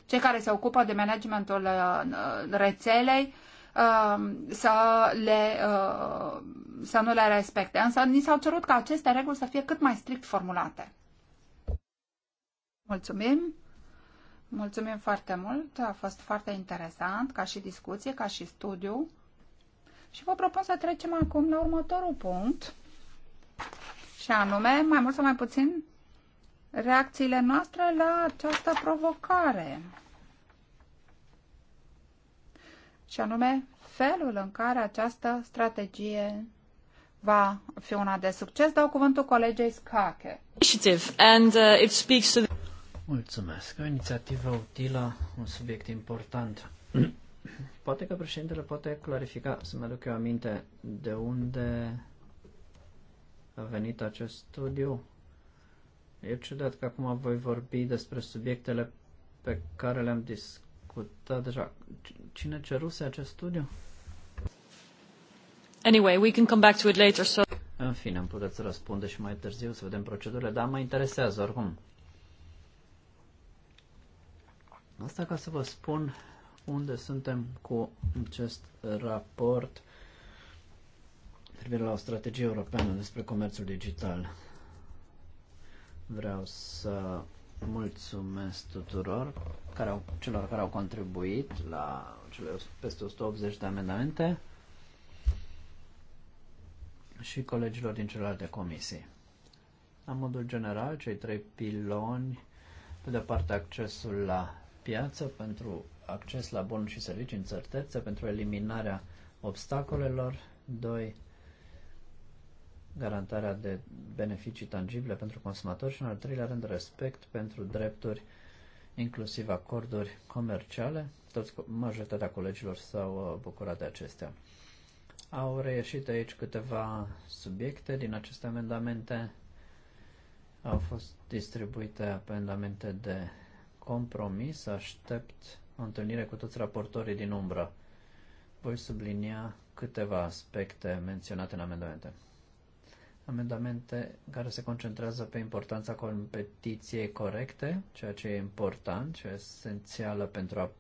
cei care se ocupă de managementul uh, rețelei uh, Um, să, le, uh, să nu le respecte. Însă ni s-au cerut ca aceste reguli să fie cât mai strict formulate. Mulțumim! Mulțumim foarte mult, a fost foarte interesant ca și discuție, ca și studiu. Și vă propun să trecem acum la următorul punct, și anume, mai mult sau mai puțin, reacțiile noastre la această provocare și anume felul în care această strategie va fi una de succes. Dau cuvântul colegei Scache. And, uh, it speaks to... Mulțumesc. O inițiativă utilă, un subiect important. poate că președintele poate clarifica, să mă duc eu aminte, de unde a venit acest studiu. E ciudat că acum voi vorbi despre subiectele pe care le-am discutat da, deja. Cine ceruse acest studiu? Anyway, we can come back to it later, so... În fine, îmi puteți răspunde și mai târziu să vedem procedurile, dar mă interesează oricum. Asta ca să vă spun unde suntem cu acest raport privire la o strategie europeană despre comerțul digital. Vreau să Mulțumesc tuturor care au, celor care au contribuit la cele peste 180 de amendamente și colegilor din celelalte comisii. La modul general, cei trei piloni, pe de parte accesul la piață pentru acces la bunuri și servicii în țărtețe, pentru eliminarea obstacolelor, 2 garantarea de beneficii tangibile pentru consumatori și, în al treilea rând, respect pentru drepturi, inclusiv acorduri comerciale. Toți, majoritatea colegilor s-au uh, bucurat de acestea. Au reieșit aici câteva subiecte din aceste amendamente. Au fost distribuite amendamente de compromis. Aștept o întâlnire cu toți raportorii din umbră. Voi sublinia câteva aspecte menționate în amendamente amendamente care se concentrează pe importanța competiției corecte, ceea ce e important, ce e esențială pentru a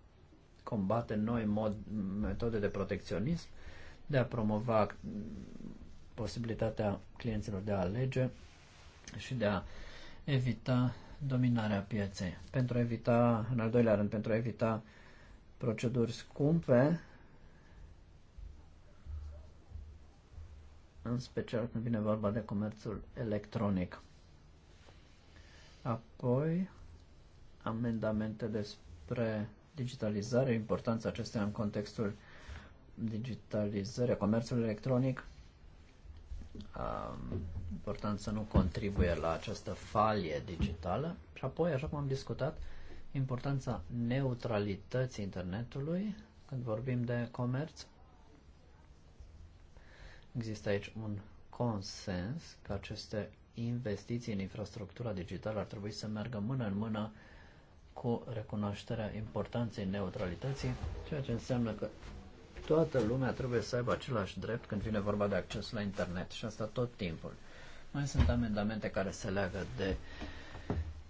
combate noi mod, metode de protecționism, de a promova posibilitatea clienților de a alege și de a evita dominarea pieței. Pentru a evita, în al doilea rând, pentru a evita proceduri scumpe, în special când vine vorba de comerțul electronic. Apoi, amendamente despre digitalizare, importanța acestea în contextul digitalizării, comerțul electronic, important să nu contribuie la această falie digitală și apoi, așa cum am discutat, importanța neutralității internetului când vorbim de comerț, Există aici un consens că aceste investiții în infrastructura digitală ar trebui să meargă mână în mână cu recunoașterea importanței neutralității, ceea ce înseamnă că toată lumea trebuie să aibă același drept când vine vorba de acces la internet și asta tot timpul. Mai sunt amendamente care se leagă de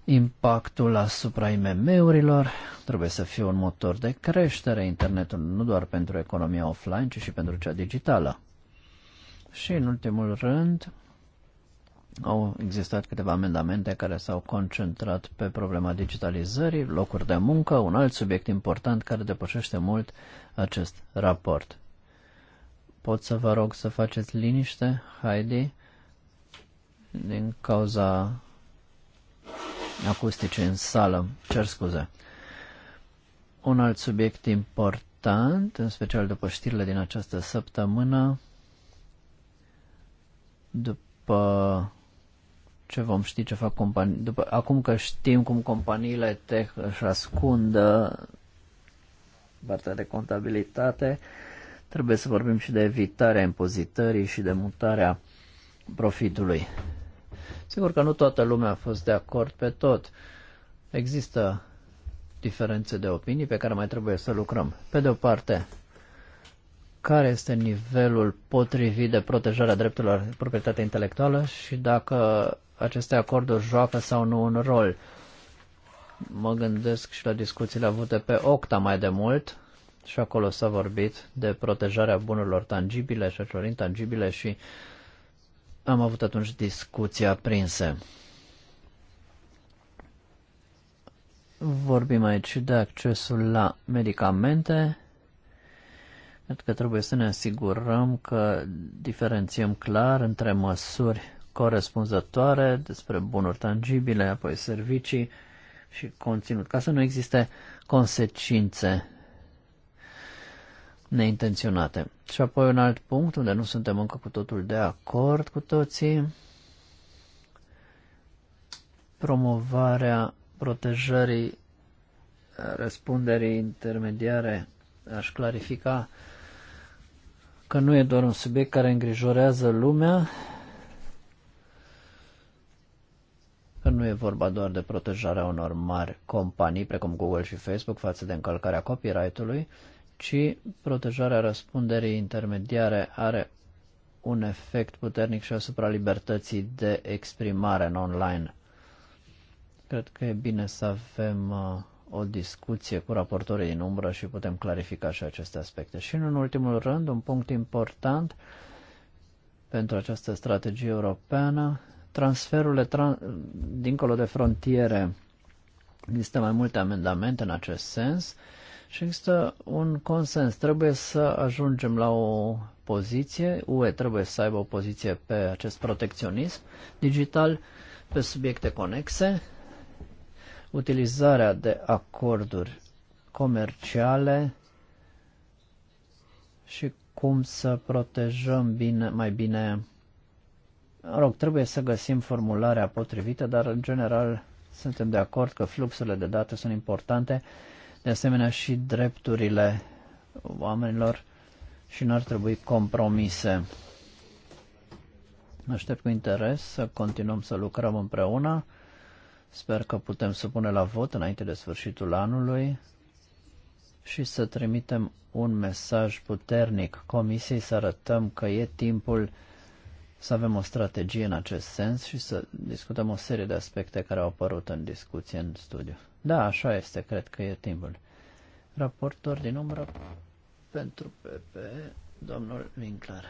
impactul asupra IMM-urilor, trebuie să fie un motor de creștere internetul nu doar pentru economia offline, ci și pentru cea digitală. Și, în ultimul rând, au existat câteva amendamente care s-au concentrat pe problema digitalizării, locuri de muncă, un alt subiect important care depășește mult acest raport. Pot să vă rog să faceți liniște, Heidi, din cauza acustice în sală. Cer scuze. Un alt subiect important, în special după știrile din această săptămână, după ce vom ști ce fac companii, după, acum că știm cum companiile tech își ascundă uh, partea de contabilitate, trebuie să vorbim și de evitarea impozitării și de mutarea profitului. Sigur că nu toată lumea a fost de acord pe tot. Există diferențe de opinii pe care mai trebuie să lucrăm. Pe de o parte, care este nivelul potrivit de protejare a drepturilor de proprietate intelectuală și dacă aceste acorduri joacă sau nu un rol. Mă gândesc și la discuțiile avute pe OCTA mai de mult și acolo s-a vorbit de protejarea bunurilor tangibile și a celor intangibile și am avut atunci discuții aprinse. Vorbim aici de accesul la medicamente, Cred că trebuie să ne asigurăm că diferențiem clar între măsuri corespunzătoare despre bunuri tangibile, apoi servicii și conținut, ca să nu existe consecințe neintenționate. Și apoi un alt punct unde nu suntem încă cu totul de acord cu toții, promovarea protejării răspunderii intermediare aș clarifica că nu e doar un subiect care îngrijorează lumea, că nu e vorba doar de protejarea unor mari companii precum Google și Facebook față de încălcarea copyright-ului, ci protejarea răspunderii intermediare are un efect puternic și asupra libertății de exprimare în online. Cred că e bine să avem uh, o discuție cu raportorii din umbră și putem clarifica și aceste aspecte. Și în ultimul rând, un punct important pentru această strategie europeană, transferurile tran- dincolo de frontiere. Există mai multe amendamente în acest sens și există un consens. Trebuie să ajungem la o poziție, UE trebuie să aibă o poziție pe acest protecționism digital, pe subiecte conexe, utilizarea de acorduri comerciale și cum să protejăm bine, mai bine. Mă rog, trebuie să găsim formularea potrivită, dar în general suntem de acord că fluxurile de date sunt importante, de asemenea și drepturile oamenilor și nu ar trebui compromise. Aștept cu interes să continuăm să lucrăm împreună Sper că putem să pune la vot înainte de sfârșitul anului și să trimitem un mesaj puternic Comisiei să arătăm că e timpul să avem o strategie în acest sens și să discutăm o serie de aspecte care au apărut în discuție în studiu. Da, așa este, cred că e timpul. Raportor din umbră pentru PP, domnul Winkler.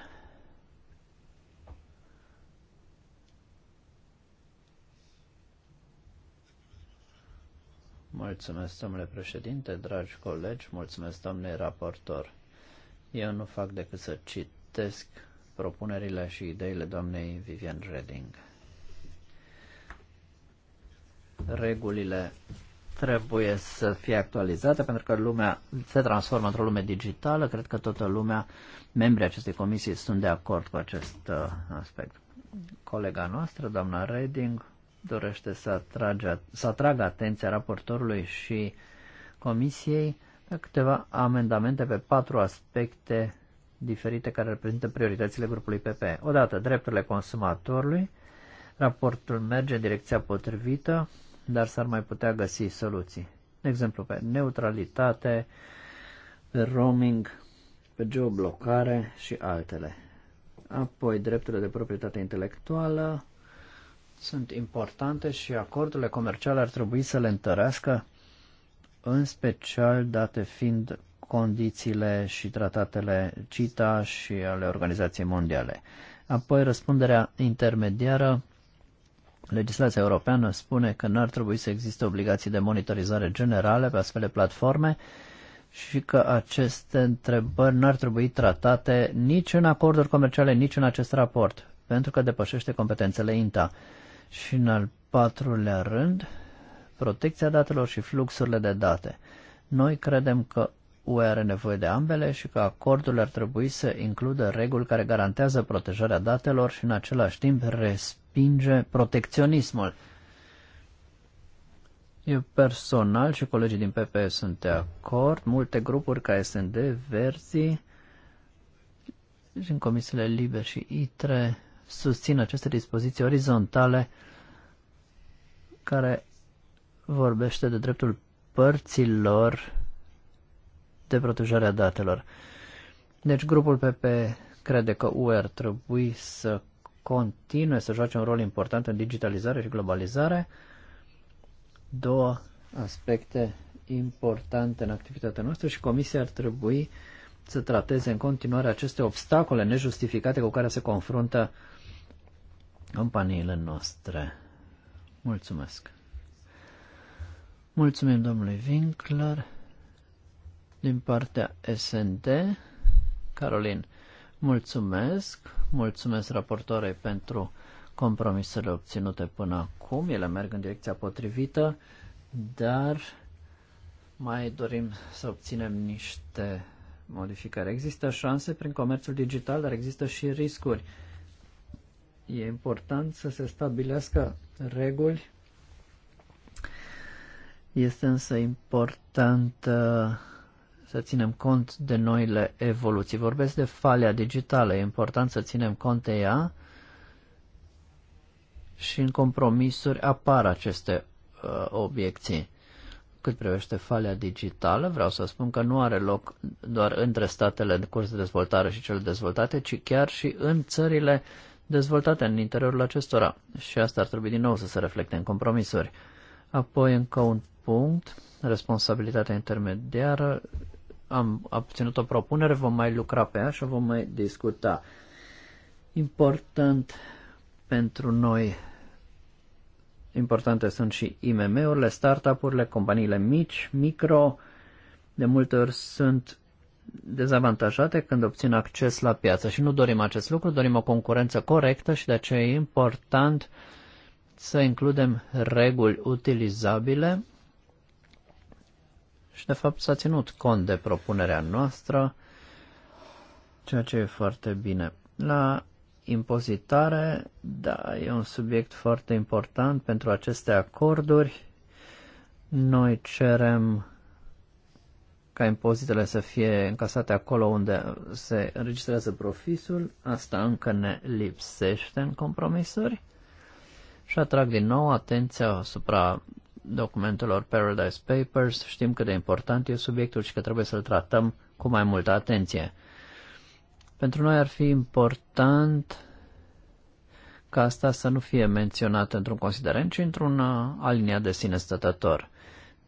Mulțumesc, domnule președinte, dragi colegi, mulțumesc, domnule raportor. Eu nu fac decât să citesc propunerile și ideile doamnei Vivian Reding. Regulile trebuie să fie actualizate pentru că lumea se transformă într-o lume digitală. Cred că toată lumea, membrii acestei comisii, sunt de acord cu acest uh, aspect. Colega noastră, doamna Reding, dorește să, atrage, să atragă atenția raportorului și comisiei pe câteva amendamente pe patru aspecte diferite care reprezintă prioritățile grupului PP. Odată, drepturile consumatorului, raportul merge în direcția potrivită, dar s-ar mai putea găsi soluții. De exemplu, pe neutralitate, pe roaming, pe geoblocare și altele. Apoi, drepturile de proprietate intelectuală, sunt importante și acordurile comerciale ar trebui să le întărească, în special date fiind condițiile și tratatele CITA și ale Organizației Mondiale. Apoi, răspunderea intermediară. Legislația europeană spune că nu ar trebui să existe obligații de monitorizare generale pe astfel de platforme și că aceste întrebări nu ar trebui tratate nici în acorduri comerciale, nici în acest raport, pentru că depășește competențele INTA. Și în al patrulea rând, protecția datelor și fluxurile de date. Noi credem că UE are nevoie de ambele și că acordul ar trebui să includă reguli care garantează protejarea datelor și în același timp respinge protecționismul. Eu personal și colegii din PPE sunt de acord, multe grupuri ca SND, Verzi și în comisiile libere și ITRE susțin aceste dispoziții orizontale care vorbește de dreptul părților de protejarea datelor. Deci grupul PP crede că UE ar trebui să continue să joace un rol important în digitalizare și globalizare. Două aspecte importante în activitatea noastră și Comisia ar trebui să trateze în continuare aceste obstacole nejustificate cu care se confruntă companiile noastre. Mulțumesc! Mulțumim domnului Winkler din partea SND. Carolin, mulțumesc! Mulțumesc raportoarei pentru compromisele obținute până acum. Ele merg în direcția potrivită, dar mai dorim să obținem niște modificări. Există șanse prin comerțul digital, dar există și riscuri e important să se stabilească reguli. Este însă important uh, să ținem cont de noile evoluții. Vorbesc de falea digitală, e important să ținem cont de ea și în compromisuri apar aceste uh, obiecții. Cât privește falea digitală, vreau să spun că nu are loc doar între statele în curs de dezvoltare și cele dezvoltate, ci chiar și în țările dezvoltate în interiorul acestora și asta ar trebui din nou să se reflecte în compromisuri. Apoi încă un punct, responsabilitatea intermediară. Am obținut o propunere, vom mai lucra pe ea și o vom mai discuta. Important pentru noi, importante sunt și IMM-urile, startup-urile, companiile mici, micro, de multe ori sunt dezavantajate când obțin acces la piață și nu dorim acest lucru, dorim o concurență corectă și de aceea e important să includem reguli utilizabile și de fapt s-a ținut cont de propunerea noastră, ceea ce e foarte bine. La impozitare, da, e un subiect foarte important pentru aceste acorduri. Noi cerem ca impozitele să fie încasate acolo unde se înregistrează profitul, asta încă ne lipsește în compromisuri și atrag din nou atenția asupra documentelor Paradise Papers. Știm cât de important e subiectul și că trebuie să-l tratăm cu mai multă atenție. Pentru noi ar fi important ca asta să nu fie menționat într-un considerent, ci într-un uh, aliniat de sine stătător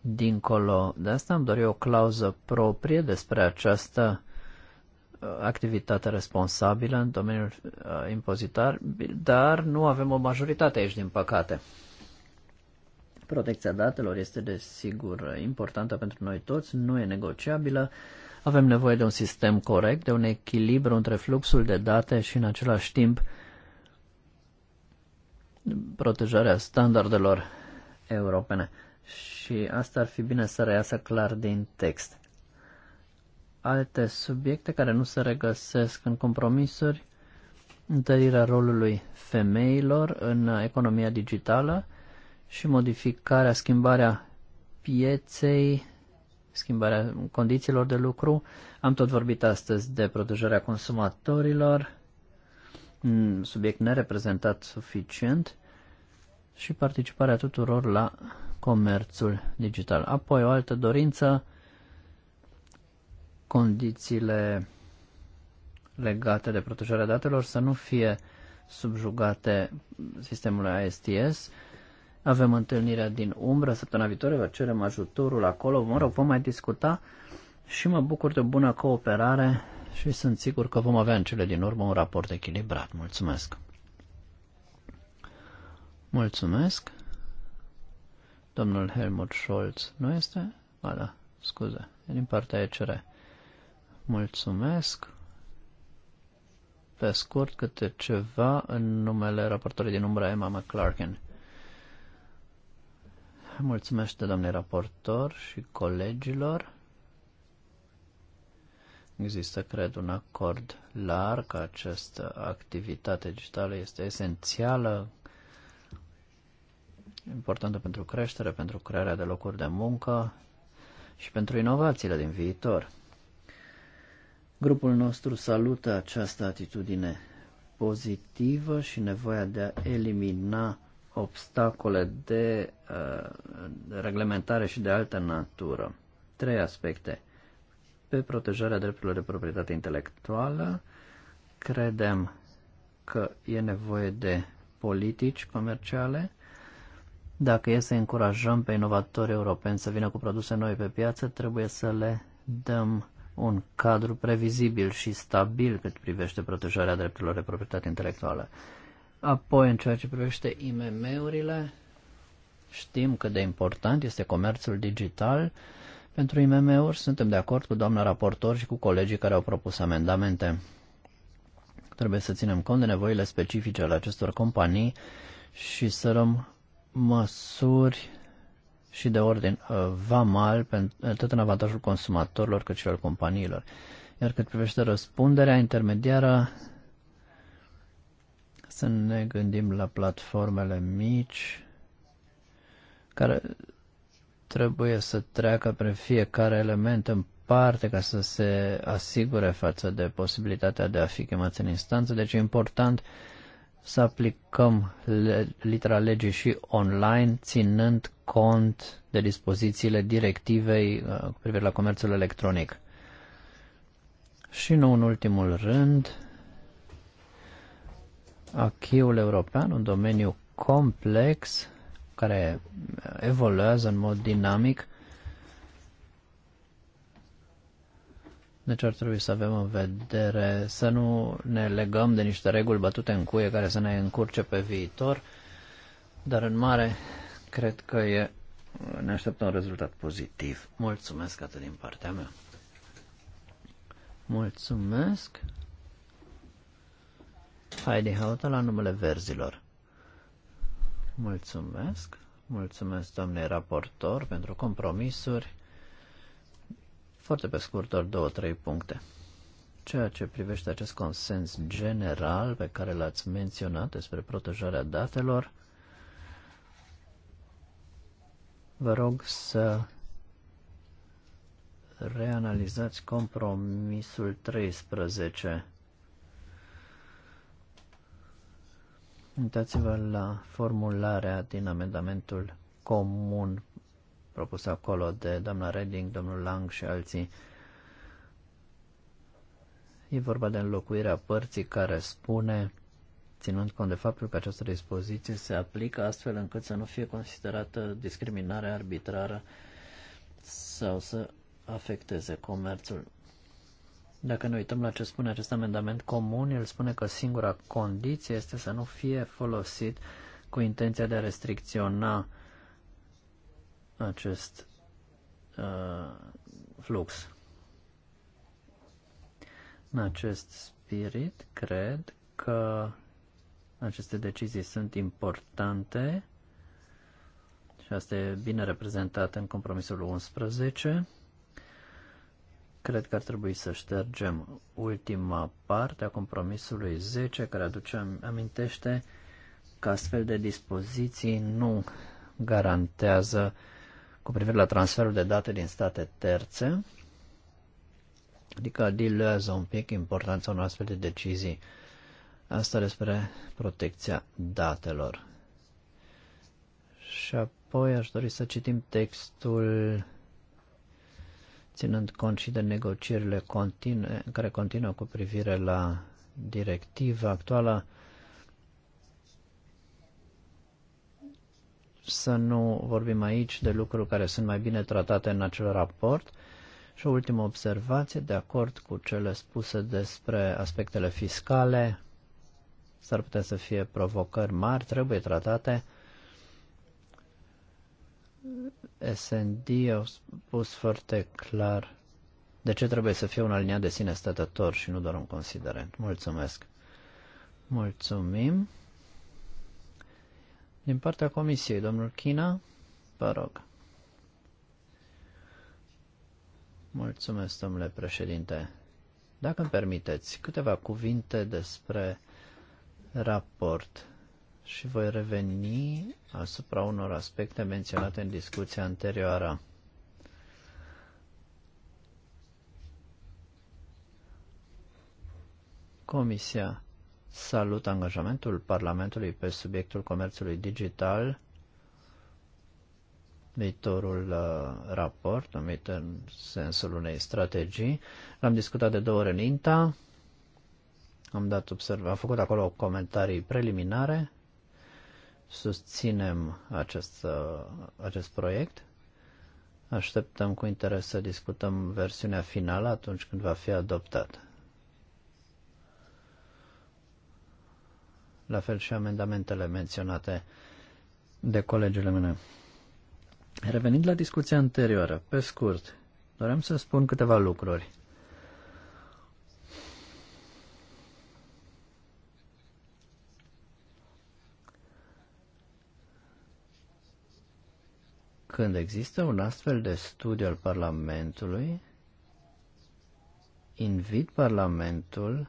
dincolo de asta am dorit o clauză proprie despre această uh, activitate responsabilă în domeniul uh, impozitar, dar nu avem o majoritate aici, din păcate. Protecția datelor este, desigur, importantă pentru noi toți, nu e negociabilă. Avem nevoie de un sistem corect, de un echilibru între fluxul de date și, în același timp, protejarea standardelor europene și asta ar fi bine să reiasă clar din text. Alte subiecte care nu se regăsesc în compromisuri, întărirea rolului femeilor în economia digitală și modificarea, schimbarea pieței, schimbarea condițiilor de lucru. Am tot vorbit astăzi de protejarea consumatorilor, subiect nereprezentat suficient și participarea tuturor la comerțul digital. Apoi o altă dorință, condițiile legate de protejarea datelor să nu fie subjugate sistemului ASTS. Avem întâlnirea din umbră săptămâna viitoare, vă cerem ajutorul acolo, mă rog, vom mai discuta și mă bucur de o bună cooperare și sunt sigur că vom avea în cele din urmă un raport echilibrat. Mulțumesc! Mulțumesc. Domnul Helmut Scholz nu este? Ba da, scuze, e din partea ECR. Mulțumesc. Pe scurt, câte ceva în numele raportorului din umbra Emma McClarkin. Mulțumesc de domnul raportor și colegilor. Există, cred, un acord larg că această activitate digitală este esențială importantă pentru creștere, pentru crearea de locuri de muncă și pentru inovațiile din viitor. Grupul nostru salută această atitudine pozitivă și nevoia de a elimina obstacole de uh, reglementare și de altă natură. Trei aspecte. Pe protejarea drepturilor de proprietate intelectuală, credem că e nevoie de politici comerciale dacă e să încurajăm pe inovatori europeni să vină cu produse noi pe piață, trebuie să le dăm un cadru previzibil și stabil cât privește protejarea drepturilor de proprietate intelectuală. Apoi, în ceea ce privește IMM-urile, știm cât de important este comerțul digital. Pentru IMM-uri suntem de acord cu doamna raportor și cu colegii care au propus amendamente. Trebuie să ținem cont de nevoile specifice ale acestor companii și să răm măsuri și de ordin uh, vamal, uh, tot în avantajul consumatorilor cât și al companiilor. Iar cât privește răspunderea intermediară, să ne gândim la platformele mici care trebuie să treacă prin fiecare element în parte ca să se asigure față de posibilitatea de a fi chemați în instanță. Deci e important să aplicăm litera legii și online, ținând cont de dispozițiile directivei uh, cu privire la comerțul electronic. Și nu în ultimul rând, achiul european, un domeniu complex care evoluează în mod dinamic Deci ar trebui să avem în vedere să nu ne legăm de niște reguli bătute în cuie care să ne încurce pe viitor, dar în mare cred că e, ne așteptăm un rezultat pozitiv. Mulțumesc atât din partea mea. Mulțumesc. Heidi Hauta la numele verzilor. Mulțumesc. Mulțumesc, domnule raportor, pentru compromisuri. Foarte pe scurt, doar două, trei puncte. Ceea ce privește acest consens general pe care l-ați menționat despre protejarea datelor, vă rog să reanalizați compromisul 13. Uitați-vă la formularea din amendamentul comun propus acolo de doamna Redding, domnul Lang și alții. E vorba de înlocuirea părții care spune, ținând cont de faptul că această dispoziție se aplică astfel încât să nu fie considerată discriminare arbitrară sau să afecteze comerțul. Dacă ne uităm la ce spune acest amendament comun, el spune că singura condiție este să nu fie folosit cu intenția de a restricționa acest uh, flux. În acest spirit, cred că aceste decizii sunt importante și asta e bine reprezentat în compromisul 11. Cred că ar trebui să ștergem ultima parte a compromisului 10 care aduce, amintește că astfel de dispoziții nu garantează uh, cu privire la transferul de date din state terțe, adică diluează un pic importanța unor astfel de decizii. Asta despre protecția datelor. Și apoi aș dori să citim textul ținând cont și de negocierile continue, care continuă cu privire la directiva actuală, să nu vorbim aici de lucruri care sunt mai bine tratate în acel raport. Și o ultimă observație, de acord cu cele spuse despre aspectele fiscale, s-ar putea să fie provocări mari, trebuie tratate. SND a spus foarte clar de ce trebuie să fie un aliniat de sine stătător și nu doar un considerent. Mulțumesc! Mulțumim! Din partea Comisiei, domnul China, vă rog. Mulțumesc, domnule președinte. Dacă îmi permiteți, câteva cuvinte despre raport și voi reveni asupra unor aspecte menționate în discuția anterioară. Comisia salut angajamentul Parlamentului pe subiectul comerțului digital, viitorul uh, raport numit în sensul unei strategii. L-am discutat de două ori în INTA, am, dat observ- am făcut acolo comentarii preliminare, susținem acest, uh, acest proiect. Așteptăm cu interes să discutăm versiunea finală atunci când va fi adoptată. la fel și amendamentele menționate de colegele mele. Revenind la discuția anterioară, pe scurt, doream să spun câteva lucruri. Când există un astfel de studiu al Parlamentului, invit Parlamentul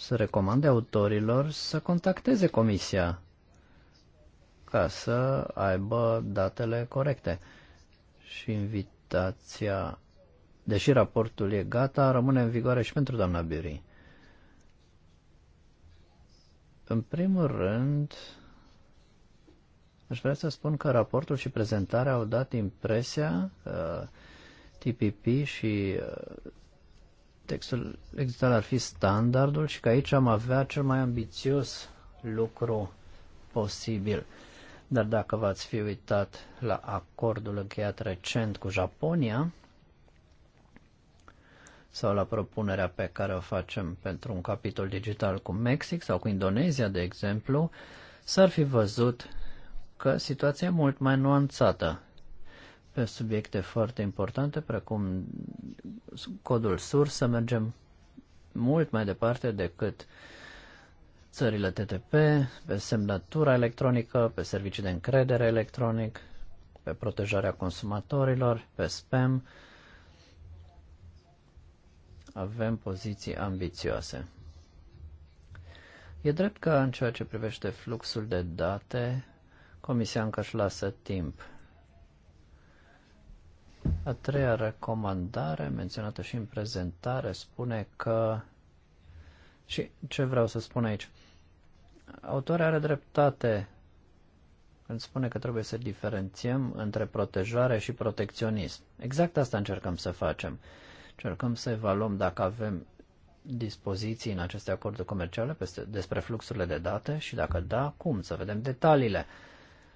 să recomande autorilor să contacteze comisia ca să aibă datele corecte. Și invitația, deși raportul e gata, rămâne în vigoare și pentru doamna Biri. În primul rând, aș vrea să spun că raportul și prezentarea au dat impresia că TPP și textul existat ar fi standardul și că aici am avea cel mai ambițios lucru posibil. Dar dacă v-ați fi uitat la acordul încheiat recent cu Japonia sau la propunerea pe care o facem pentru un capitol digital cu Mexic sau cu Indonezia, de exemplu, s-ar fi văzut că situația e mult mai nuanțată pe subiecte foarte importante, precum codul sursă, mergem mult mai departe decât țările TTP, pe semnătura electronică, pe servicii de încredere electronic, pe protejarea consumatorilor, pe spam. Avem poziții ambițioase. E drept că în ceea ce privește fluxul de date, Comisia încă își lasă timp a treia recomandare, menționată și în prezentare, spune că... Și ce vreau să spun aici? autorul are dreptate când spune că trebuie să diferențiem între protejare și protecționism. Exact asta încercăm să facem. Încercăm să evaluăm dacă avem dispoziții în aceste acorduri comerciale peste, despre fluxurile de date și dacă da, cum, să vedem detaliile.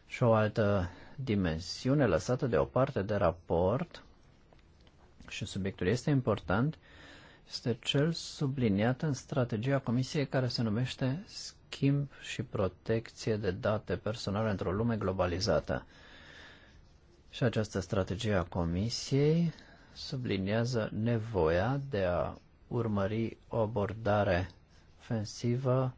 Și o altă dimensiune lăsată deoparte de raport, și subiectul este important, este cel subliniat în strategia Comisiei care se numește Schimb și protecție de date personale într-o lume globalizată. Și această strategie a Comisiei subliniază nevoia de a urmări o abordare ofensivă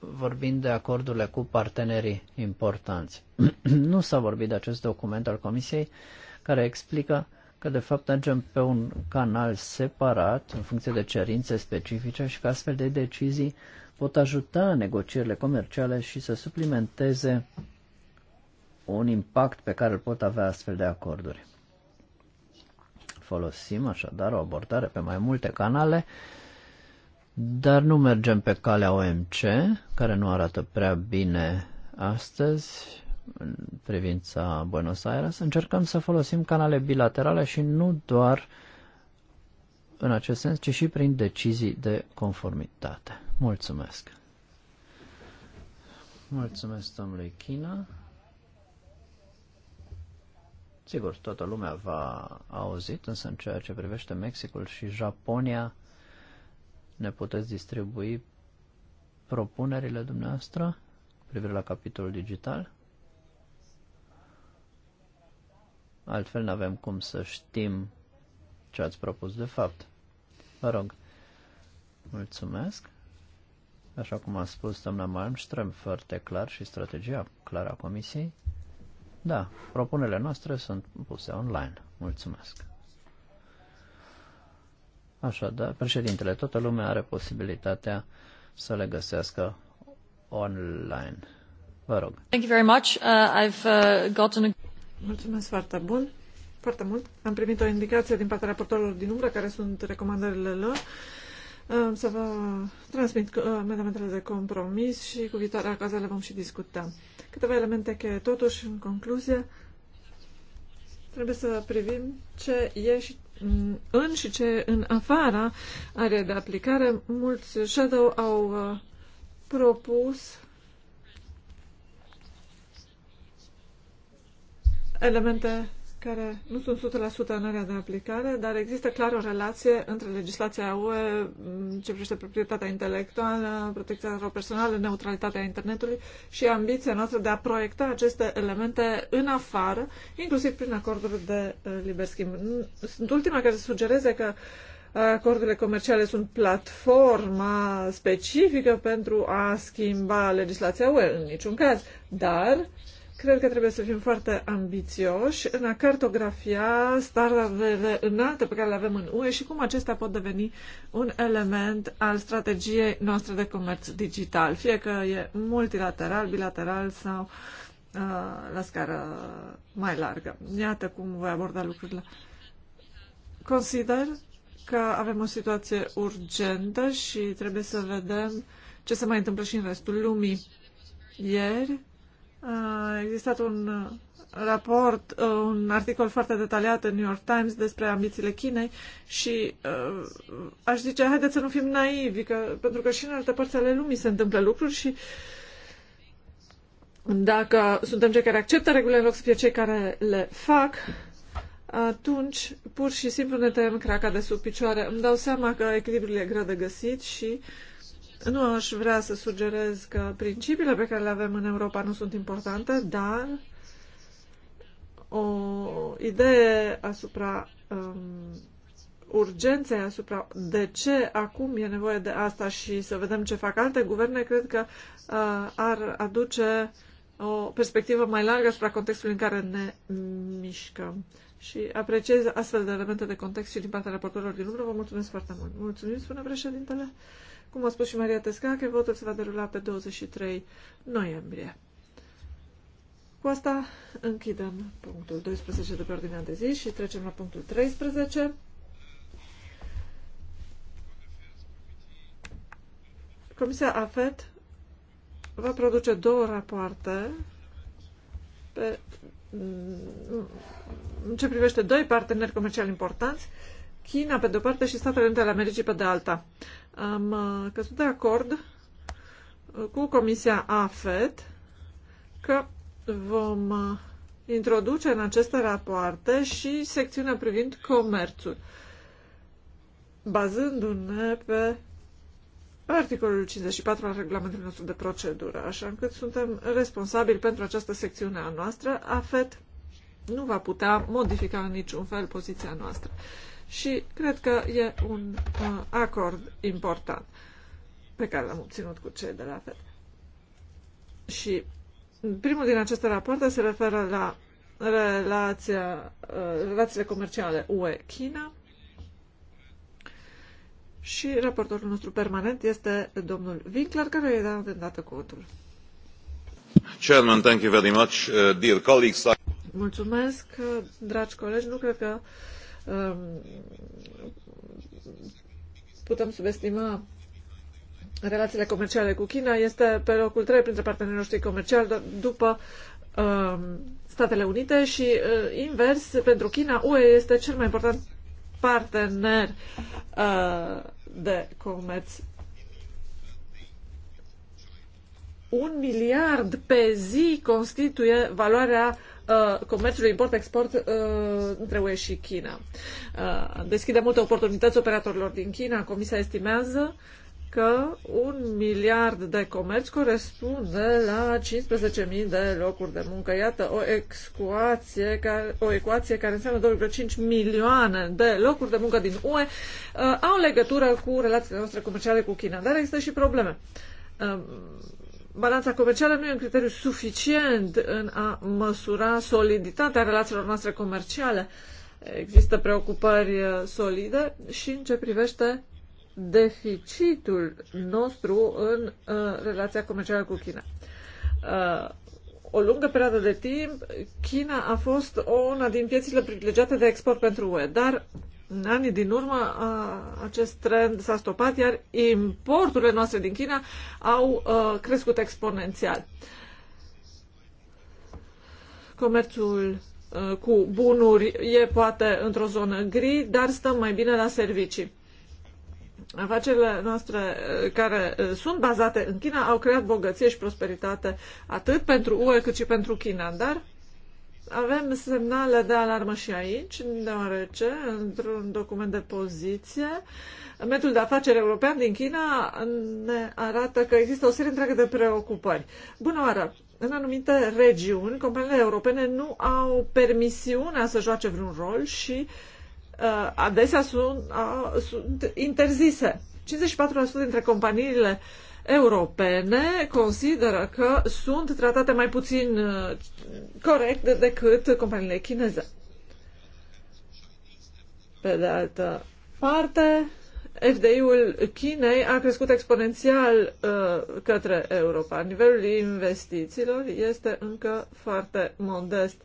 vorbind de acordurile cu partenerii importanți. nu s-a vorbit de acest document al Comisiei care explică că de fapt mergem pe un canal separat în funcție de cerințe specifice și că astfel de decizii pot ajuta negocierile comerciale și să suplimenteze un impact pe care îl pot avea astfel de acorduri. Folosim așadar o abordare pe mai multe canale dar nu mergem pe calea OMC, care nu arată prea bine astăzi în privința Buenos Aires. Încercăm să folosim canale bilaterale și nu doar în acest sens, ci și prin decizii de conformitate. Mulțumesc! Mulțumesc domnule China. Sigur, toată lumea va auzit, însă în ceea ce privește Mexicul și Japonia, ne puteți distribui propunerile dumneavoastră cu privire la capitolul digital? Altfel nu avem cum să știm ce ați propus de fapt. Vă rog, mulțumesc. Așa cum a spus doamna Malmström foarte clar și strategia clară a Comisiei, da, propunerile noastre sunt puse online. Mulțumesc. Așadar, președintele, toată lumea are posibilitatea să le găsească online. Vă rog. Thank you very much. Uh, I've uh, gotten a... Mulțumesc foarte bun. Foarte mult. Am primit o indicație din partea raportorilor din umbră care sunt recomandările lor. să vă transmit uh, amendamentele de compromis și cu viitoarea ocazia le vom și discuta. Câteva elemente cheie, totuși, în concluzie, trebuie să privim ce e și în și ce în afara are de aplicare. Mulți shadow au uh, propus elemente care nu sunt 100% în area de aplicare, dar există clar o relație între legislația UE, ce privește proprietatea intelectuală, protecția personală, neutralitatea internetului și ambiția noastră de a proiecta aceste elemente în afară, inclusiv prin acorduri de uh, liber schimb. Sunt ultima care să sugereze că acordurile comerciale sunt platforma specifică pentru a schimba legislația UE, în niciun caz, dar uh, Cred că trebuie să fim foarte ambițioși în a cartografia standardele înalte pe care le avem în UE și cum acestea pot deveni un element al strategiei noastre de comerț digital, fie că e multilateral, bilateral sau uh, la scară mai largă. Iată cum voi aborda lucrurile. Consider că avem o situație urgentă și trebuie să vedem ce se mai întâmplă și în restul lumii. Ieri, a existat un uh, raport, uh, un articol foarte detaliat în New York Times despre ambițiile Chinei și uh, aș zice, haideți să nu fim naivi, că, pentru că și în alte părți ale lumii se întâmplă lucruri și dacă suntem cei care acceptă regulile în loc să fie cei care le fac, atunci pur și simplu ne tăiem craca de sub picioare. Îmi dau seama că echilibrul e greu de găsit și uh, nu aș vrea să sugerez că principiile pe care le avem în Europa nu sunt importante, dar o idee asupra um, urgenței, asupra de ce acum e nevoie de asta și să vedem ce fac alte guverne, cred că uh, ar aduce o perspectivă mai largă asupra contextului în care ne mișcăm. Și apreciez astfel de elemente de context și din partea raportorilor din urmă. Vă mulțumesc foarte mult. Mulțumim, spune președintele. Cum a spus și Maria Tescache, votul se va derula pe 23 noiembrie. Cu asta închidem punctul 12 de pe ordinea de zi și trecem la punctul 13. Comisia AFET va produce două rapoarte pe, în ce privește doi parteneri comerciali importanți China pe de-o parte și Statele Unite ale Americii pe de alta. Am uh, căzut de acord uh, cu Comisia AFET că vom uh, introduce în aceste rapoarte și secțiunea privind comerțul, bazându-ne pe articolul 54 al regulamentului nostru de procedură, așa încât suntem responsabili pentru această secțiune a noastră. AFET nu va putea modifica în niciun fel poziția noastră și cred că e un uh, acord important pe care l-am obținut cu cei de la FED. Și primul din aceste rapoarte se referă la relația, uh, relațiile comerciale UE-China și raportorul nostru permanent este domnul Winkler, care e dat de dată cuvântul. Chairman, thank you very much, uh, dear colleagues. Mulțumesc, dragi colegi. Nu cred că uh, Um, putem subestima relațiile comerciale cu China. Este pe locul 3 printre partenerii noștri comerciali după um, Statele Unite și uh, invers, pentru China, UE este cel mai important partener uh, de comerț un miliard pe zi constituie valoarea Uh, comerțului import-export uh, între UE și China. Uh, deschide multe oportunități operatorilor din China. Comisia estimează că un miliard de comerț corespunde la 15.000 de locuri de muncă. Iată o, excuație care, o ecuație care înseamnă 2,5 milioane de locuri de muncă din UE uh, au legătură cu relațiile noastre comerciale cu China, dar există și probleme. Uh, balanța comercială nu e un criteriu suficient în a măsura soliditatea relațiilor noastre comerciale. Există preocupări uh, solide și în ce privește deficitul nostru în uh, relația comercială cu China. Uh, o lungă perioadă de timp, China a fost una din piețile privilegiate de export pentru UE, dar în anii din urmă, acest trend s-a stopat, iar importurile noastre din China au crescut exponențial. Comerțul cu bunuri e poate într-o zonă gri, dar stăm mai bine la servicii. Afacerile noastre care sunt bazate în China au creat bogăție și prosperitate atât pentru UE cât și pentru China, dar avem semnale de alarmă și aici, deoarece, într-un document de poziție, metul de afaceri european din China ne arată că există o serie întreagă de preocupări. Bună oară! În anumite regiuni, companiile europene nu au permisiunea să joace vreun rol și uh, adesea sunt, uh, sunt interzise. 54% dintre companiile europene consideră că sunt tratate mai puțin uh, corect decât companiile chineze. Pe de altă parte, FDI-ul Chinei a crescut exponențial uh, către Europa. Nivelul investițiilor este încă foarte modest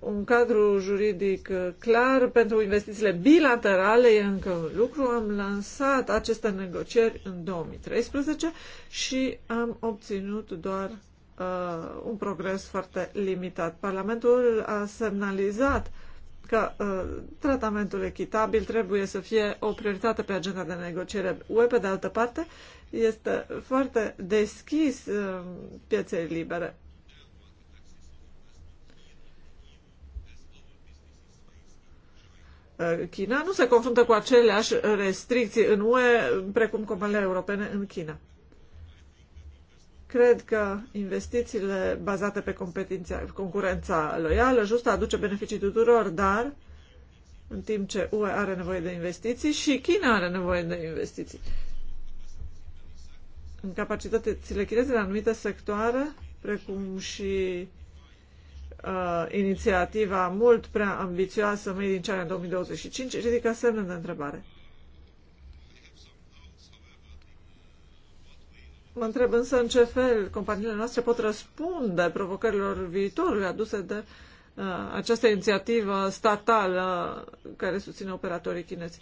un cadru juridic uh, clar pentru investițiile bilaterale e încă un lucru. Am lansat aceste negocieri în 2013 și am obținut doar uh, un progres foarte limitat. Parlamentul a semnalizat că uh, tratamentul echitabil trebuie să fie o prioritate pe agenda de negociere UE. Pe de altă parte, este foarte deschis uh, pieței libere. Uh, China nu se confruntă cu aceleași restricții în UE precum companiile europene în China. Cred că investițiile bazate pe concurența loială justă aduce beneficii tuturor, dar în timp ce UE are nevoie de investiții și China are nevoie de investiții. În capacitățile chineze în anumite sectoare, precum și uh, inițiativa mult prea ambițioasă Made in China 2025 ridică semnul de întrebare. Mă întreb însă în ce fel companiile noastre pot răspunde provocărilor viitorului aduse de uh, această inițiativă statală care susține operatorii chinezi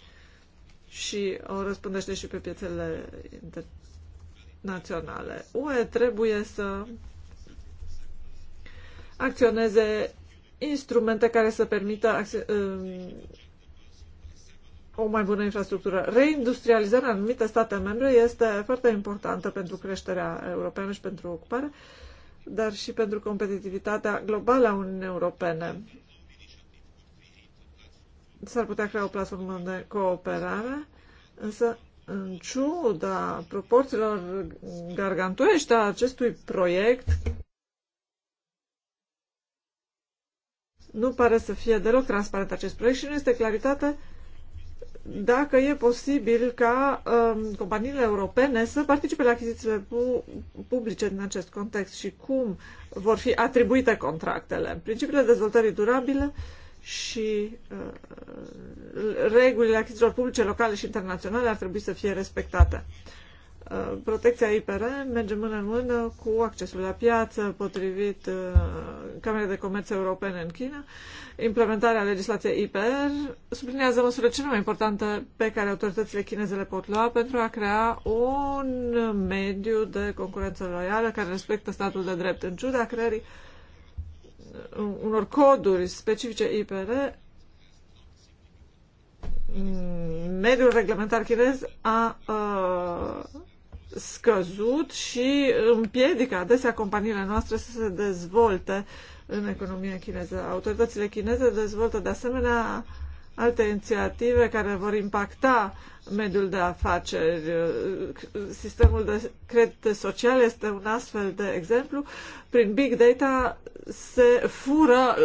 și o răspundește și pe piețele internaționale. UE trebuie să acționeze instrumente care să permită um, o mai bună infrastructură. Reindustrializarea în anumite state membre este foarte importantă pentru creșterea europeană și pentru ocupare, dar și pentru competitivitatea globală a Uniunii Europene. S-ar putea crea o platformă de cooperare, însă în ciuda proporțiilor gargantuiești a acestui proiect, Nu pare să fie deloc transparent acest proiect și nu este claritate dacă e posibil ca um, companiile europene să participe la achizițiile pu- publice în acest context și cum vor fi atribuite contractele. Principiile dezvoltării durabile și uh, regulile achizițiilor publice locale și internaționale ar trebui să fie respectate. Uh, Uh, protecția IPR merge mână în mână cu accesul la piață potrivit uh, Camerei de Comerț Europene în China. Implementarea legislației IPR sublinează măsurile cele mai importante pe care autoritățile chineze le pot lua pentru a crea un mediu de concurență loială care respectă statul de drept. În ciuda creării uh, unor coduri specifice IPR, mm, mediul reglementar chinez a, a scăzut și împiedică adesea companiile noastre să se dezvolte în economia chineză. Autoritățile chineze dezvoltă de asemenea alte inițiative care vor impacta mediul de afaceri. Sistemul de credite sociale este un astfel de exemplu. Prin big data se fură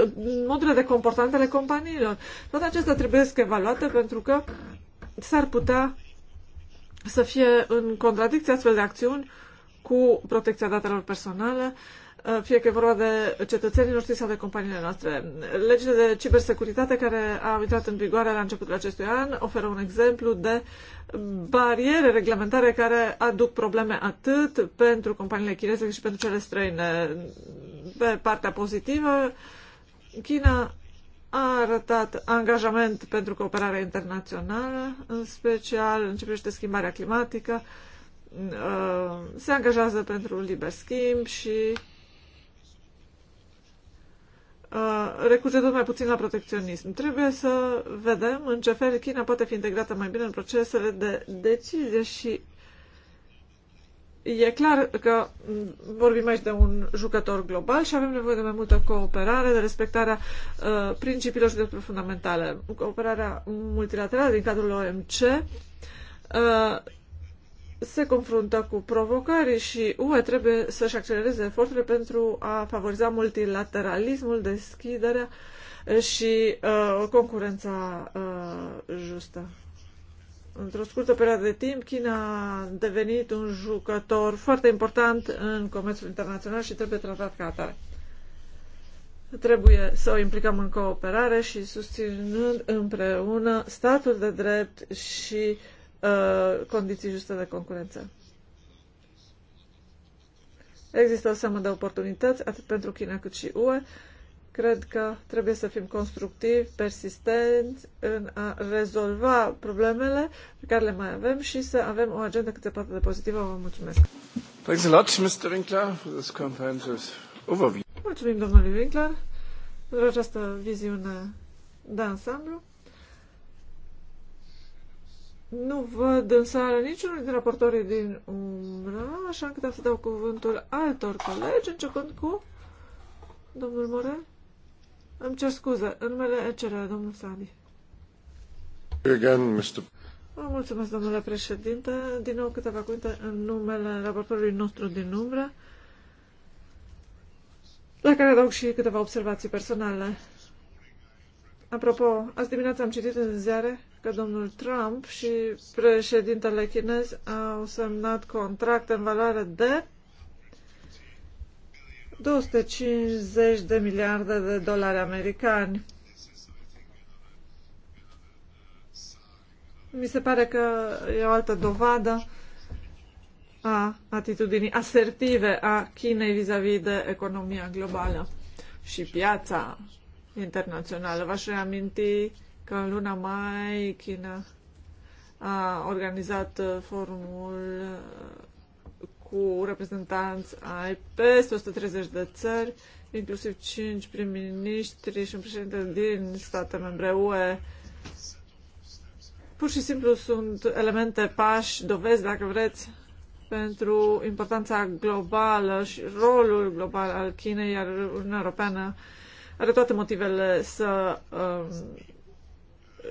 modurile de comportament ale companiilor. Toate acestea trebuie să evaluate pentru că s-ar putea să fie în contradicție astfel de acțiuni cu protecția datelor personale, uh, fie că e vorba de cetățenii noștri sau de companiile noastre. Legile de cibersecuritate care au intrat în vigoare la începutul acestui an oferă un exemplu de bariere reglementare care aduc probleme atât pentru companiile chineze cât și pentru cele străine. Pe partea pozitivă, China a arătat angajament pentru cooperarea internațională, în special în ce privește schimbarea climatică, uh, se angajează pentru liber schimb și uh, recurge tot mai puțin la protecționism. Trebuie să vedem în ce fel China poate fi integrată mai bine în procesele de decizie și E clar că vorbim aici de un jucător global și avem nevoie de mai multă cooperare, de respectarea uh, principiilor și drepturilor fundamentale. Cooperarea multilaterală din cadrul OMC uh, se confruntă cu provocări și UE trebuie să-și accelereze eforturile pentru a favoriza multilateralismul, deschiderea și uh, concurența uh, justă într-o scurtă perioadă de timp, China a devenit un jucător foarte important în comerțul internațional și trebuie tratat ca atare. Trebuie să o implicăm în cooperare și susținând împreună statul de drept și uh, condiții juste de concurență. Există o seamă de oportunități, atât pentru China cât și UE, Cred că trebuie să fim constructivi, persistenți în a rezolva problemele pe care le mai avem și să avem o agendă cât se poate de pozitivă. Vă mulțumesc! Thanks a lot, Mr. Winkler, for this comprehensive overview. Mulțumim, domnului Winkler, pentru această viziune de ansamblu. Nu văd în sală niciunul din raportorii din umbră, așa că să dau cuvântul altor colegi, începând cu domnul Morel. Îmi cer scuze, în numele ECR, domnul Sani. Again, Mr. Vă mulțumesc, domnule președinte. Din nou câteva cuvinte în numele raportorului nostru din umbră, la care adaug și câteva observații personale. Apropo, azi dimineața am citit în ziare că domnul Trump și președintele chinez au semnat contracte în valoare de 250 de miliarde de dolari americani. Mi se pare că e o altă dovadă a atitudinii asertive a Chinei vis-a-vis -vis de economia globală și piața internațională. V-aș reaminti că în luna mai China a organizat uh, forumul uh, cu reprezentanți ai peste 130 de țări, inclusiv 5 prim-ministri și un președinte din state membre UE. Pur și simplu sunt elemente, pași, dovezi, dacă vreți, pentru importanța globală și rolul global al Chinei, iar Uniunea Europeană are toate motivele să um,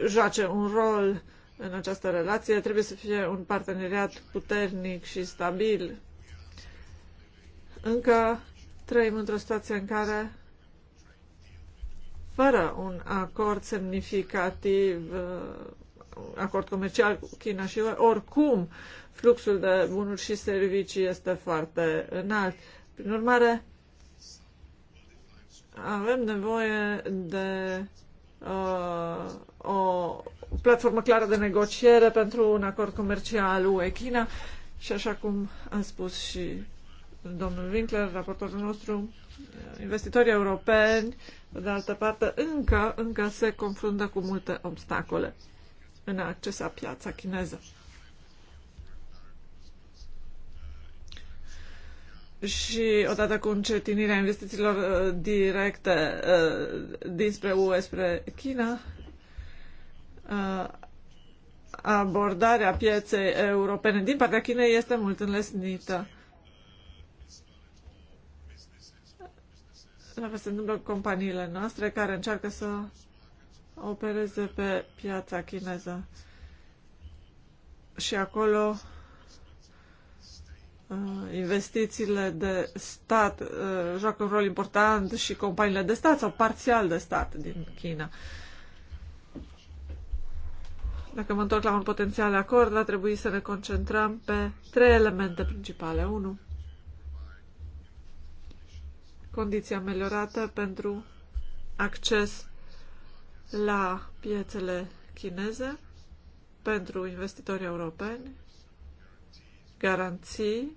joace un rol uh, în această relație trebuie să fie un parteneriat puternic și stabil. Încă trăim într-o situație în care, fără un acord semnificativ, uh, acord comercial cu China și oricum fluxul de bunuri și servicii este foarte înalt. Prin urmare, avem nevoie de uh, o platformă clară de negociere pentru un acord comercial UE-China și așa cum a spus și domnul Winkler, raportorul nostru, investitorii europeni, de altă parte, încă, încă se confruntă cu multe obstacole în a accesa piața chineză. Și odată cu încetinirea investițiilor uh, directe uh, dinspre UE spre China, abordarea pieței europene din partea Chinei este mult înlesnită. La fel se întâmplă cu companiile noastre care încearcă să opereze pe piața chineză. Și acolo investițiile de stat joacă un rol important și companiile de stat sau parțial de stat din China. Uh, dacă mă întorc la un potențial acord, va trebui să ne concentrăm pe trei elemente principale. 1. condiția ameliorată pentru acces la piețele chineze pentru investitorii europeni, garanții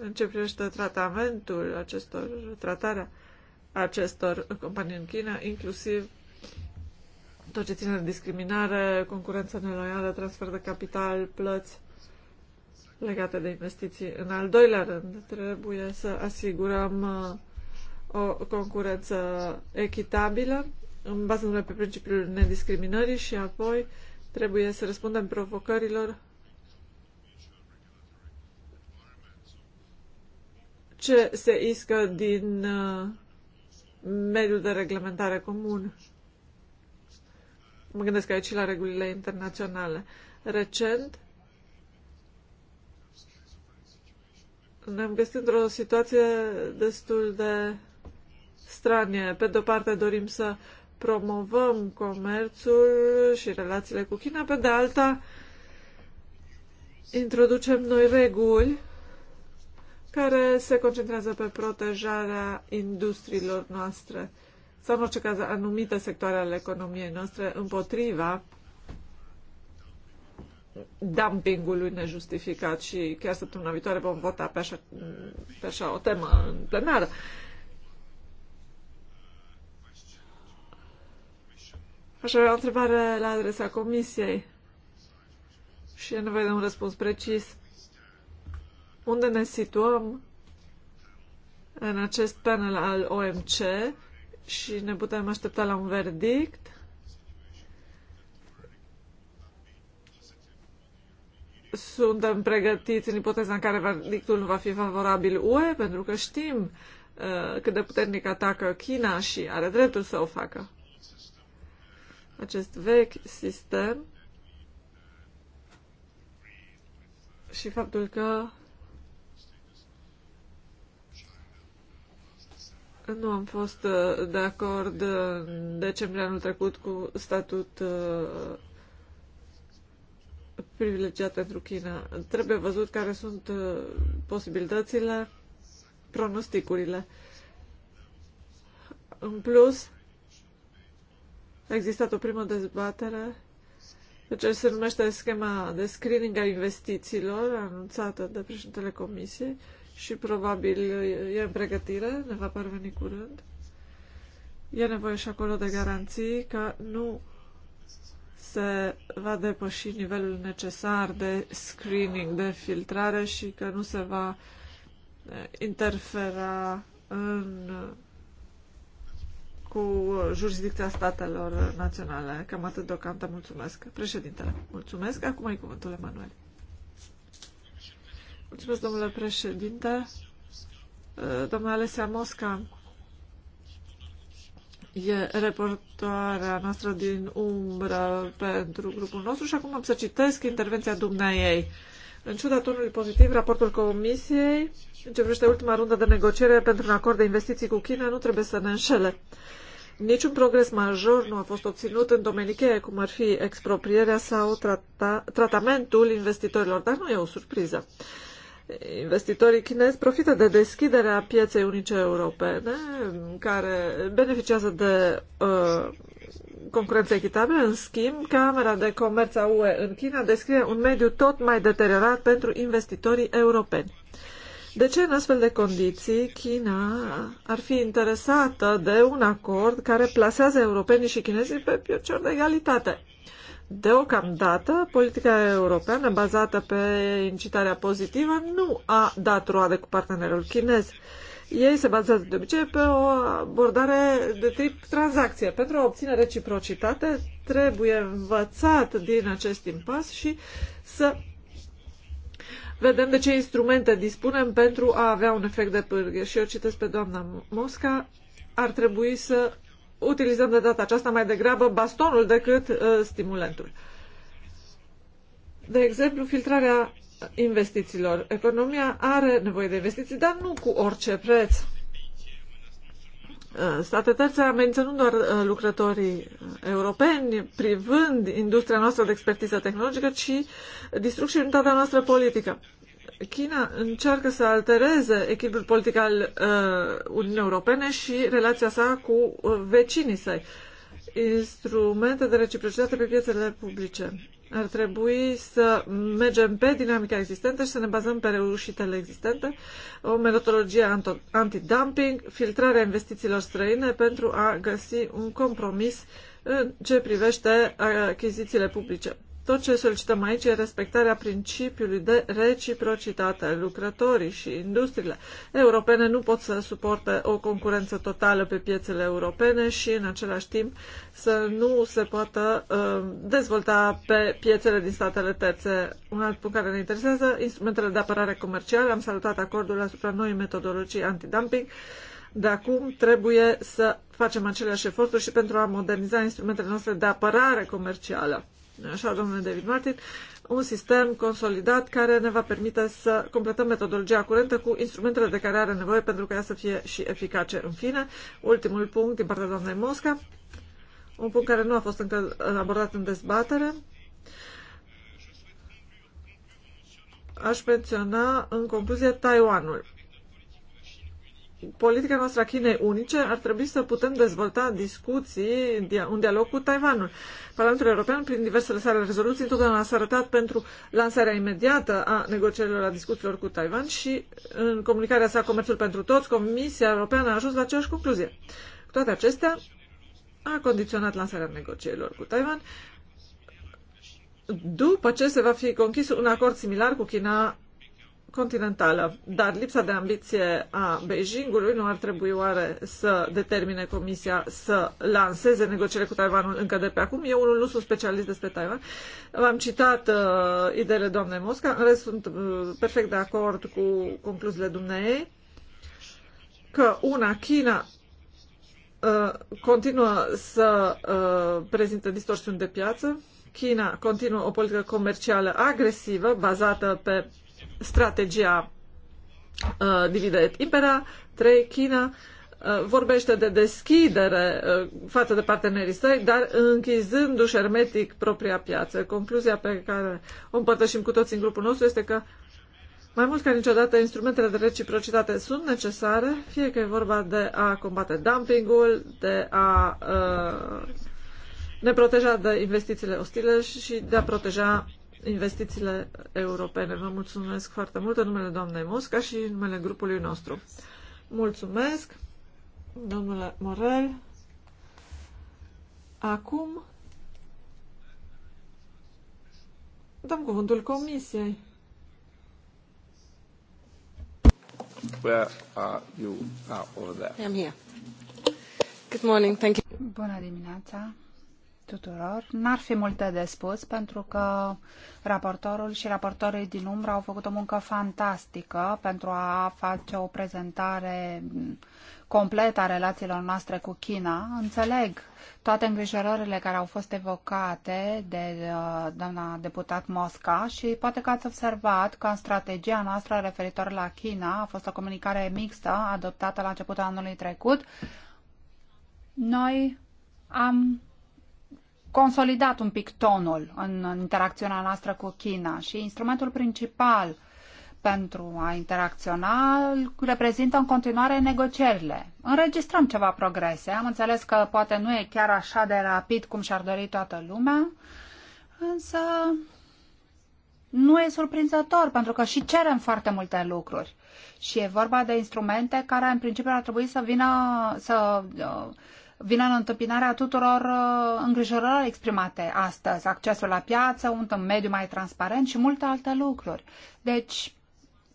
în ce privește tratamentul acestor, tratarea acestor companii în China, inclusiv tot ce ține de discriminare, concurență neloială, transfer de capital, plăți legate de investiții. În al doilea rând, trebuie să asigurăm uh, o concurență echitabilă, în bază pe principiul nediscriminării și apoi trebuie să răspundem provocărilor ce se iscă din uh, mediul de reglementare comun. Mă gândesc aici și la regulile internaționale. Recent ne-am găsit într-o situație destul de stranie. Pe de-o parte dorim să promovăm comerțul și relațiile cu China, pe de alta introducem noi reguli care se concentrează pe protejarea industriilor noastre sau în orice caz anumite sectoare ale economiei noastre împotriva dumpingului nejustificat și chiar săptămâna viitoare vom vota pe așa, pe așa o temă în plenară. Aș avea o întrebare la adresa Comisiei și e nevoie de un răspuns precis. Unde ne situăm în acest panel al OMC și ne putem aștepta la un verdict. Suntem pregătiți în ipoteza în care verdictul nu va fi favorabil UE, pentru că știm uh, cât de puternic atacă China și are dreptul să o facă. Acest vechi sistem și faptul că nu am fost uh, de acord în uh, decembrie anul trecut cu statut uh, privilegiat pentru China. Trebuie văzut care sunt posibilitățile, pronosticurile. În plus, a existat o primă dezbatere pe ce se numește schema de screening a investițiilor anunțată de președintele Comisiei și probabil e în pregătire, ne va parveni curând. E nevoie și acolo de garanții că nu se va depăși nivelul necesar de screening, de filtrare și că nu se va eh, interfera în, cu jurisdicția statelor naționale. Cam atât deocamdată. Mulțumesc. Președintele, mulțumesc. Acum ai cuvântul, Emanuel. Mulțumesc, domnule președinte. Doamna Alessia Mosca e reportoarea noastră din umbră pentru grupul nostru și acum am să citesc intervenția dumneaei. În ciuda tonului pozitiv, raportul Comisiei, în ce privește ultima rundă de negociere pentru un acord de investiții cu China, nu trebuie să ne înșele. Niciun progres major nu a fost obținut în domenii cheie, cum ar fi exproprierea sau trata, tratamentul investitorilor, dar nu e o surpriză. Investitorii chinezi profită de deschiderea pieței unice europene, care beneficiază de uh, concurență echitabilă. În schimb, Camera de Comerț a UE în China descrie un mediu tot mai deteriorat pentru investitorii europeni. De ce în astfel de condiții China ar fi interesată de un acord care plasează europenii și chinezii pe piocior de egalitate? Deocamdată, politica europeană bazată pe incitarea pozitivă nu a dat roade cu partenerul chinez. Ei se bazează de obicei pe o abordare de tip tranzacție. Pentru a obține reciprocitate, trebuie învățat din acest impas și să vedem de ce instrumente dispunem pentru a avea un efect de pârghie. Și eu citesc pe doamna Mosca, ar trebui să utilizăm de data aceasta mai degrabă bastonul decât uh, stimulentul. De exemplu, filtrarea investițiilor. Economia are nevoie de investiții, dar nu cu orice preț. Uh, state terțe amenință nu doar uh, lucrătorii europeni, privând industria noastră de expertiză tehnologică, ci distrug și unitatea noastră politică. China încearcă să altereze echilibrul politic al uh, Uniunii Europene și relația sa cu uh, vecinii săi. Instrumente de reciprocitate pe piețele publice. Ar trebui să mergem pe dinamica existentă și să ne bazăm pe reușitele existente, o metodologie antidumping, filtrarea investițiilor străine pentru a găsi un compromis în ce privește uh, achizițiile publice. Tot ce solicităm aici e respectarea principiului de reciprocitate. Lucrătorii și industriile europene nu pot să suporte o concurență totală pe piețele europene și în același timp să nu se poată uh, dezvolta pe piețele din statele terțe. Un alt punct care ne interesează, instrumentele de apărare comercială. Am salutat acordul asupra noii metodologii antidumping. De acum trebuie să facem aceleași eforturi și pentru a moderniza instrumentele noastre de apărare comercială așa, domnule David Martin, un sistem consolidat care ne va permite să completăm metodologia curentă cu instrumentele de care are nevoie pentru ca ea să fie și eficace. În fine, ultimul punct din partea doamnei Mosca, un punct care nu a fost încă abordat în dezbatere, aș menționa în concluzie Taiwanul politica noastră a Chinei unice, ar trebui să putem dezvolta discuții, un dialog cu Taiwanul. Parlamentul European, prin diversele sale rezoluții, întotdeauna s-a arătat pentru lansarea imediată a negocierilor, a discuțiilor cu Taiwan și în comunicarea sa Comerțul pentru Toți, Comisia Europeană a ajuns la aceeași concluzie. Cu toate acestea, a condiționat lansarea negocierilor cu Taiwan după ce se va fi conchis un acord similar cu China continentală. Dar lipsa de ambiție a Beijingului nu ar trebui oare să determine Comisia să lanseze negocierile cu Taiwanul încă de pe acum? Eu unul nu sunt specialist despre Taiwan. V-am citat uh, ideile doamnei Mosca, în rest sunt uh, perfect de acord cu concluziile dumneei că una, China uh, continuă să uh, prezintă distorsiuni de piață, China continuă o politică comercială agresivă bazată pe strategia uh, Divide Impera, 3. China uh, vorbește de deschidere uh, față de partenerii săi, dar închizându-și hermetic propria piață. Concluzia pe care o împărtășim cu toți în grupul nostru este că mai mult ca niciodată, instrumentele de reciprocitate sunt necesare, fie că e vorba de a combate dumpingul, de a uh, ne proteja de investițiile ostile și de a proteja investițiile europene. Vă mulțumesc foarte mult în numele doamnei Mosca și în numele grupului nostru. Mulțumesc, domnule Morel. Acum dăm cuvântul comisiei. Where are you? Ah, over there. I'm here. Good morning, thank you. Bună dimineața tuturor. N-ar fi multe de spus pentru că raportorul și raportorii din umbră au făcut o muncă fantastică pentru a face o prezentare completă a relațiilor noastre cu China. Înțeleg toate îngrijorările care au fost evocate de uh, doamna deputat Mosca și poate că ați observat că în strategia noastră referitor la China a fost o comunicare mixtă adoptată la începutul anului trecut. Noi am consolidat un pic tonul în interacțiunea noastră cu China și instrumentul principal pentru a interacționa reprezintă în continuare negocierile. Înregistrăm ceva progrese, am înțeles că poate nu e chiar așa de rapid cum și-ar dori toată lumea, însă nu e surprinzător, pentru că și cerem foarte multe lucruri. Și e vorba de instrumente care, în principiu, ar trebui să vină să uh, vine în întâmpinarea tuturor uh, îngrijorărilor exprimate astăzi, accesul la piață, un mediu mai transparent și multe alte lucruri. Deci,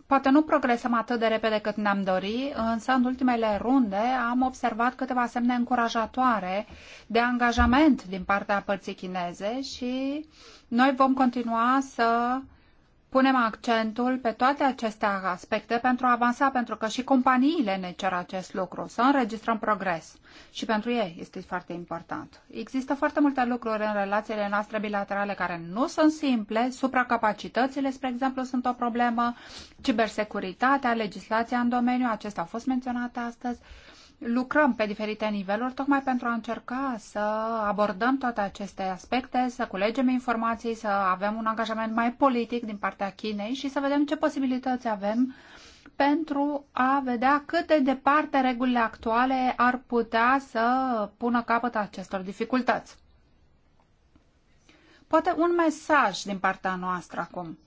Poate nu progresăm atât de repede cât ne-am dori, însă în ultimele runde am observat câteva semne încurajatoare de angajament din partea părții chineze și noi vom continua să punem accentul pe toate aceste aspecte pentru a avansa, pentru că și companiile ne cer acest lucru, să înregistrăm progres. Și pentru ei este foarte important. Există foarte multe lucruri în relațiile noastre bilaterale care nu sunt simple, supracapacitățile, spre exemplu, sunt o problemă, cibersecuritatea, legislația în domeniu, acestea au fost menționate astăzi, lucrăm pe diferite niveluri tocmai pentru a încerca să abordăm toate aceste aspecte, să culegem informații, să avem un angajament mai politic din partea Chinei și să vedem ce posibilități avem pentru a vedea cât de departe regulile actuale ar putea să pună capăt acestor dificultăți. Poate un mesaj din partea noastră acum.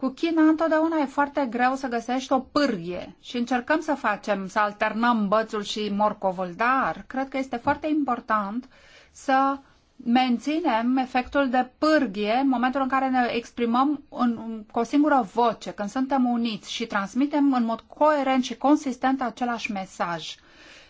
Cu China întotdeauna e foarte greu să găsești o pârghie și încercăm să facem, să alternăm bățul și morcovul, dar cred că este foarte important să menținem efectul de pârghie în momentul în care ne exprimăm în, cu o singură voce, când suntem uniți și transmitem în mod coerent și consistent același mesaj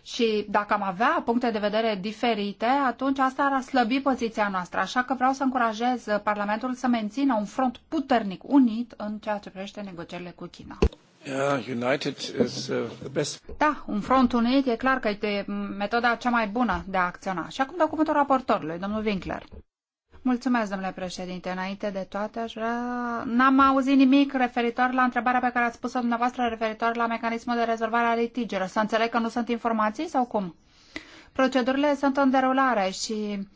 și dacă am avea puncte de vedere diferite, atunci asta ar slăbi poziția noastră. Așa că vreau să încurajez Parlamentul să mențină un front puternic, unit, în ceea ce privește negocierile cu China. Yeah, United is uh, the best. Da, un front unit e clar că e metoda cea mai bună de a acționa. Și acum dau cuvântul raportorului, domnul Winkler. Mulțumesc, domnule președinte. Înainte de toate, aș vrea... n-am auzit nimic referitor la întrebarea pe care ați spus-o dumneavoastră referitor la mecanismul de rezolvare a litigiilor. Să înțeleg că nu sunt informații sau cum? Procedurile sunt în derulare și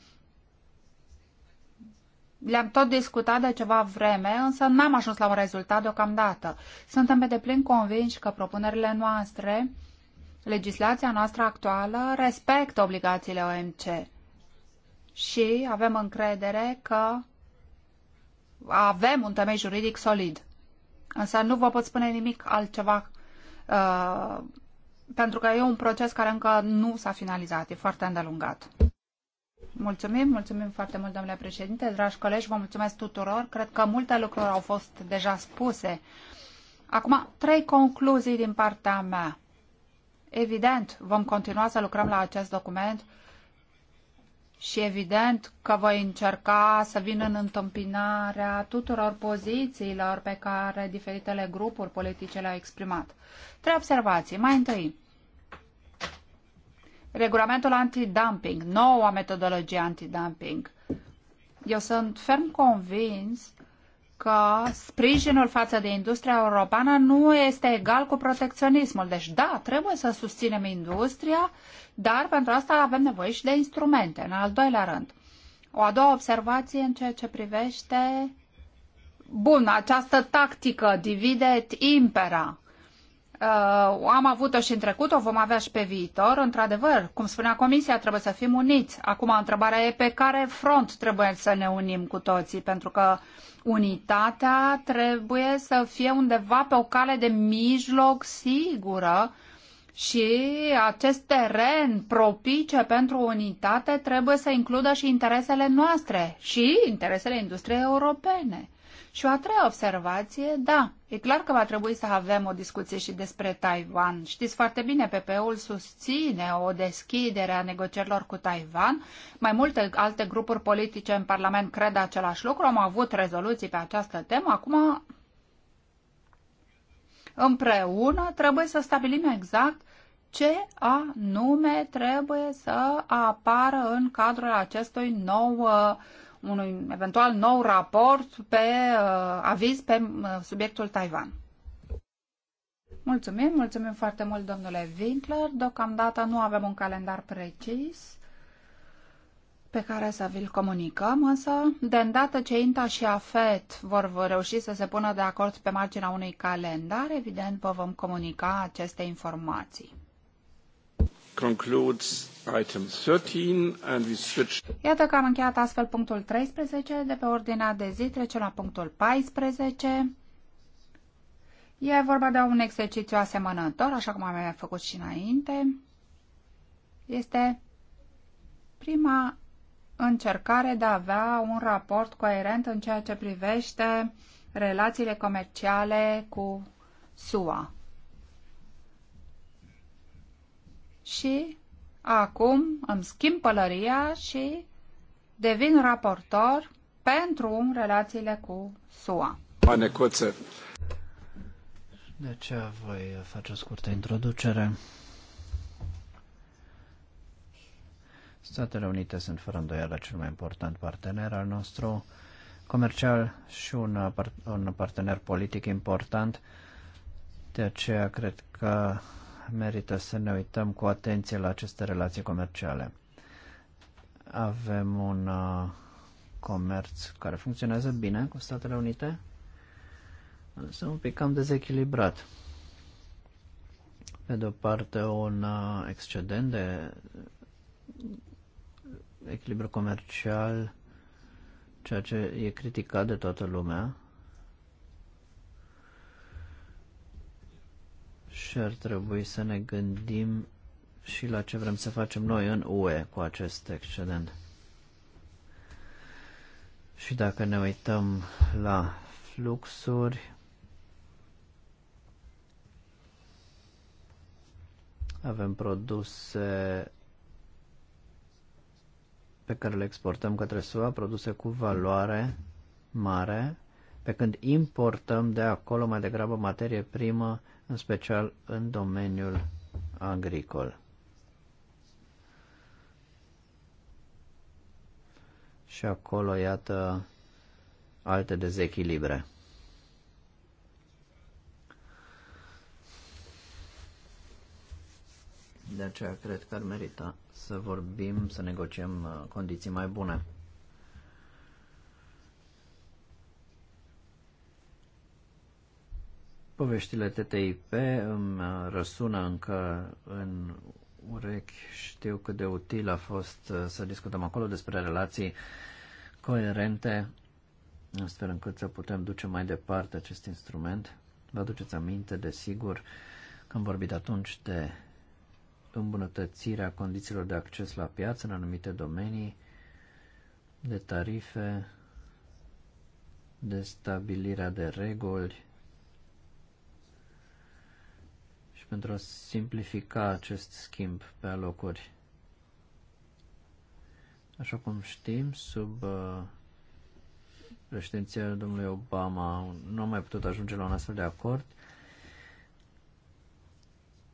le-am tot discutat de ceva vreme, însă n-am ajuns la un rezultat deocamdată. Suntem pe deplin convinși că propunerile noastre, legislația noastră actuală, respectă obligațiile OMC și avem încredere că avem un temei juridic solid. Însă nu vă pot spune nimic altceva uh, pentru că e un proces care încă nu s-a finalizat, e foarte îndelungat. Mulțumim, mulțumim foarte mult, domnule președinte, dragi colegi, vă mulțumesc tuturor. Cred că multe lucruri au fost deja spuse. Acum, trei concluzii din partea mea. Evident, vom continua să lucrăm la acest document și evident că voi încerca să vin în întâmpinarea tuturor pozițiilor pe care diferitele grupuri politice le-au exprimat. Trei observații. Mai întâi, regulamentul antidumping, noua metodologie antidumping. Eu sunt ferm convins că sprijinul față de industria europeană nu este egal cu protecționismul. Deci da, trebuie să susținem industria, dar pentru asta avem nevoie și de instrumente, în al doilea rând. O a doua observație în ceea ce privește, bun, această tactică divide impera, uh, am avut-o și în trecut, o vom avea și pe viitor. Într-adevăr, cum spunea Comisia, trebuie să fim uniți. Acum, întrebarea e pe care front trebuie să ne unim cu toții, pentru că unitatea trebuie să fie undeva pe o cale de mijloc sigură și acest teren propice pentru unitate trebuie să includă și interesele noastre și interesele industriei europene. Și o a treia observație, da, e clar că va trebui să avem o discuție și despre Taiwan. Știți foarte bine, pp ul susține o deschidere a negocierilor cu Taiwan. Mai multe alte grupuri politice în Parlament cred același lucru. Am avut rezoluții pe această temă. Acum, împreună, trebuie să stabilim exact ce anume trebuie să apară în cadrul acestui nou uh, unui eventual nou raport pe uh, aviz pe uh, subiectul Taiwan. Mulțumim, mulțumim foarte mult, domnule Winkler. Deocamdată nu avem un calendar precis pe care să vi-l comunicăm, însă, de îndată ce INTA și AFET vor reuși să se pună de acord pe marginea unui calendar, evident vă vom comunica aceste informații concludes item 13 and we switch. Iată că am încheiat astfel punctul 13 de pe ordinea de zi, trecem la punctul 14. E vorba de un exercițiu asemănător, așa cum am mai făcut și înainte. Este prima încercare de a avea un raport coerent în ceea ce privește relațiile comerciale cu SUA. și acum îmi schimb pălăria și devin raportor pentru relațiile cu SUA. Manecuță. De deci, ce uh, voi face o scurtă introducere. Statele Unite sunt fără îndoială cel mai important partener al nostru comercial și un, uh, un partener politic important. De aceea cred că merită să ne uităm cu atenție la aceste relații comerciale. Avem un uh, comerț care funcționează bine cu Statele Unite, însă un pic cam dezechilibrat. Pe de o parte, un uh, excedent de echilibru comercial, ceea ce e criticat de toată lumea, și ar trebui să ne gândim și la ce vrem să facem noi în UE cu acest excedent. Și dacă ne uităm la fluxuri, avem produse pe care le exportăm către SUA, produse cu valoare mare, pe când importăm de acolo mai degrabă materie primă în special în domeniul agricol. Și acolo, iată, alte dezechilibre. De aceea cred că ar merita să vorbim, să negociem uh, condiții mai bune. Poveștile TTIP îmi uh, răsună încă în urechi. Știu cât de util a fost uh, să discutăm acolo despre relații coerente, astfel încât să putem duce mai departe acest instrument. Vă aduceți aminte, desigur, că am vorbit atunci de îmbunătățirea condițiilor de acces la piață în anumite domenii, de tarife, de stabilirea de reguli și pentru a simplifica acest schimb pe alocuri. Așa cum știm, sub uh, președinția domnului Obama nu am mai putut ajunge la un astfel de acord,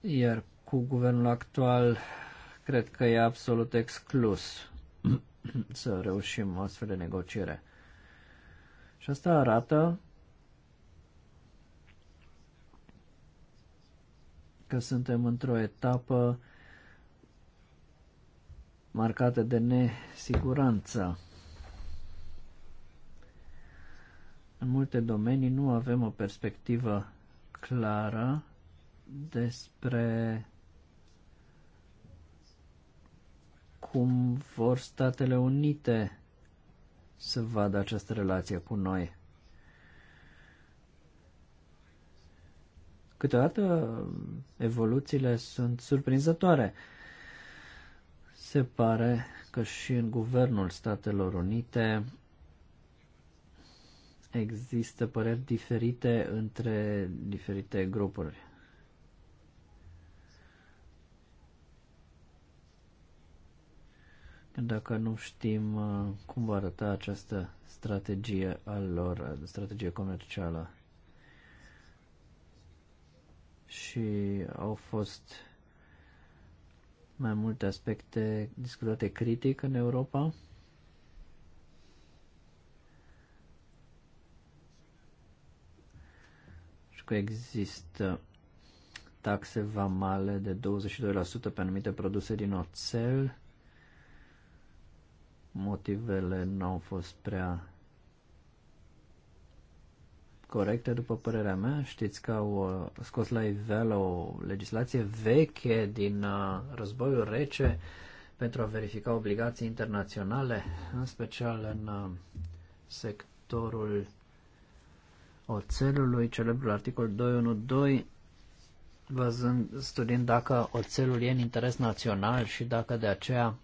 iar cu guvernul actual cred că e absolut exclus să reușim astfel de negociere. Și asta arată că suntem într-o etapă marcată de nesiguranță. În multe domenii nu avem o perspectivă clară despre cum vor Statele Unite să vadă această relație cu noi. Câteodată evoluțiile sunt surprinzătoare. Se pare că și în guvernul Statelor Unite există păreri diferite între diferite grupuri. Dacă nu știm uh, cum va arăta această strategie a lor, strategie comercială și au fost mai multe aspecte discutate critic în Europa. Și că există taxe vamale de 22% pe anumite produse din oțel. Motivele nu au fost prea corecte, după părerea mea. Știți că au uh, scos la iveală o legislație veche din uh, războiul rece pentru a verifica obligații internaționale, în special în uh, sectorul oțelului, celebrul articol 212, văzând, studiind dacă oțelul e în interes național și dacă de aceea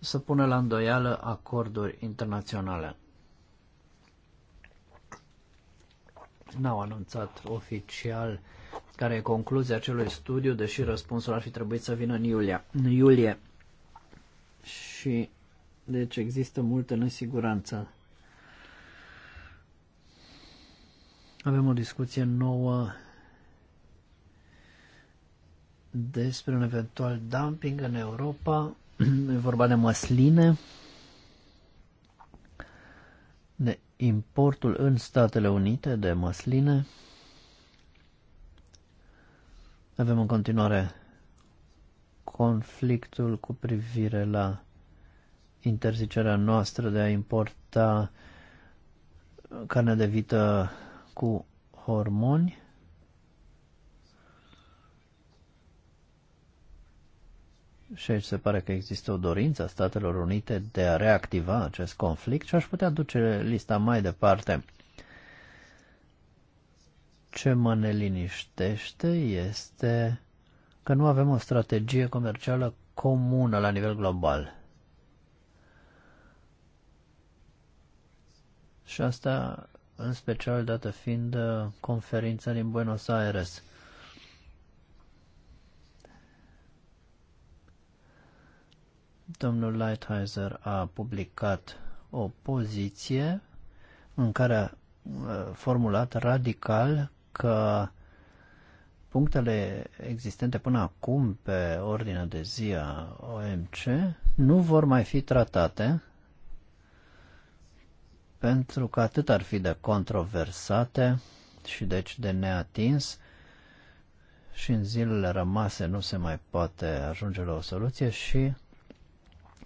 să pună la îndoială acorduri internaționale. n-au anunțat oficial care e concluzia acelui studiu, deși răspunsul ar fi trebuit să vină în iulie. În iulie. Și deci există multă nesiguranță. Avem o discuție nouă despre un eventual dumping în Europa. E vorba de măsline, de importul în Statele Unite de măsline. Avem în continuare conflictul cu privire la interzicerea noastră de a importa carne de vită cu hormoni. și aici se pare că există o dorință a Statelor Unite de a reactiva acest conflict și aș putea duce lista mai departe. Ce mă neliniștește este că nu avem o strategie comercială comună la nivel global. Și asta în special dată fiind uh, conferința din Buenos Aires. Domnul Lighthizer a publicat o poziție în care a formulat radical că punctele existente până acum pe ordinea de zi a OMC nu vor mai fi tratate pentru că atât ar fi de controversate și deci de neatins și în zilele rămase nu se mai poate ajunge la o soluție și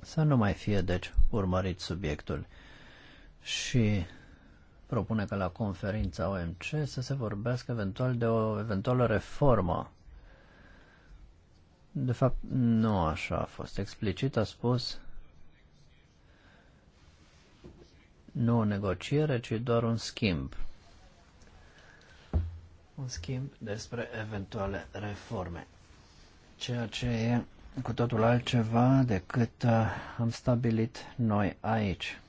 să nu mai fie, deci, urmărit subiectul. Și propune că la conferința OMC să se vorbească eventual de o eventuală reformă. De fapt, nu așa a fost. Explicit a spus nu o negociere, ci doar un schimb. Un schimb despre eventuale reforme. Ceea ce e cu totul altceva decât uh, am stabilit noi aici.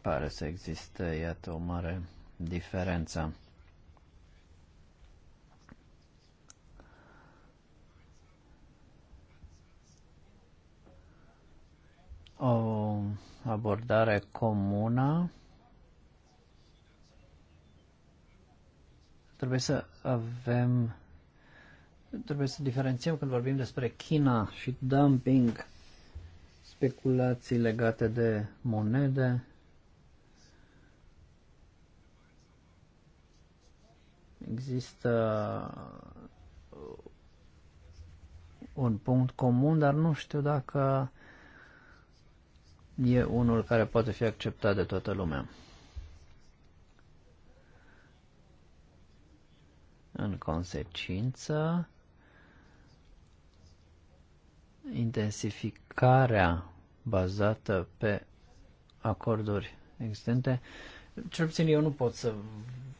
Pare să existe, iată, o mare diferență. O abordare comună Trebuie să avem, trebuie să diferențiem când vorbim despre China și dumping, speculații legate de monede, există un punct comun, dar nu știu dacă e unul care poate fi acceptat de toată lumea. În consecință, intensificarea bazată pe acorduri existente, cel puțin eu nu pot să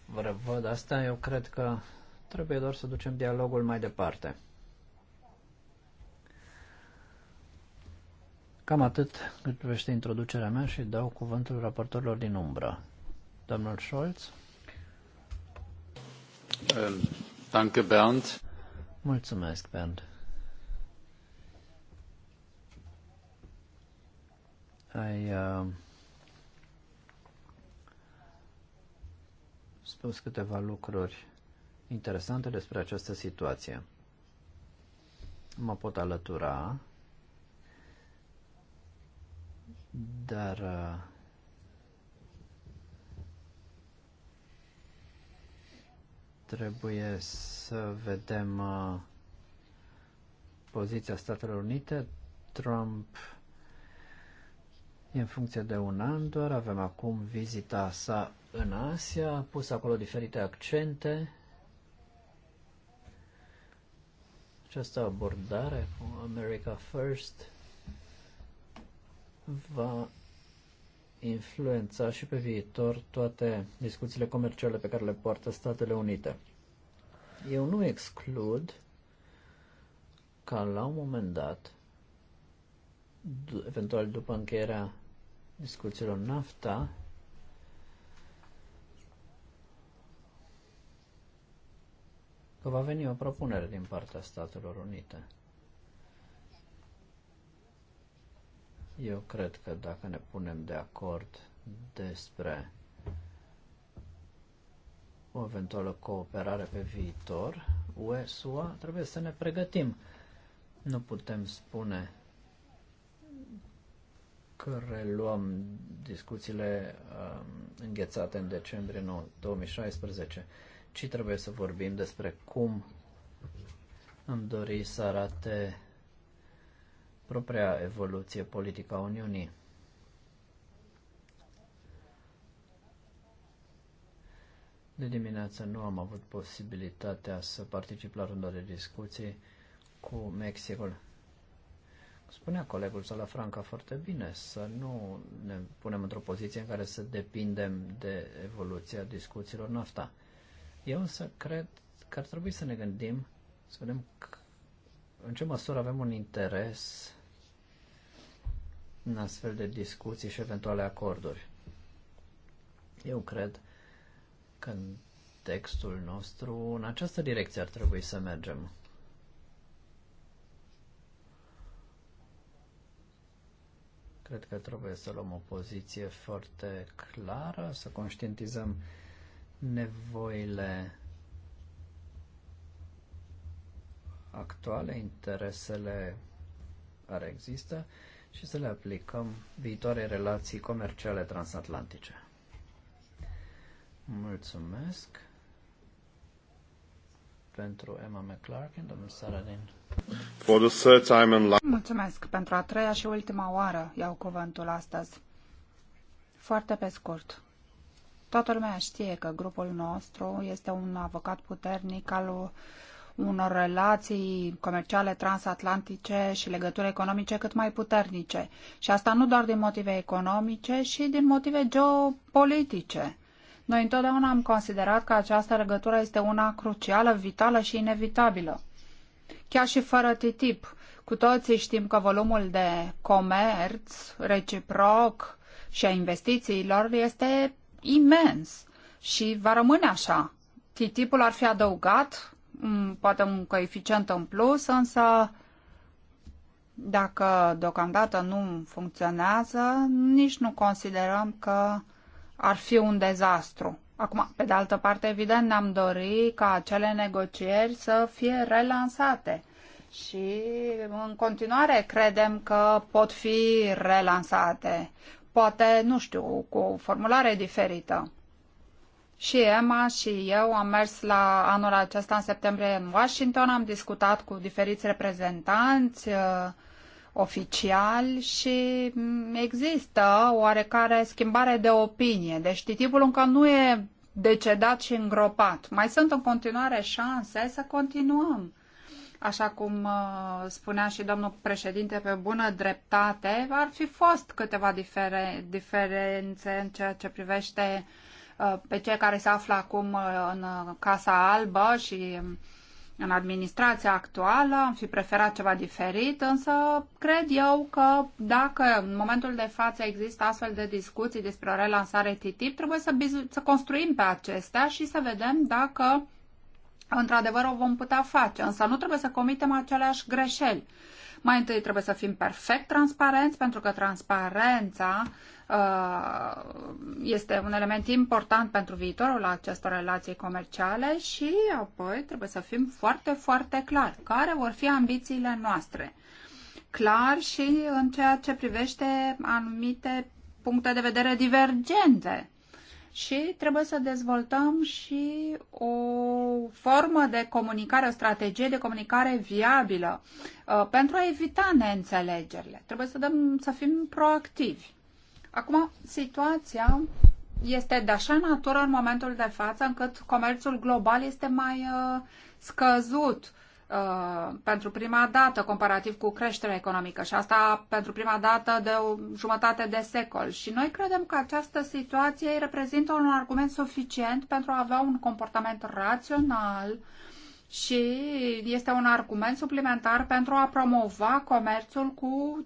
vă văd asta, eu cred că trebuie doar să ducem dialogul mai departe. Cam atât cât privește introducerea mea și dau cuvântul raportorilor din umbră. Domnul Scholz? Um, danke, Bernd. Mulțumesc, Bernd. Ai uh, spus câteva lucruri interesante despre această situație. Mă pot alătura, dar uh, Trebuie să vedem uh, poziția Statelor Unite. Trump e în funcție de un an doar. Avem acum vizita sa în Asia. A pus acolo diferite accente. Această abordare cu America First va influența și pe viitor toate discuțiile comerciale pe care le poartă Statele Unite. Eu nu exclud ca la un moment dat, eventual după încheierea discuțiilor NAFTA, că va veni o propunere din partea Statelor Unite. Eu cred că dacă ne punem de acord despre o eventuală cooperare pe viitor, UE-SUA, trebuie să ne pregătim. Nu putem spune că reluăm discuțiile um, înghețate în decembrie 2016, ci trebuie să vorbim despre cum am dori să arate propria evoluție politică a Uniunii. De dimineață nu am avut posibilitatea să particip la runda de discuții cu Mexicul. Spunea colegul Salafranca foarte bine să nu ne punem într-o poziție în care să depindem de evoluția discuțiilor NAFTA. Eu însă cred că ar trebui să ne gândim, să vedem în ce măsură avem un interes în astfel de discuții și eventuale acorduri. Eu cred că în textul nostru, în această direcție ar trebui să mergem. Cred că trebuie să luăm o poziție foarte clară, să conștientizăm nevoile actuale, interesele care există și să le aplicăm viitoare relații comerciale transatlantice. Mulțumesc pentru Emma McClarkin, domnul Saradin. For the third time in life. Mulțumesc pentru a treia și ultima oară iau cuvântul astăzi. Foarte pe scurt. Toată lumea știe că grupul nostru este un avocat puternic al unor relații comerciale transatlantice și legături economice cât mai puternice. Și asta nu doar din motive economice, ci din motive geopolitice. Noi întotdeauna am considerat că această legătură este una crucială, vitală și inevitabilă. Chiar și fără TTIP, cu toții știm că volumul de comerț reciproc și a investițiilor este imens și va rămâne așa. TTIP-ul ar fi adăugat poate un coeficient în plus, însă dacă deocamdată nu funcționează, nici nu considerăm că ar fi un dezastru. Acum, pe de altă parte, evident, ne-am dorit ca acele negocieri să fie relansate și în continuare credem că pot fi relansate. Poate, nu știu, cu o formulare diferită. Și Emma și eu am mers la anul acesta în septembrie în Washington, am discutat cu diferiți reprezentanți uh, oficiali și mm, există oarecare schimbare de opinie. Deci tipul încă nu e decedat și îngropat. Mai sunt în continuare șanse să continuăm. Așa cum uh, spunea și domnul președinte pe bună dreptate, ar fi fost câteva difere, diferențe în ceea ce privește uh, Uh, pe cei care se află acum uh, în uh, Casa Albă și um, în administrația actuală, am fi preferat ceva diferit, însă cred eu că dacă în momentul de față există astfel de discuții despre o relansare TTIP, trebuie să, să construim pe acestea și să vedem dacă într-adevăr o vom putea face, însă nu trebuie să comitem aceleași greșeli. Mai întâi trebuie să fim perfect transparenți, pentru că transparența Uh, este un element important pentru viitorul acestor relații comerciale și apoi trebuie să fim foarte, foarte clari care vor fi ambițiile noastre. Clar și în ceea ce privește anumite puncte de vedere divergente. Și trebuie să dezvoltăm și o formă de comunicare, o strategie de comunicare viabilă uh, pentru a evita neînțelegerile. Trebuie să, dăm, să fim proactivi. Acum, situația este de așa natură în momentul de față încât comerțul global este mai uh, scăzut uh, pentru prima dată comparativ cu creșterea economică și asta pentru prima dată de o jumătate de secol. Și noi credem că această situație reprezintă un argument suficient pentru a avea un comportament rațional și este un argument suplimentar pentru a promova comerțul cu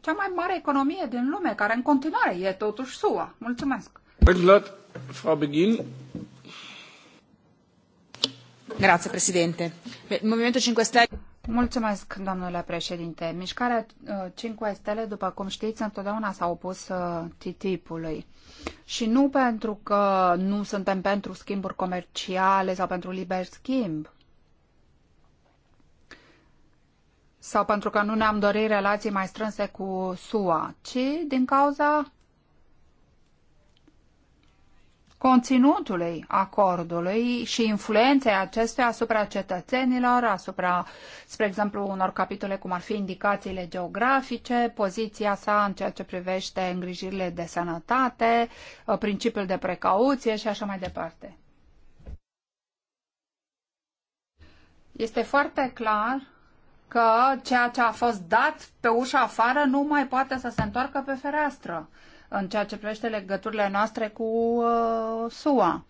cea mai mare economie din lume, care în continuare e totuși SUA. Mulțumesc! Frau Beghin. Grazie, Presidente. Movimentul 5 Stelle... Mulțumesc, domnule președinte. Mișcarea 5 uh, Stele, după cum știți, întotdeauna s-a opus uh, TTIP-ului. Și nu pentru că nu suntem pentru schimburi comerciale sau pentru liber schimb, sau pentru că nu ne-am dorit relații mai strânse cu SUA, ci din cauza conținutului acordului și influenței acestuia asupra cetățenilor, asupra, spre exemplu, unor capitole cum ar fi indicațiile geografice, poziția sa în ceea ce privește îngrijirile de sănătate, uh, principiul de precauție și așa mai departe. Este foarte clar că ceea ce a fost dat pe ușa afară nu mai poate să se întoarcă pe fereastră în ceea ce privește legăturile noastre cu uh, SUA.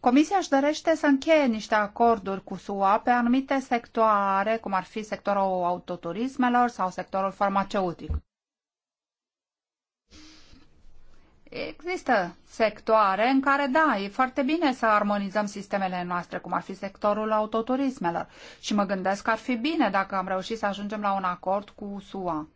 Comisia își dorește să încheie niște acorduri cu SUA pe anumite sectoare, cum ar fi sectorul autoturismelor sau sectorul farmaceutic. există sectoare în care, da, e foarte bine să armonizăm sistemele noastre, cum ar fi sectorul autoturismelor. Și mă gândesc că ar fi bine dacă am reușit să ajungem la un acord cu SUA.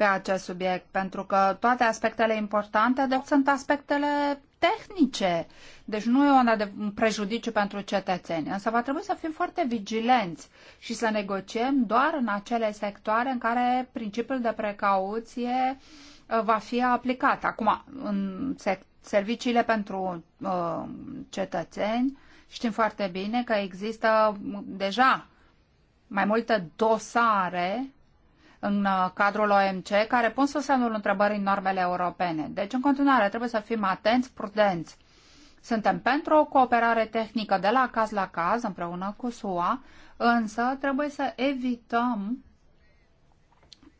pe acest subiect, pentru că toate aspectele importante de sunt aspectele tehnice. Deci nu e un prejudiciu pentru cetățeni. Însă va trebui să fim foarte vigilenți și să negociem doar în acele sectoare în care principiul de precauție uh, va fi aplicat. Acum, în serviciile pentru uh, cetățeni, știm foarte bine că există deja mai multe dosare în uh, cadrul OMC care pun sub semnul întrebării normele europene. Deci, în continuare, trebuie să fim atenți, prudenți. Suntem pentru o cooperare tehnică de la caz la caz împreună cu SUA, însă trebuie să evităm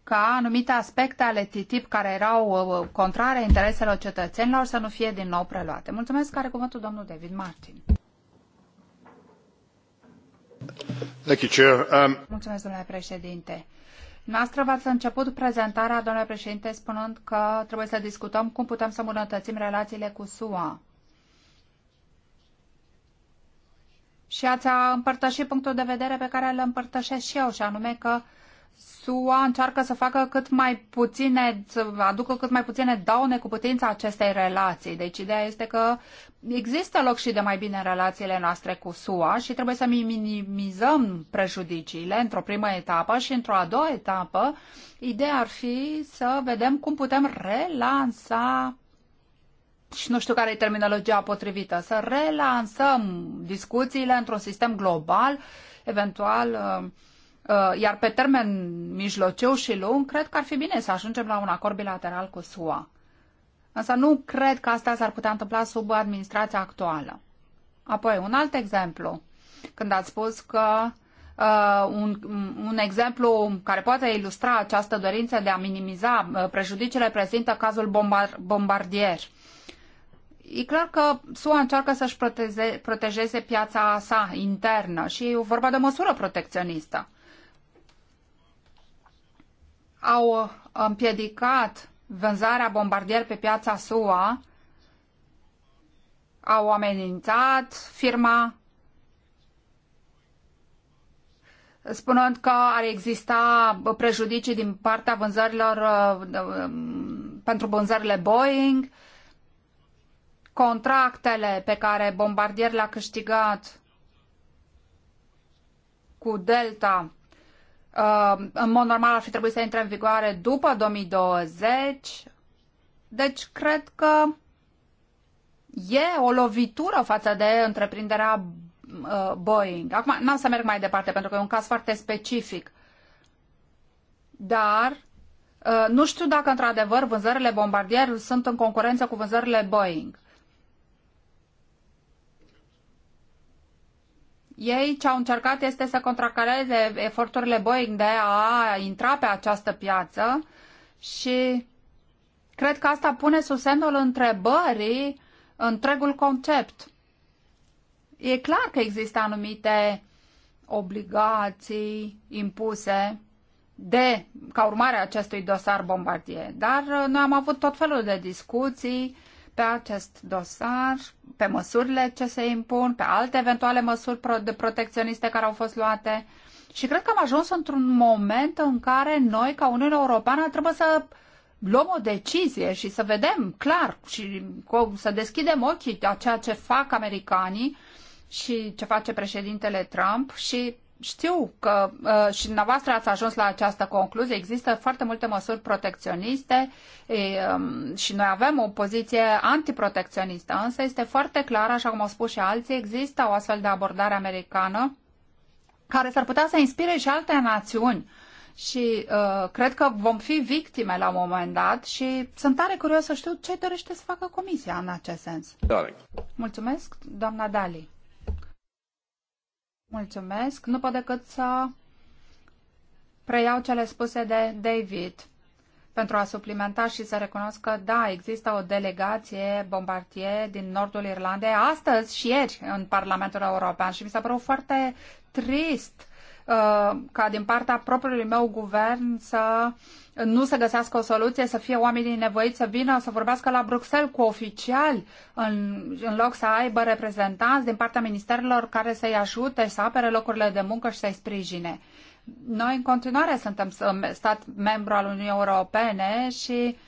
ca anumite aspecte ale TTIP care erau uh, contrare intereselor cetățenilor să nu fie din nou preluate. Mulțumesc, care cuvântul domnul David Martin. Um, Mulțumesc, domnule președinte. Noastră v-ați început prezentarea, domnule președinte, spunând că trebuie să discutăm cum putem să îmbunătățim relațiile cu SUA. Și ați împărtășit punctul de vedere pe care îl împărtășesc și eu, și anume că uh, SUA încearcă să facă cât mai puține, să aducă cât mai puține daune cu putința acestei relații. Deci ideea este că există loc și de mai bine în relațiile noastre cu SUA și trebuie să minimizăm prejudiciile într-o primă etapă și într-o a doua etapă. Ideea ar fi să vedem cum putem relansa și nu știu care e terminologia potrivită, să relansăm discuțiile într-un sistem global, eventual uh, Uh, iar pe termen mijlociu și lung, cred că ar fi bine să ajungem la un acord bilateral cu SUA. Însă nu cred că asta s-ar putea întâmpla sub administrația actuală. Apoi, un alt exemplu, când ați spus că uh, un, un exemplu care poate ilustra această dorință de a minimiza uh, prejudiciile prezintă cazul bombar, bombardier. E clar că SUA încearcă să-și proteze, protejeze piața sa internă și e vorba de o măsură protecționistă au uh, împiedicat vânzarea bombardier pe piața SUA, au amenințat firma spunând că ar exista prejudicii din partea vânzărilor uh, um, pentru vânzările Boeing, contractele pe care bombardier le-a câștigat cu Delta Uh, în mod normal ar fi trebuit să intre în vigoare după 2020. Deci cred că e o lovitură față de întreprinderea uh, Boeing. Acum n-am să merg mai departe pentru că e un caz foarte specific. Dar uh, nu știu dacă într-adevăr vânzările Bombardier sunt în concurență cu vânzările Boeing. Ei ce au încercat este să contracareze eforturile Boeing de a intra pe această piață și cred că asta pune sub semnul întrebării întregul concept. E clar că există anumite obligații impuse de, ca urmare a acestui dosar bombardier. Dar uh, noi am avut tot felul de discuții pe acest dosar, pe măsurile ce se impun, pe alte eventuale măsuri de protecționiste care au fost luate. Și cred că am ajuns într-un moment în care noi, ca Uniunea Europeană, trebuie să luăm o decizie și să vedem clar și să deschidem ochii a ceea ce fac americanii și ce face președintele Trump și știu că uh, și dumneavoastră ați ajuns la această concluzie. Există foarte multe măsuri protecționiste e, um, și noi avem o poziție antiprotecționistă, însă este foarte clar, așa cum au spus și alții, există o astfel de abordare americană care s-ar putea să inspire și alte națiuni. Și uh, cred că vom fi victime la un moment dat și sunt tare curios să știu ce dorește să facă Comisia în acest sens. Darling. Mulțumesc, doamna Dali. Mulțumesc. Nu pot decât să preiau cele spuse de David pentru a suplimenta și să recunosc că, da, există o delegație bombardier din nordul Irlandei astăzi și ieri în Parlamentul European și mi s-a părut foarte trist Uh, ca din partea propriului meu guvern să nu se găsească o soluție, să fie oamenii nevoiți să vină să vorbească la Bruxelles cu oficiali, în, în loc să aibă reprezentanți din partea ministerilor care să-i ajute să apere locurile de muncă și să-i sprijine. Noi în continuare suntem stat membru al Uniunii Europene și uh,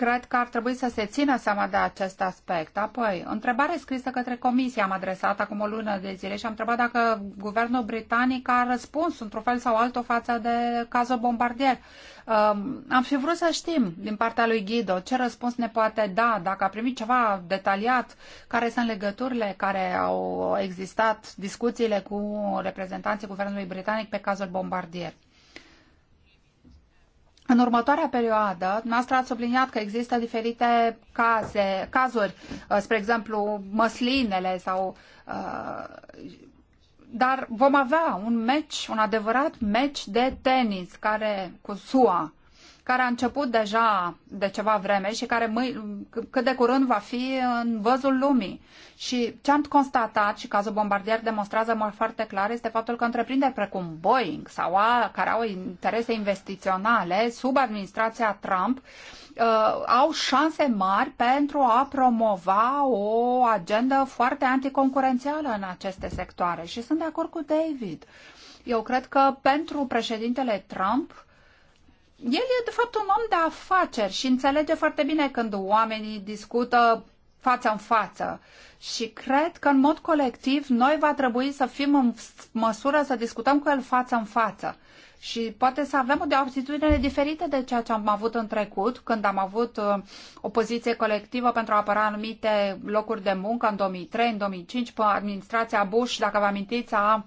Cred că ar trebui să se țină seama de acest aspect. Apoi, întrebare scrisă către comisie am adresat acum o lună de zile și am întrebat dacă guvernul britanic a răspuns într-un fel sau altul față de cazul bombardier. Um, am fi vrut să știm din partea lui Guido ce răspuns ne poate da, dacă a primit ceva detaliat, care sunt legăturile care au existat, discuțiile cu reprezentanții guvernului britanic pe cazul bombardier. În următoarea perioadă, dumneavoastră ați subliniat că există diferite case, cazuri, uh, spre exemplu măslinele sau... Uh, dar vom avea un meci, un adevărat meci de tenis care cu SUA care a început deja de ceva vreme și care mâi, cât de curând va fi în văzul lumii. Și ce am constatat și cazul bombardier demonstrează mult foarte clar este faptul că întreprinderi precum Boeing sau a, care au interese investiționale sub administrația Trump uh, au șanse mari pentru a promova o agendă foarte anticoncurențială în aceste sectoare. Și sunt de acord cu David. Eu cred că pentru președintele Trump el e de fapt un om de afaceri și înțelege foarte bine când oamenii discută față în față. Și cred că în mod colectiv noi va trebui să fim în măsură să discutăm cu el față în față. Și poate să avem o atitudine diferită de ceea ce am avut în trecut, când am avut uh, o poziție colectivă pentru a apăra anumite locuri de muncă în 2003, în 2005, pe administrația Bush, dacă vă amintiți, a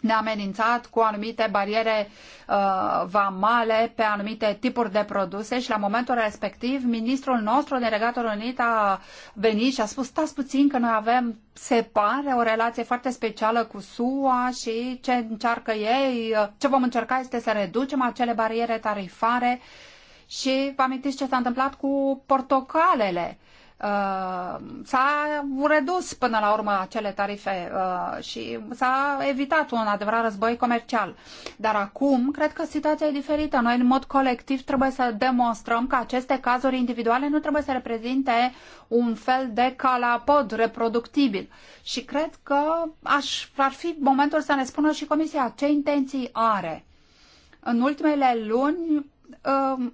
neamenințat cu anumite bariere uh, vamale pe anumite tipuri de produse și la momentul respectiv ministrul nostru din Regatul Unit a venit și a spus stați puțin că noi avem, se pare, o relație foarte specială cu SUA și ce încearcă ei, uh, ce vom încerca este să reducem acele bariere tarifare și vă amintiți ce s-a întâmplat cu portocalele. Uh, Uh, s-a redus până la urmă acele tarife uh, și s-a evitat un adevărat război comercial. Dar acum cred că situația e diferită. Noi în mod colectiv trebuie să demonstrăm că aceste cazuri individuale nu trebuie să reprezinte un fel de calapod reproductibil. Și cred că aș, ar fi momentul să ne spună și Comisia ce intenții are. În ultimele luni uh,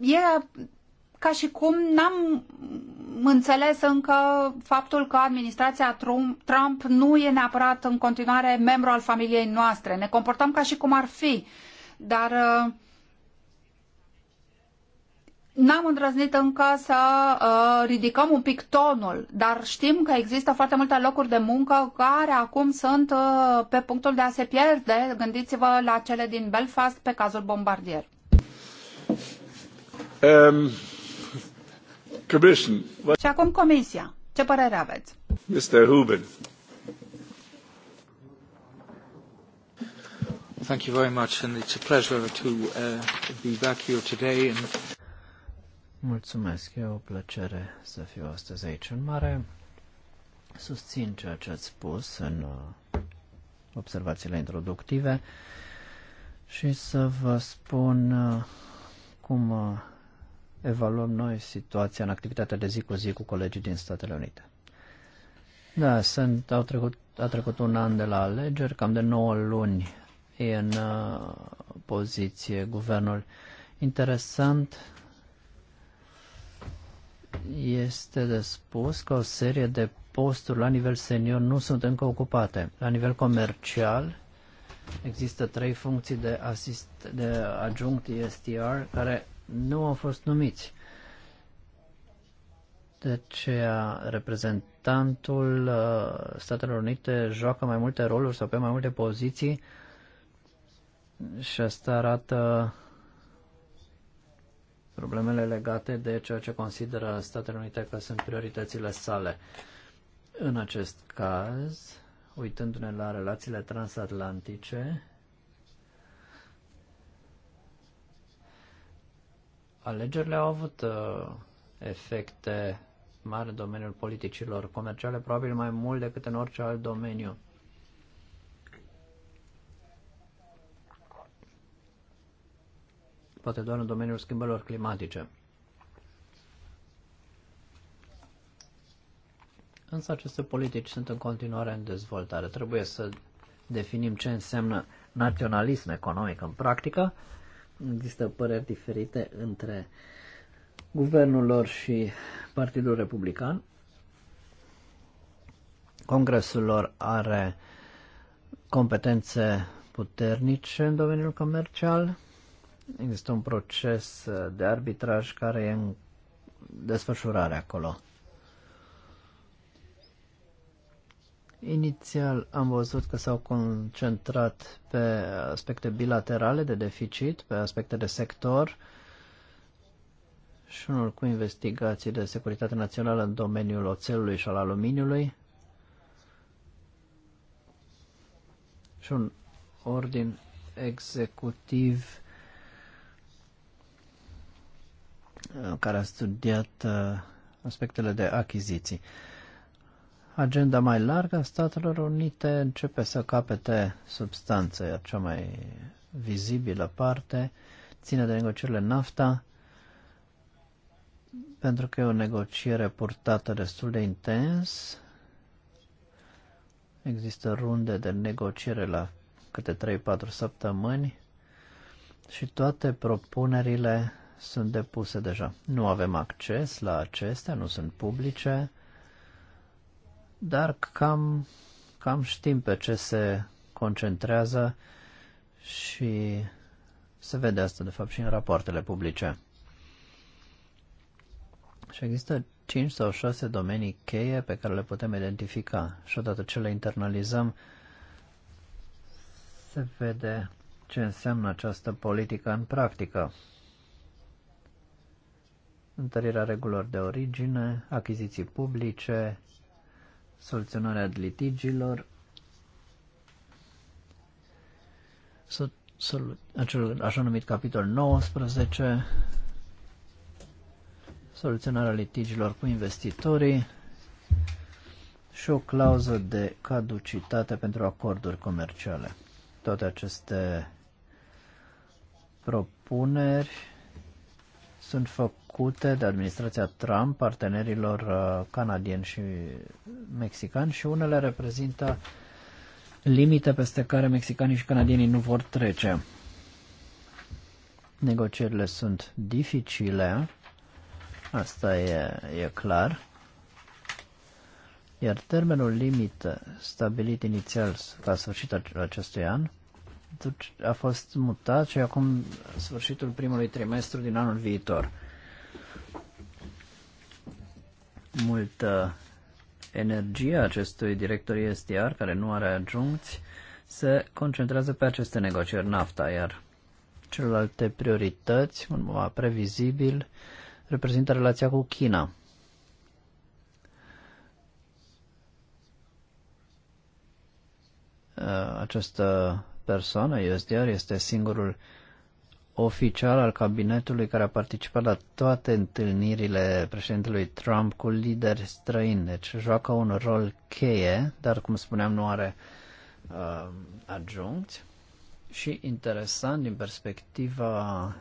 e ca și cum n-am înțeles încă faptul că administrația Trump nu e neapărat în continuare membru al familiei noastre. Ne comportăm ca și cum ar fi, dar uh, n-am îndrăznit încă să uh, ridicăm un pic tonul, dar știm că există foarte multe locuri de muncă care acum sunt uh, pe punctul de a se pierde. Gândiți-vă la cele din Belfast pe cazul bombardier. Um... Și acum Comisia. Ce părere aveți? Mr. Huben. Thank you very much and it's a pleasure to uh, be back here today and Mulțumesc, e o plăcere să fiu astăzi aici în mare. Susțin ceea ce ați spus în uh, observațiile introductive și să vă spun uh, cum uh, evaluăm noi situația în activitatea de zi cu zi cu colegii din Statele Unite. Da, sunt, au trecut, a trecut un an de la alegeri, cam de 9 luni e în uh, poziție guvernul. Interesant este de spus că o serie de posturi la nivel senior nu sunt încă ocupate. La nivel comercial există trei funcții de, asist, de adjunct STR care nu au fost numiți. De aceea, reprezentantul uh, Statelor Unite joacă mai multe roluri sau pe mai multe poziții și asta arată problemele legate de ceea ce consideră Statele Unite că sunt prioritățile sale. În acest caz, uitându-ne la relațiile transatlantice, Alegerile au avut uh, efecte mari în domeniul politicilor comerciale, probabil mai mult decât în orice alt domeniu. Poate doar în domeniul schimbărilor climatice. Însă aceste politici sunt în continuare în dezvoltare. Trebuie să definim ce înseamnă naționalism economic în practică Există păreri diferite între guvernul lor și Partidul Republican. Congresul lor are competențe puternice în domeniul comercial. Există un proces de arbitraj care e în desfășurare acolo. Inițial am văzut că s-au concentrat pe aspecte bilaterale de deficit, pe aspecte de sector și unul cu investigații de securitate națională în domeniul oțelului și al aluminiului și un ordin executiv care a studiat uh, aspectele de achiziții agenda mai largă a Statelor Unite începe să capete substanță, iar cea mai vizibilă parte ține de negocierile NAFTA, pentru că e o negociere purtată destul de intens. Există runde de negociere la câte 3-4 săptămâni și toate propunerile sunt depuse deja. Nu avem acces la acestea, nu sunt publice, dar cam, cam știm pe ce se concentrează și se vede asta, de fapt, și în rapoartele publice. Și există 5 sau 6 domenii cheie pe care le putem identifica și odată ce le internalizăm, se vede ce înseamnă această politică în practică. Întărirea regulilor de origine, achiziții publice, soluționarea litigilor, acel așa numit capitol 19, soluționarea litigilor cu investitorii și o clauză de caducitate pentru acorduri comerciale. Toate aceste propuneri sunt făcute făcute de administrația Trump, partenerilor uh, canadieni și mexicani și unele reprezintă limite peste care mexicanii și canadienii nu vor trece. Negocierile sunt dificile, asta e, e clar, iar termenul limită stabilit inițial la sfârșitul acestui an deci a fost mutat și acum sfârșitul primului trimestru din anul viitor. multă energie acestui director ISTR, care nu are adjuncți, se concentrează pe aceste negocieri NAFTA, iar celelalte priorități, în mod previzibil, reprezintă relația cu China. Această persoană, USDR, este singurul oficial al cabinetului care a participat la toate întâlnirile președintelui Trump cu lideri străini. Deci joacă un rol cheie, dar cum spuneam nu are uh, adjuncți. Și interesant din perspectiva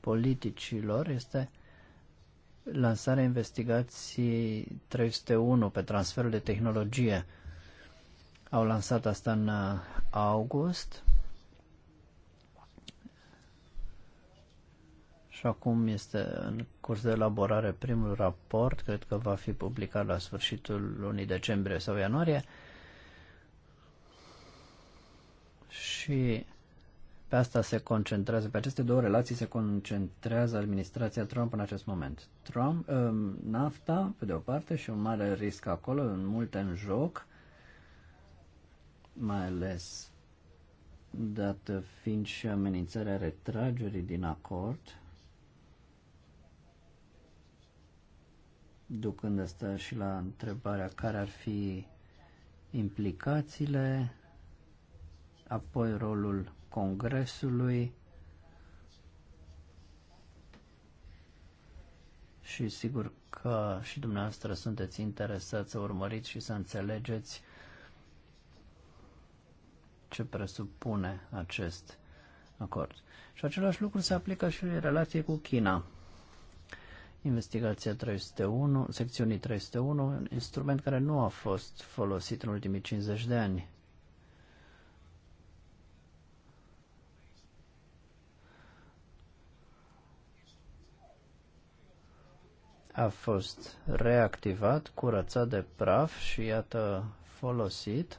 politicilor este lansarea investigației 301 pe transferul de tehnologie. Au lansat asta în uh, august și acum este în curs de elaborare primul raport, cred că va fi publicat la sfârșitul lunii decembrie sau ianuarie. Și pe asta se concentrează, pe aceste două relații se concentrează administrația Trump în acest moment. Trump, um, NAFTA, pe de o parte, și un mare risc acolo, multe în joc, mai ales dată fiind și amenințarea retragerii din acord, ducând asta și la întrebarea care ar fi implicațiile, apoi rolul Congresului și sigur că și dumneavoastră sunteți interesați să urmăriți și să înțelegeți ce presupune acest acord. Și același lucru se aplică și relației cu China investigația 301, secțiunii 301, un instrument care nu a fost folosit în ultimii 50 de ani. A fost reactivat, curățat de praf și iată folosit.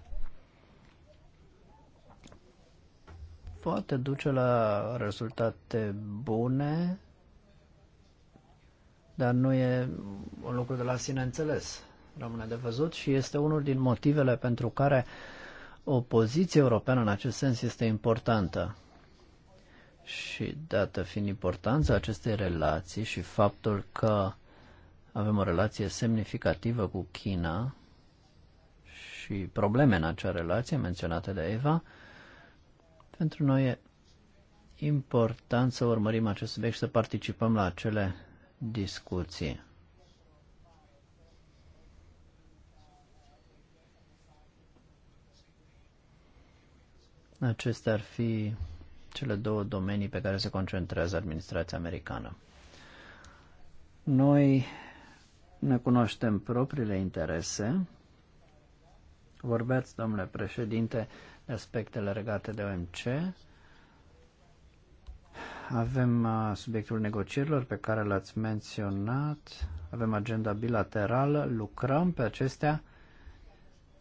Poate duce la rezultate bune, dar nu e un lucru de la sine înțeles. Rămâne de văzut și este unul din motivele pentru care o poziție europeană în acest sens este importantă. Și dată fiind importanța acestei relații și faptul că avem o relație semnificativă cu China și probleme în acea relație menționate de Eva, pentru noi e important să urmărim acest subiect și să participăm la acele discuție. Acestea ar fi cele două domenii pe care se concentrează administrația americană. Noi ne cunoaștem propriile interese. Vorbeați, domnule președinte, de aspectele legate de OMC avem uh, subiectul negocierilor pe care l-ați menționat, avem agenda bilaterală, lucrăm pe acestea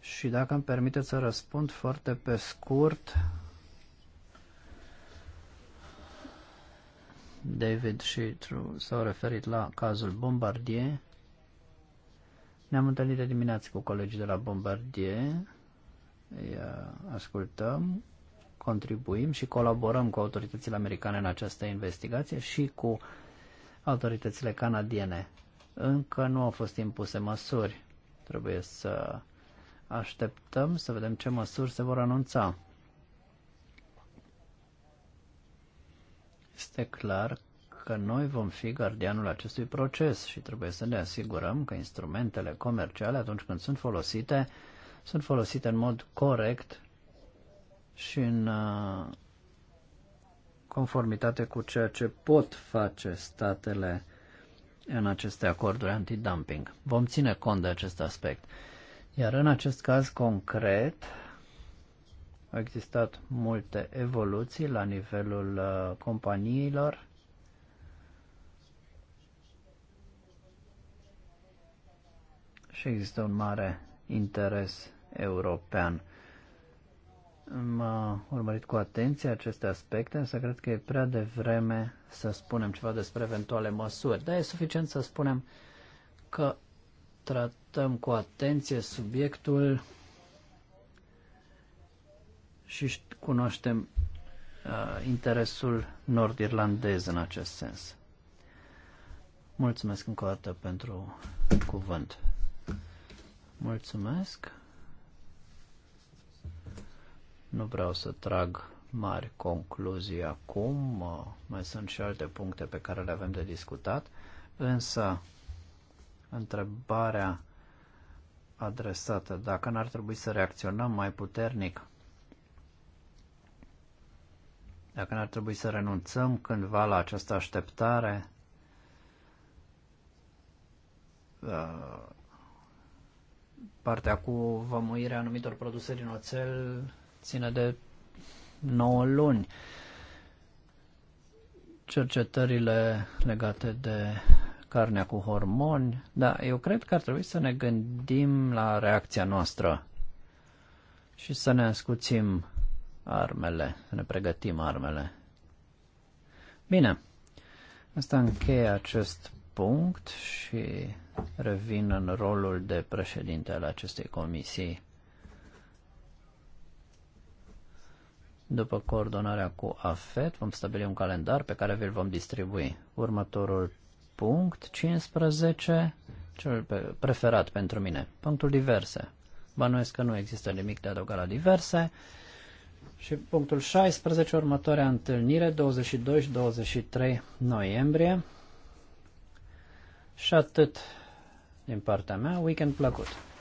și dacă îmi permiteți să răspund foarte pe scurt, David și True s-au referit la cazul Bombardier. Ne-am întâlnit de dimineață cu colegii de la Bombardier, uh, ascultăm contribuim și colaborăm cu autoritățile americane în această investigație și cu autoritățile canadiene. Încă nu au fost impuse măsuri. Trebuie să așteptăm să vedem ce măsuri se vor anunța. Este clar că noi vom fi gardianul acestui proces și trebuie să ne asigurăm că instrumentele comerciale, atunci când sunt folosite, sunt folosite în mod corect și în uh, conformitate cu ceea ce pot face statele în aceste acorduri antidumping. Vom ține cont de acest aspect. Iar în acest caz concret au existat multe evoluții la nivelul uh, companiilor. Și există un mare interes european am urmărit cu atenție aceste aspecte, însă cred că e prea devreme să spunem ceva despre eventuale măsuri. Dar e suficient să spunem că tratăm cu atenție subiectul și cunoaștem uh, interesul nord-irlandez în acest sens. Mulțumesc încă o dată pentru cuvânt. Mulțumesc. Nu vreau să trag mari concluzii acum, mai sunt și alte puncte pe care le avem de discutat, însă întrebarea adresată, dacă n-ar trebui să reacționăm mai puternic, dacă n-ar trebui să renunțăm cândva la această așteptare, uh, partea cu vămuirea anumitor produse din oțel ține de 9 luni. Cercetările legate de carnea cu hormoni, da, eu cred că ar trebui să ne gândim la reacția noastră și să ne ascuțim armele, să ne pregătim armele. Bine, asta încheie acest punct și revin în rolul de președinte al acestei comisii. După coordonarea cu AFET, vom stabili un calendar pe care vi-l vom distribui. Următorul punct, 15, cel preferat pentru mine. Punctul diverse. Bănuiesc că nu există nimic de adăugat la diverse. Și punctul 16, următoarea întâlnire, 22 și 23 noiembrie. Și atât din partea mea, weekend plăcut!